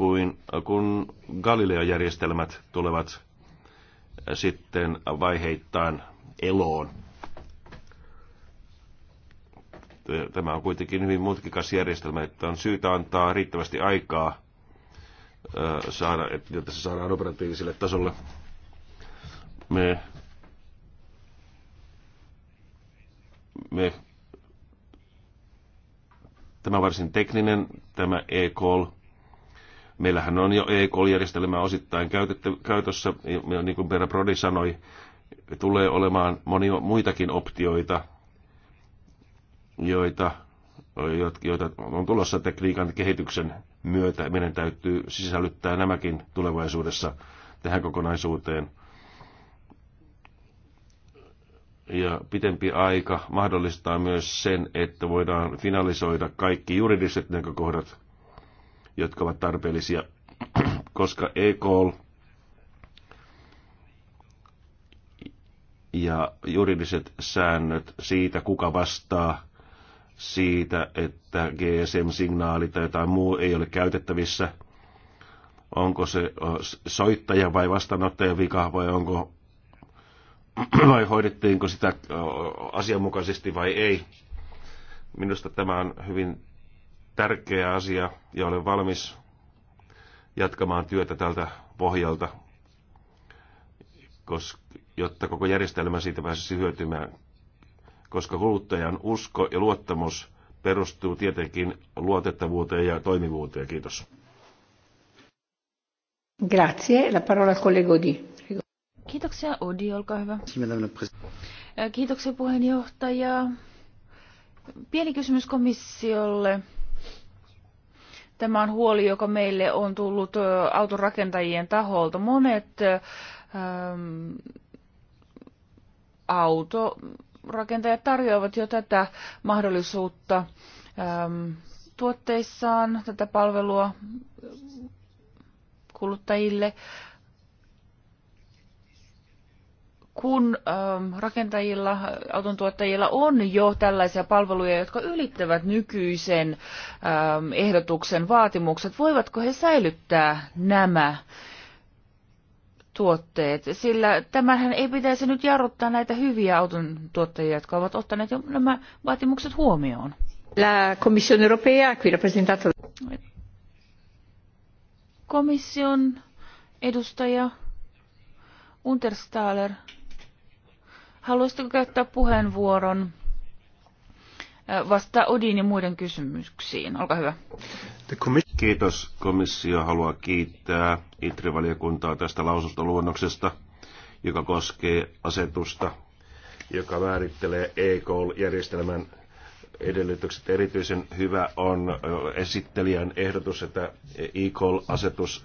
kuin kun Galileo-järjestelmät tulevat sitten vaiheittain eloon. Tämä on kuitenkin hyvin mutkikas järjestelmä, että on syytä antaa riittävästi aikaa saada, jotta se saadaan operatiiviselle tasolle. Me, me, tämä on varsin tekninen, tämä e-call, Meillähän on jo e-call-järjestelmä osittain käytetty, käytössä, niin kuin Berra Brody sanoi, tulee olemaan monia muitakin optioita, joita, joita on tulossa tekniikan kehityksen myötä. Meidän täytyy sisällyttää nämäkin tulevaisuudessa tähän kokonaisuuteen. Ja pitempi aika mahdollistaa myös sen, että voidaan finalisoida kaikki juridiset näkökohdat jotka ovat tarpeellisia, [clears throat] koska EKL ja juridiset säännöt siitä, kuka vastaa siitä, että GSM-signaali tai jotain muu ei ole käytettävissä, onko se soittaja vai vastaanottaja vika vai onko [clears throat] vai hoidettiinko sitä asianmukaisesti vai ei. Minusta tämä on hyvin tärkeä asia ja olen valmis jatkamaan työtä tältä pohjalta, koska, jotta koko järjestelmä siitä pääsisi hyötymään. Koska kuluttajan usko ja luottamus perustuu tietenkin luotettavuuteen ja toimivuuteen. Kiitos. Grazie. La parola collega Odi. Kiitoksia Odi, olkaa hyvä. Kiitoksia puheenjohtaja. Pieni kysymys komissiolle. Tämä on huoli, joka meille on tullut autorakentajien taholta. Monet ähm, autorakentajat tarjoavat jo tätä mahdollisuutta ähm, tuotteissaan, tätä palvelua kuluttajille kun ähm, rakentajilla, tuottajilla on jo tällaisia palveluja, jotka ylittävät nykyisen ähm, ehdotuksen vaatimukset, voivatko he säilyttää nämä tuotteet? Sillä tämähän ei pitäisi nyt jarruttaa näitä hyviä tuottajia, jotka ovat ottaneet jo nämä vaatimukset huomioon. La Commissione Europea, qui rappresentata... Komission edustaja Unterstaller. Haluaisitko käyttää puheenvuoron vastata Odin ja muiden kysymyksiin? Olkaa hyvä. Kiitos. Komissio haluaa kiittää ITRI-valiokuntaa tästä lausuntoluonnoksesta, joka koskee asetusta, joka määrittelee e-call-järjestelmän edellytykset. Erityisen hyvä on esittelijän ehdotus, että e-call-asetus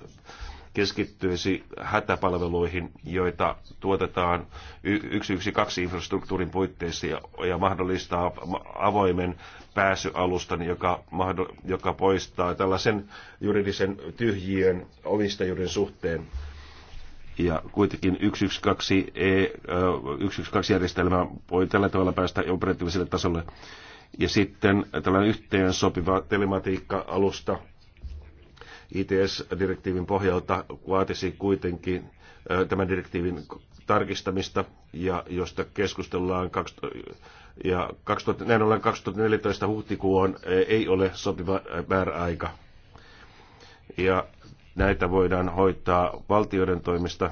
keskittyisi hätäpalveluihin, joita tuotetaan 112-infrastruktuurin puitteissa ja, ja mahdollistaa avoimen pääsyalustan, joka, joka poistaa tällaisen juridisen tyhjien omistajuuden suhteen. Ja kuitenkin 112-järjestelmä e, voi tällä tavalla päästä operatiiviselle tasolle. Ja sitten tällainen yhteensopiva telematiikka-alusta, ITS-direktiivin pohjalta vaatisi kuitenkin tämän direktiivin tarkistamista, ja josta keskustellaan ja 2000, näin ollen 2014 huhtikuun ei ole sopiva määräaika. Ja näitä voidaan hoitaa valtioiden toimista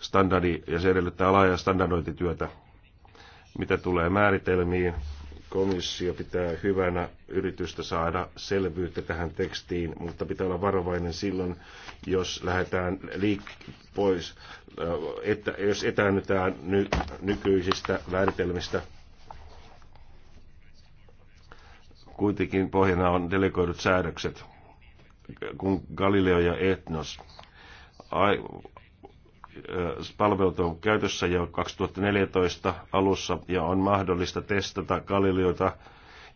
standardi, ja se edellyttää laajaa standardointityötä, mitä tulee määritelmiin komissio pitää hyvänä yritystä saada selvyyttä tähän tekstiin, mutta pitää olla varovainen silloin, jos lähdetään liik- pois, äh, että, jos etäännytään ny- nykyisistä väritelmistä. Kuitenkin pohjana on delegoidut säädökset, kun Galileo ja Etnos palvelut on käytössä jo 2014 alussa ja on mahdollista testata Galileota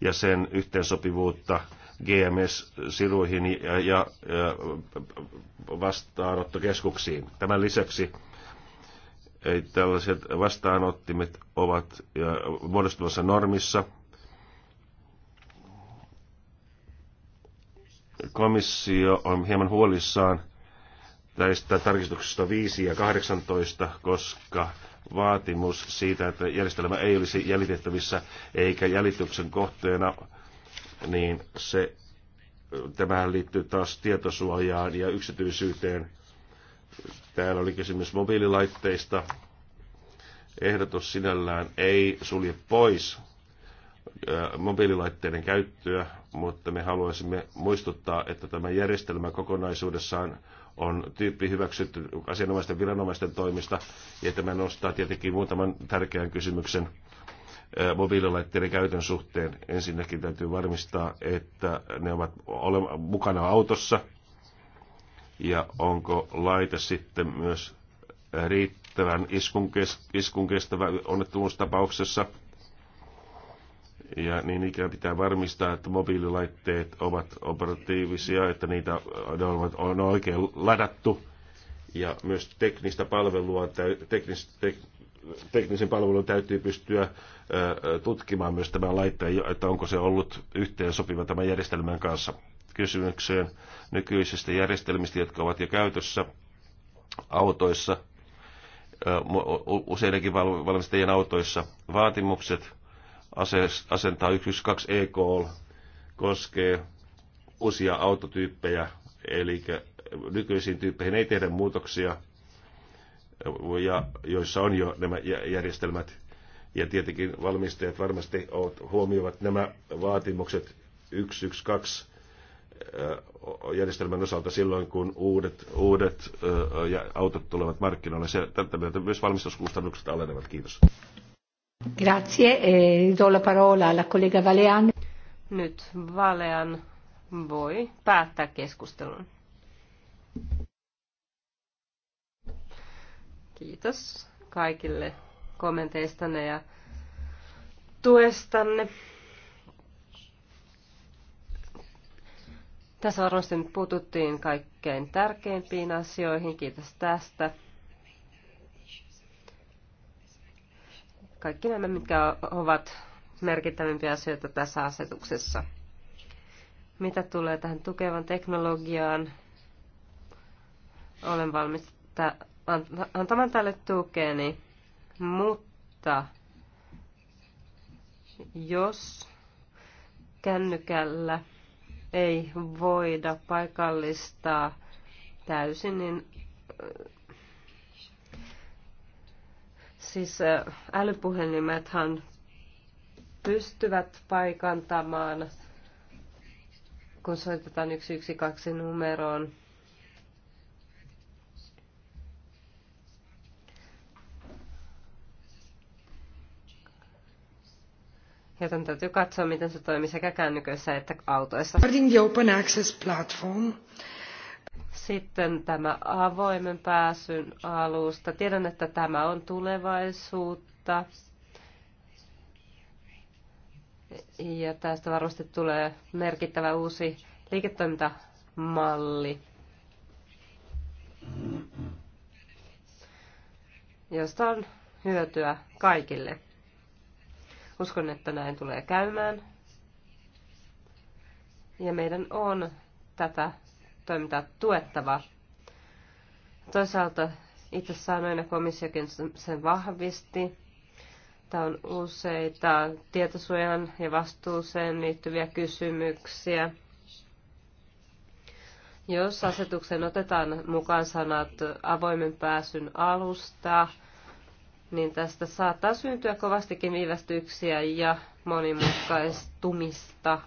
ja sen yhteensopivuutta GMS-siruihin ja, ja, ja vastaanottokeskuksiin. Tämän lisäksi tällaiset vastaanottimet ovat muodostumassa normissa. Komissio on hieman huolissaan näistä tarkistuksista 5 ja 18, koska vaatimus siitä, että järjestelmä ei olisi jäljitettävissä eikä jäljityksen kohteena, niin se, tämähän liittyy taas tietosuojaan ja yksityisyyteen. Täällä oli kysymys mobiililaitteista. Ehdotus sinällään ei sulje pois mobiililaitteiden käyttöä, mutta me haluaisimme muistuttaa, että tämä järjestelmä kokonaisuudessaan on tyyppi hyväksytty asianomaisten viranomaisten toimista, ja tämä nostaa tietenkin muutaman tärkeän kysymyksen mobiililaitteiden käytön suhteen. Ensinnäkin täytyy varmistaa, että ne ovat mukana autossa, ja onko laite sitten myös riittävän iskun, kes, iskun kestävä onnettomuustapauksessa – ja niin ikään pitää varmistaa, että mobiililaitteet ovat operatiivisia, että niitä on oikein ladattu. Ja myös teknistä palvelua, teknis, tek, teknisen palvelun täytyy pystyä tutkimaan myös tämän laitteen, että onko se ollut sopiva tämän järjestelmän kanssa. Kysymykseen nykyisistä järjestelmistä, jotka ovat jo käytössä autoissa, useidenkin valmistajien autoissa, vaatimukset asentaa 112 EK, koskee uusia autotyyppejä, eli nykyisiin tyyppeihin ei tehdä muutoksia, ja joissa on jo nämä järjestelmät. Ja tietenkin valmistajat varmasti huomioivat nämä vaatimukset 112 järjestelmän osalta silloin, kun uudet, uudet autot tulevat markkinoille. Se, tältä myötä myös valmistuskustannukset alenevat. Kiitos. Grazie. E do la parola alla collega Valean. Nyt Valean voi päättää keskustelun. Kiitos kaikille kommenteistanne ja tuestanne. Tässä varmasti nyt puututtiin kaikkein tärkeimpiin asioihin. Kiitos tästä. kaikki nämä, mitkä ovat merkittävimpiä asioita tässä asetuksessa. Mitä tulee tähän tukevan teknologiaan, olen valmis antamaan tälle tukeni, mutta jos kännykällä ei voida paikallistaa täysin, niin Siis älypuhelimethan pystyvät paikantamaan, kun soitetaan 112 numeroon. joten täytyy katsoa, miten se toimii sekä kännyköissä että autoissa. Starting the open access platform, sitten tämä avoimen pääsyn alusta. Tiedän, että tämä on tulevaisuutta. Ja tästä varmasti tulee merkittävä uusi liiketoimintamalli, josta on hyötyä kaikille. Uskon, että näin tulee käymään. Ja meidän on tätä toimintaa tuettava. Toisaalta itse sanoin ja komissiokin sen vahvisti. Tämä on useita tietosuojan ja vastuuseen liittyviä kysymyksiä. Jos asetukseen otetaan mukaan sanat avoimen pääsyn alusta, niin tästä saattaa syntyä kovastikin viivästyksiä ja monimutkaistumista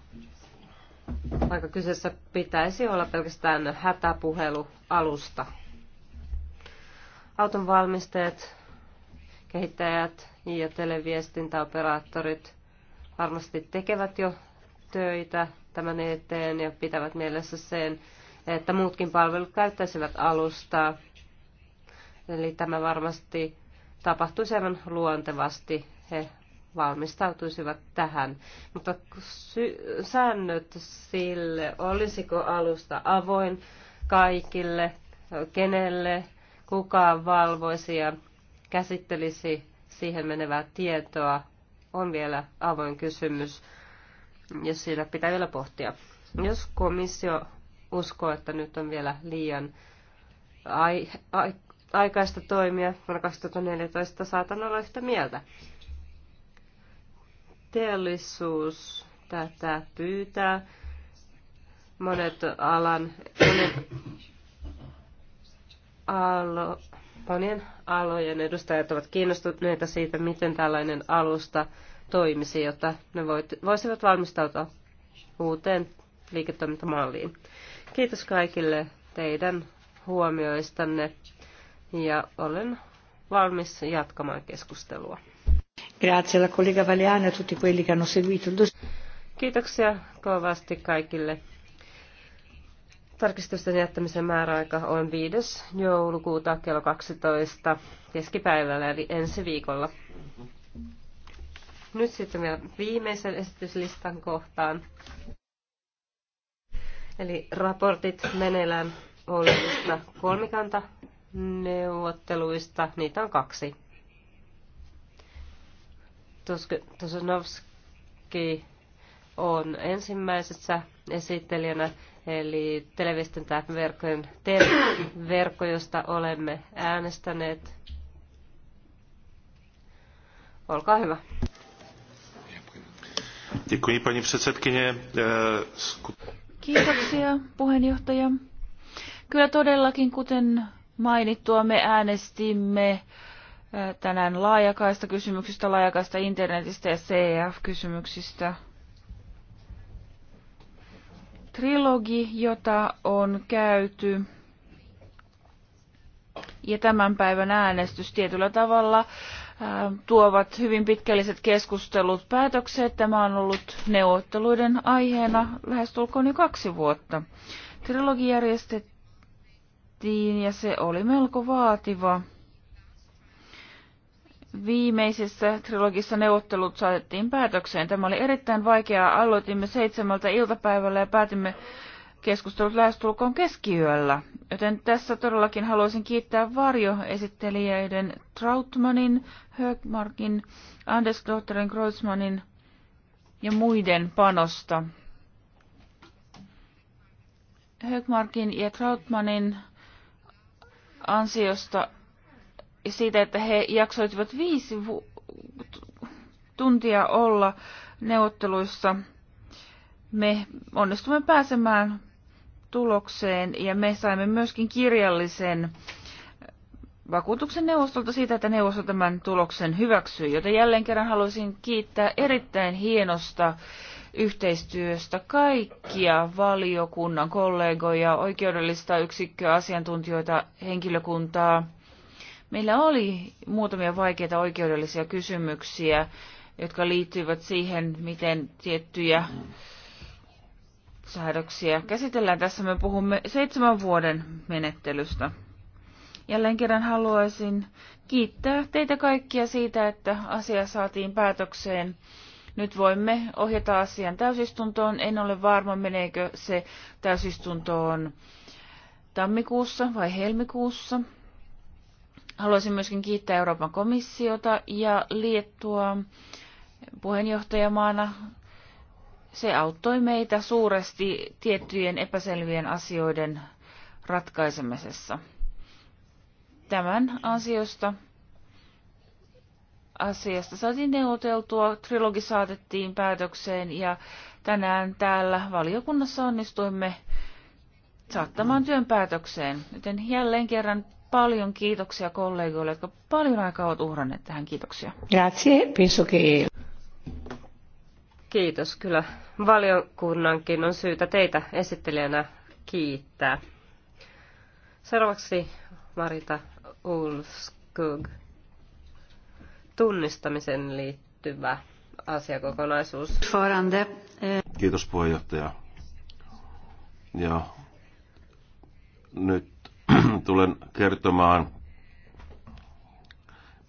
vaikka kyseessä pitäisi olla pelkästään hätäpuhelualusta. Auton valmistajat, kehittäjät ja televiestintäoperaattorit varmasti tekevät jo töitä tämän eteen ja pitävät mielessä sen, että muutkin palvelut käyttäisivät alustaa. Eli tämä varmasti tapahtuisi aivan luontevasti. He valmistautuisivat tähän. Mutta säännöt sille, olisiko alusta avoin kaikille, kenelle, kuka valvoisi ja käsittelisi siihen menevää tietoa, on vielä avoin kysymys, jos siitä pitää vielä pohtia. Jos komissio uskoo, että nyt on vielä liian ai, ai, aikaista toimia vuonna 2014, saatan olla yhtä mieltä teollisuus tätä pyytää. Monet alan, monet alo, monien alojen edustajat ovat kiinnostuneita siitä, miten tällainen alusta toimisi, jotta ne voisivat valmistautua uuteen liiketoimintamalliin. Kiitos kaikille teidän huomioistanne ja olen valmis jatkamaan keskustelua. Grazie alla collega e a tutti quelli che hanno seguito il dossier. Kiitoksia kovasti kaikille. Tarkistusten jättämisen määräaika on 5. joulukuuta kello 12 keskipäivällä eli ensi viikolla. Nyt sitten vielä viimeisen esityslistan kohtaan. Eli raportit meneillään olevista kolmikanta neuvotteluista. Niitä on kaksi. Tosunovski on ensimmäisessä esittelijänä, eli televiestintäverkkojen verkko, josta olemme äänestäneet. Olkaa hyvä. Kiitoksia, puheenjohtaja. Kyllä todellakin, kuten mainittua, me äänestimme äh, tänään laajakaista kysymyksistä, laajakaista internetistä ja cf kysymyksistä Trilogi, jota on käyty ja tämän päivän äänestys tietyllä tavalla tuovat hyvin pitkälliset keskustelut päätökseen. Tämä on ollut neuvotteluiden aiheena lähestulkoon jo kaksi vuotta. Trilogi järjestettiin ja se oli melko vaativa viimeisessä trilogissa neuvottelut saatettiin päätökseen. Tämä oli erittäin vaikeaa. Aloitimme seitsemältä iltapäivällä ja päätimme keskustelut lähestulkoon keskiyöllä. Joten tässä todellakin haluaisin kiittää varjoesittelijöiden Trautmanin, Högmarkin, Andersdotterin, Kreuzmanin ja muiden panosta. Högmarkin ja Trautmanin ansiosta siitä, että he jaksoitivat viisi tuntia olla neuvotteluissa. Me onnistumme pääsemään tulokseen ja me saimme myöskin kirjallisen vakuutuksen neuvostolta siitä, että neuvosto tämän tuloksen hyväksyy. joten jälleen kerran haluaisin kiittää erittäin hienosta yhteistyöstä kaikkia valiokunnan kollegoja, oikeudellista yksikköä, asiantuntijoita, henkilökuntaa, Meillä oli muutamia vaikeita oikeudellisia kysymyksiä, jotka liittyivät siihen, miten tiettyjä säädöksiä käsitellään. Tässä me puhumme seitsemän vuoden menettelystä. Jälleen kerran haluaisin kiittää teitä kaikkia siitä, että asia saatiin päätökseen. Nyt voimme ohjata asian täysistuntoon. En ole varma, meneekö se täysistuntoon tammikuussa vai helmikuussa. Haluaisin myöskin kiittää Euroopan komissiota ja Liettua puheenjohtajamaana. Se auttoi meitä suuresti tiettyjen epäselvien asioiden ratkaisemisessa. Tämän ansiosta asiasta saatiin neuvoteltua, trilogi saatettiin päätökseen ja tänään täällä valiokunnassa onnistuimme saattamaan työn päätökseen. Joten jälleen kerran paljon kiitoksia kollegoille, jotka paljon aikaa ovat uhranneet tähän. Kiitoksia. Grazie, penso che... Kiitos. Kyllä valiokunnankin on syytä teitä esittelijänä kiittää. Seuraavaksi Marita Ulskug. Tunnistamisen liittyvä asiakokonaisuus. Kiitos puheenjohtaja. Ja nyt [clears throat] tulen kertomaan.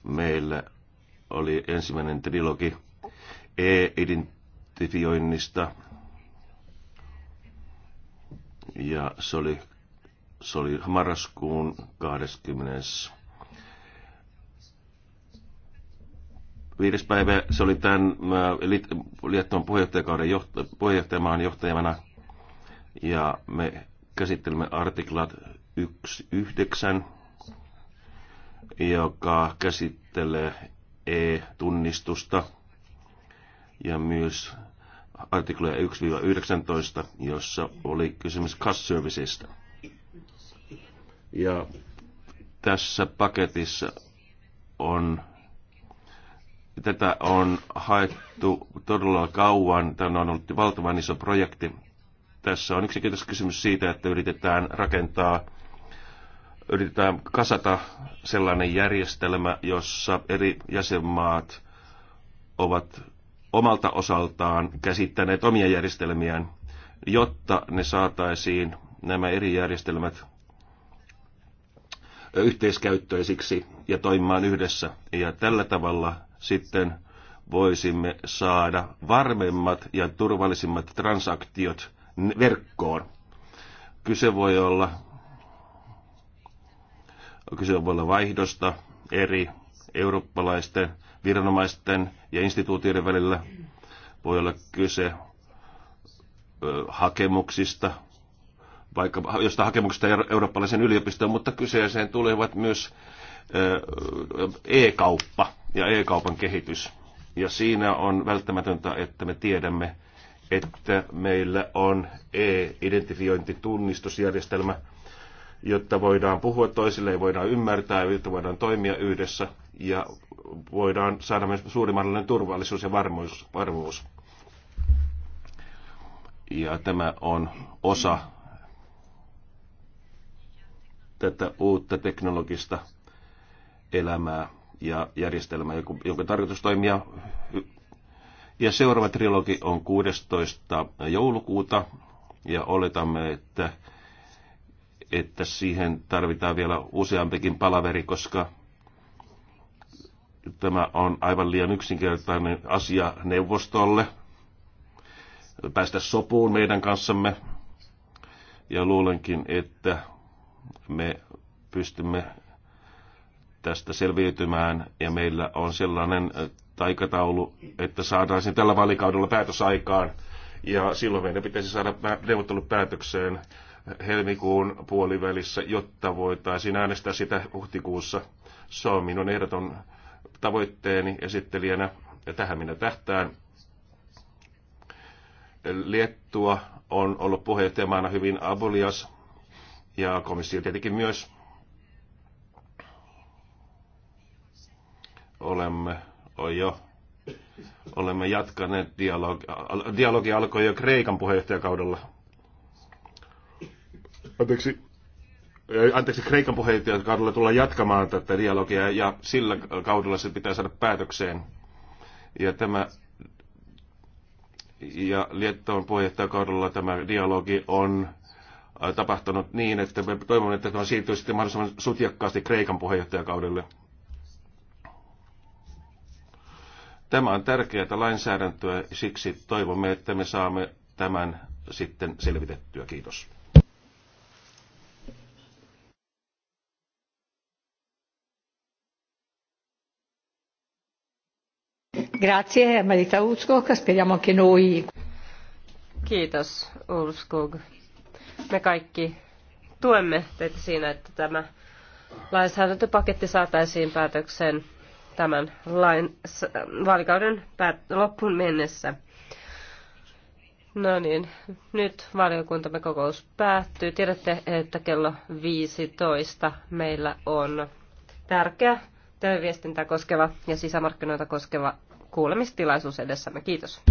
Meillä oli ensimmäinen trilogi e-identifioinnista. Ja se oli, se oli marraskuun 20. Viides päivä, se oli tämän Liettuan puheenjohtajakauden johto, puheenjohtajamaan johtajamana, ja me käsittelemme artiklat 1.9, joka käsittelee e-tunnistusta ja myös artikloja 1-19, jossa oli kysymys kassaserviceista. Ja tässä paketissa on, tätä on haettu todella kauan. Tämä on ollut valtavan iso projekti. Tässä on yksinkertaisesti kysymys siitä, että yritetään rakentaa yritetään kasata sellainen järjestelmä, jossa eri jäsenmaat ovat omalta osaltaan käsittäneet omia järjestelmiään, jotta ne saataisiin nämä eri järjestelmät yhteiskäyttöisiksi ja toimimaan yhdessä. Ja tällä tavalla sitten voisimme saada varmemmat ja turvallisimmat transaktiot verkkoon. Kyse voi olla Kyse voi olla vaihdosta eri eurooppalaisten viranomaisten ja instituutioiden välillä. Voi olla kyse hakemuksista, vaikka josta hakemuksista eurooppalaisen yliopistoon, mutta kyseeseen tulevat myös e-kauppa ja e-kaupan kehitys. Ja siinä on välttämätöntä, että me tiedämme, että meillä on e-identifiointitunnistusjärjestelmä, jotta voidaan puhua toisille ja voidaan ymmärtää, jotta voidaan toimia yhdessä ja voidaan saada myös suuri mahdollinen turvallisuus ja varmuus. varmuus. Ja tämä on osa tätä uutta teknologista elämää ja järjestelmää, jonka tarkoitus toimia. Ja seuraava trilogi on 16. joulukuuta ja oletamme, että että siihen tarvitaan vielä useampikin palaveri, koska tämä on aivan liian yksinkertainen asia neuvostolle päästä sopuun meidän kanssamme. Ja luulenkin, että me pystymme tästä selviytymään ja meillä on sellainen äh, taikataulu, että saadaan sen tällä valikaudella päätös aikaan. Ja silloin meidän pitäisi saada neuvottelut päätökseen helmikuun puolivälissä, jotta voitaisiin äänestää sitä huhtikuussa. Se on minun ehdoton tavoitteeni esittelijänä ja tähän minä tähtään. Liettua on ollut puheenjohtajamaana hyvin abolias ja komissio tietenkin myös. Olemme oh jo olemme jatkaneet dialogia. Dialogi alkoi jo Kreikan puheenjohtajakaudella anteeksi, anteeksi Kreikan kaudella tulla jatkamaan tätä dialogia ja sillä kaudella se pitää saada päätökseen. Ja tämä ja Liettoon puheenjohtajakaudella tämä dialogi on äh, tapahtunut niin, että me toivomme, että tämä siirtyy sitten mahdollisimman sutjakkaasti Kreikan puheenjohtajakaudelle. Tämä on tärkeää lainsäädäntöä, siksi toivomme, että me saamme tämän sitten selvitettyä. Kiitos. Grazie Marita Utskog, speriamo anche noi. Kiitos Me kaikki tuemme teitä siinä, että tämä lainsäädäntöpaketti saataisiin päätökseen tämän lain, vaalikauden päät, loppuun mennessä. No niin, nyt valiokuntamme kokous päättyy. Tiedätte, että kello 15 meillä on tärkeä televiestintää koskeva ja sisämarkkinoita koskeva kuulemistilaisuus edessämme. Kiitos.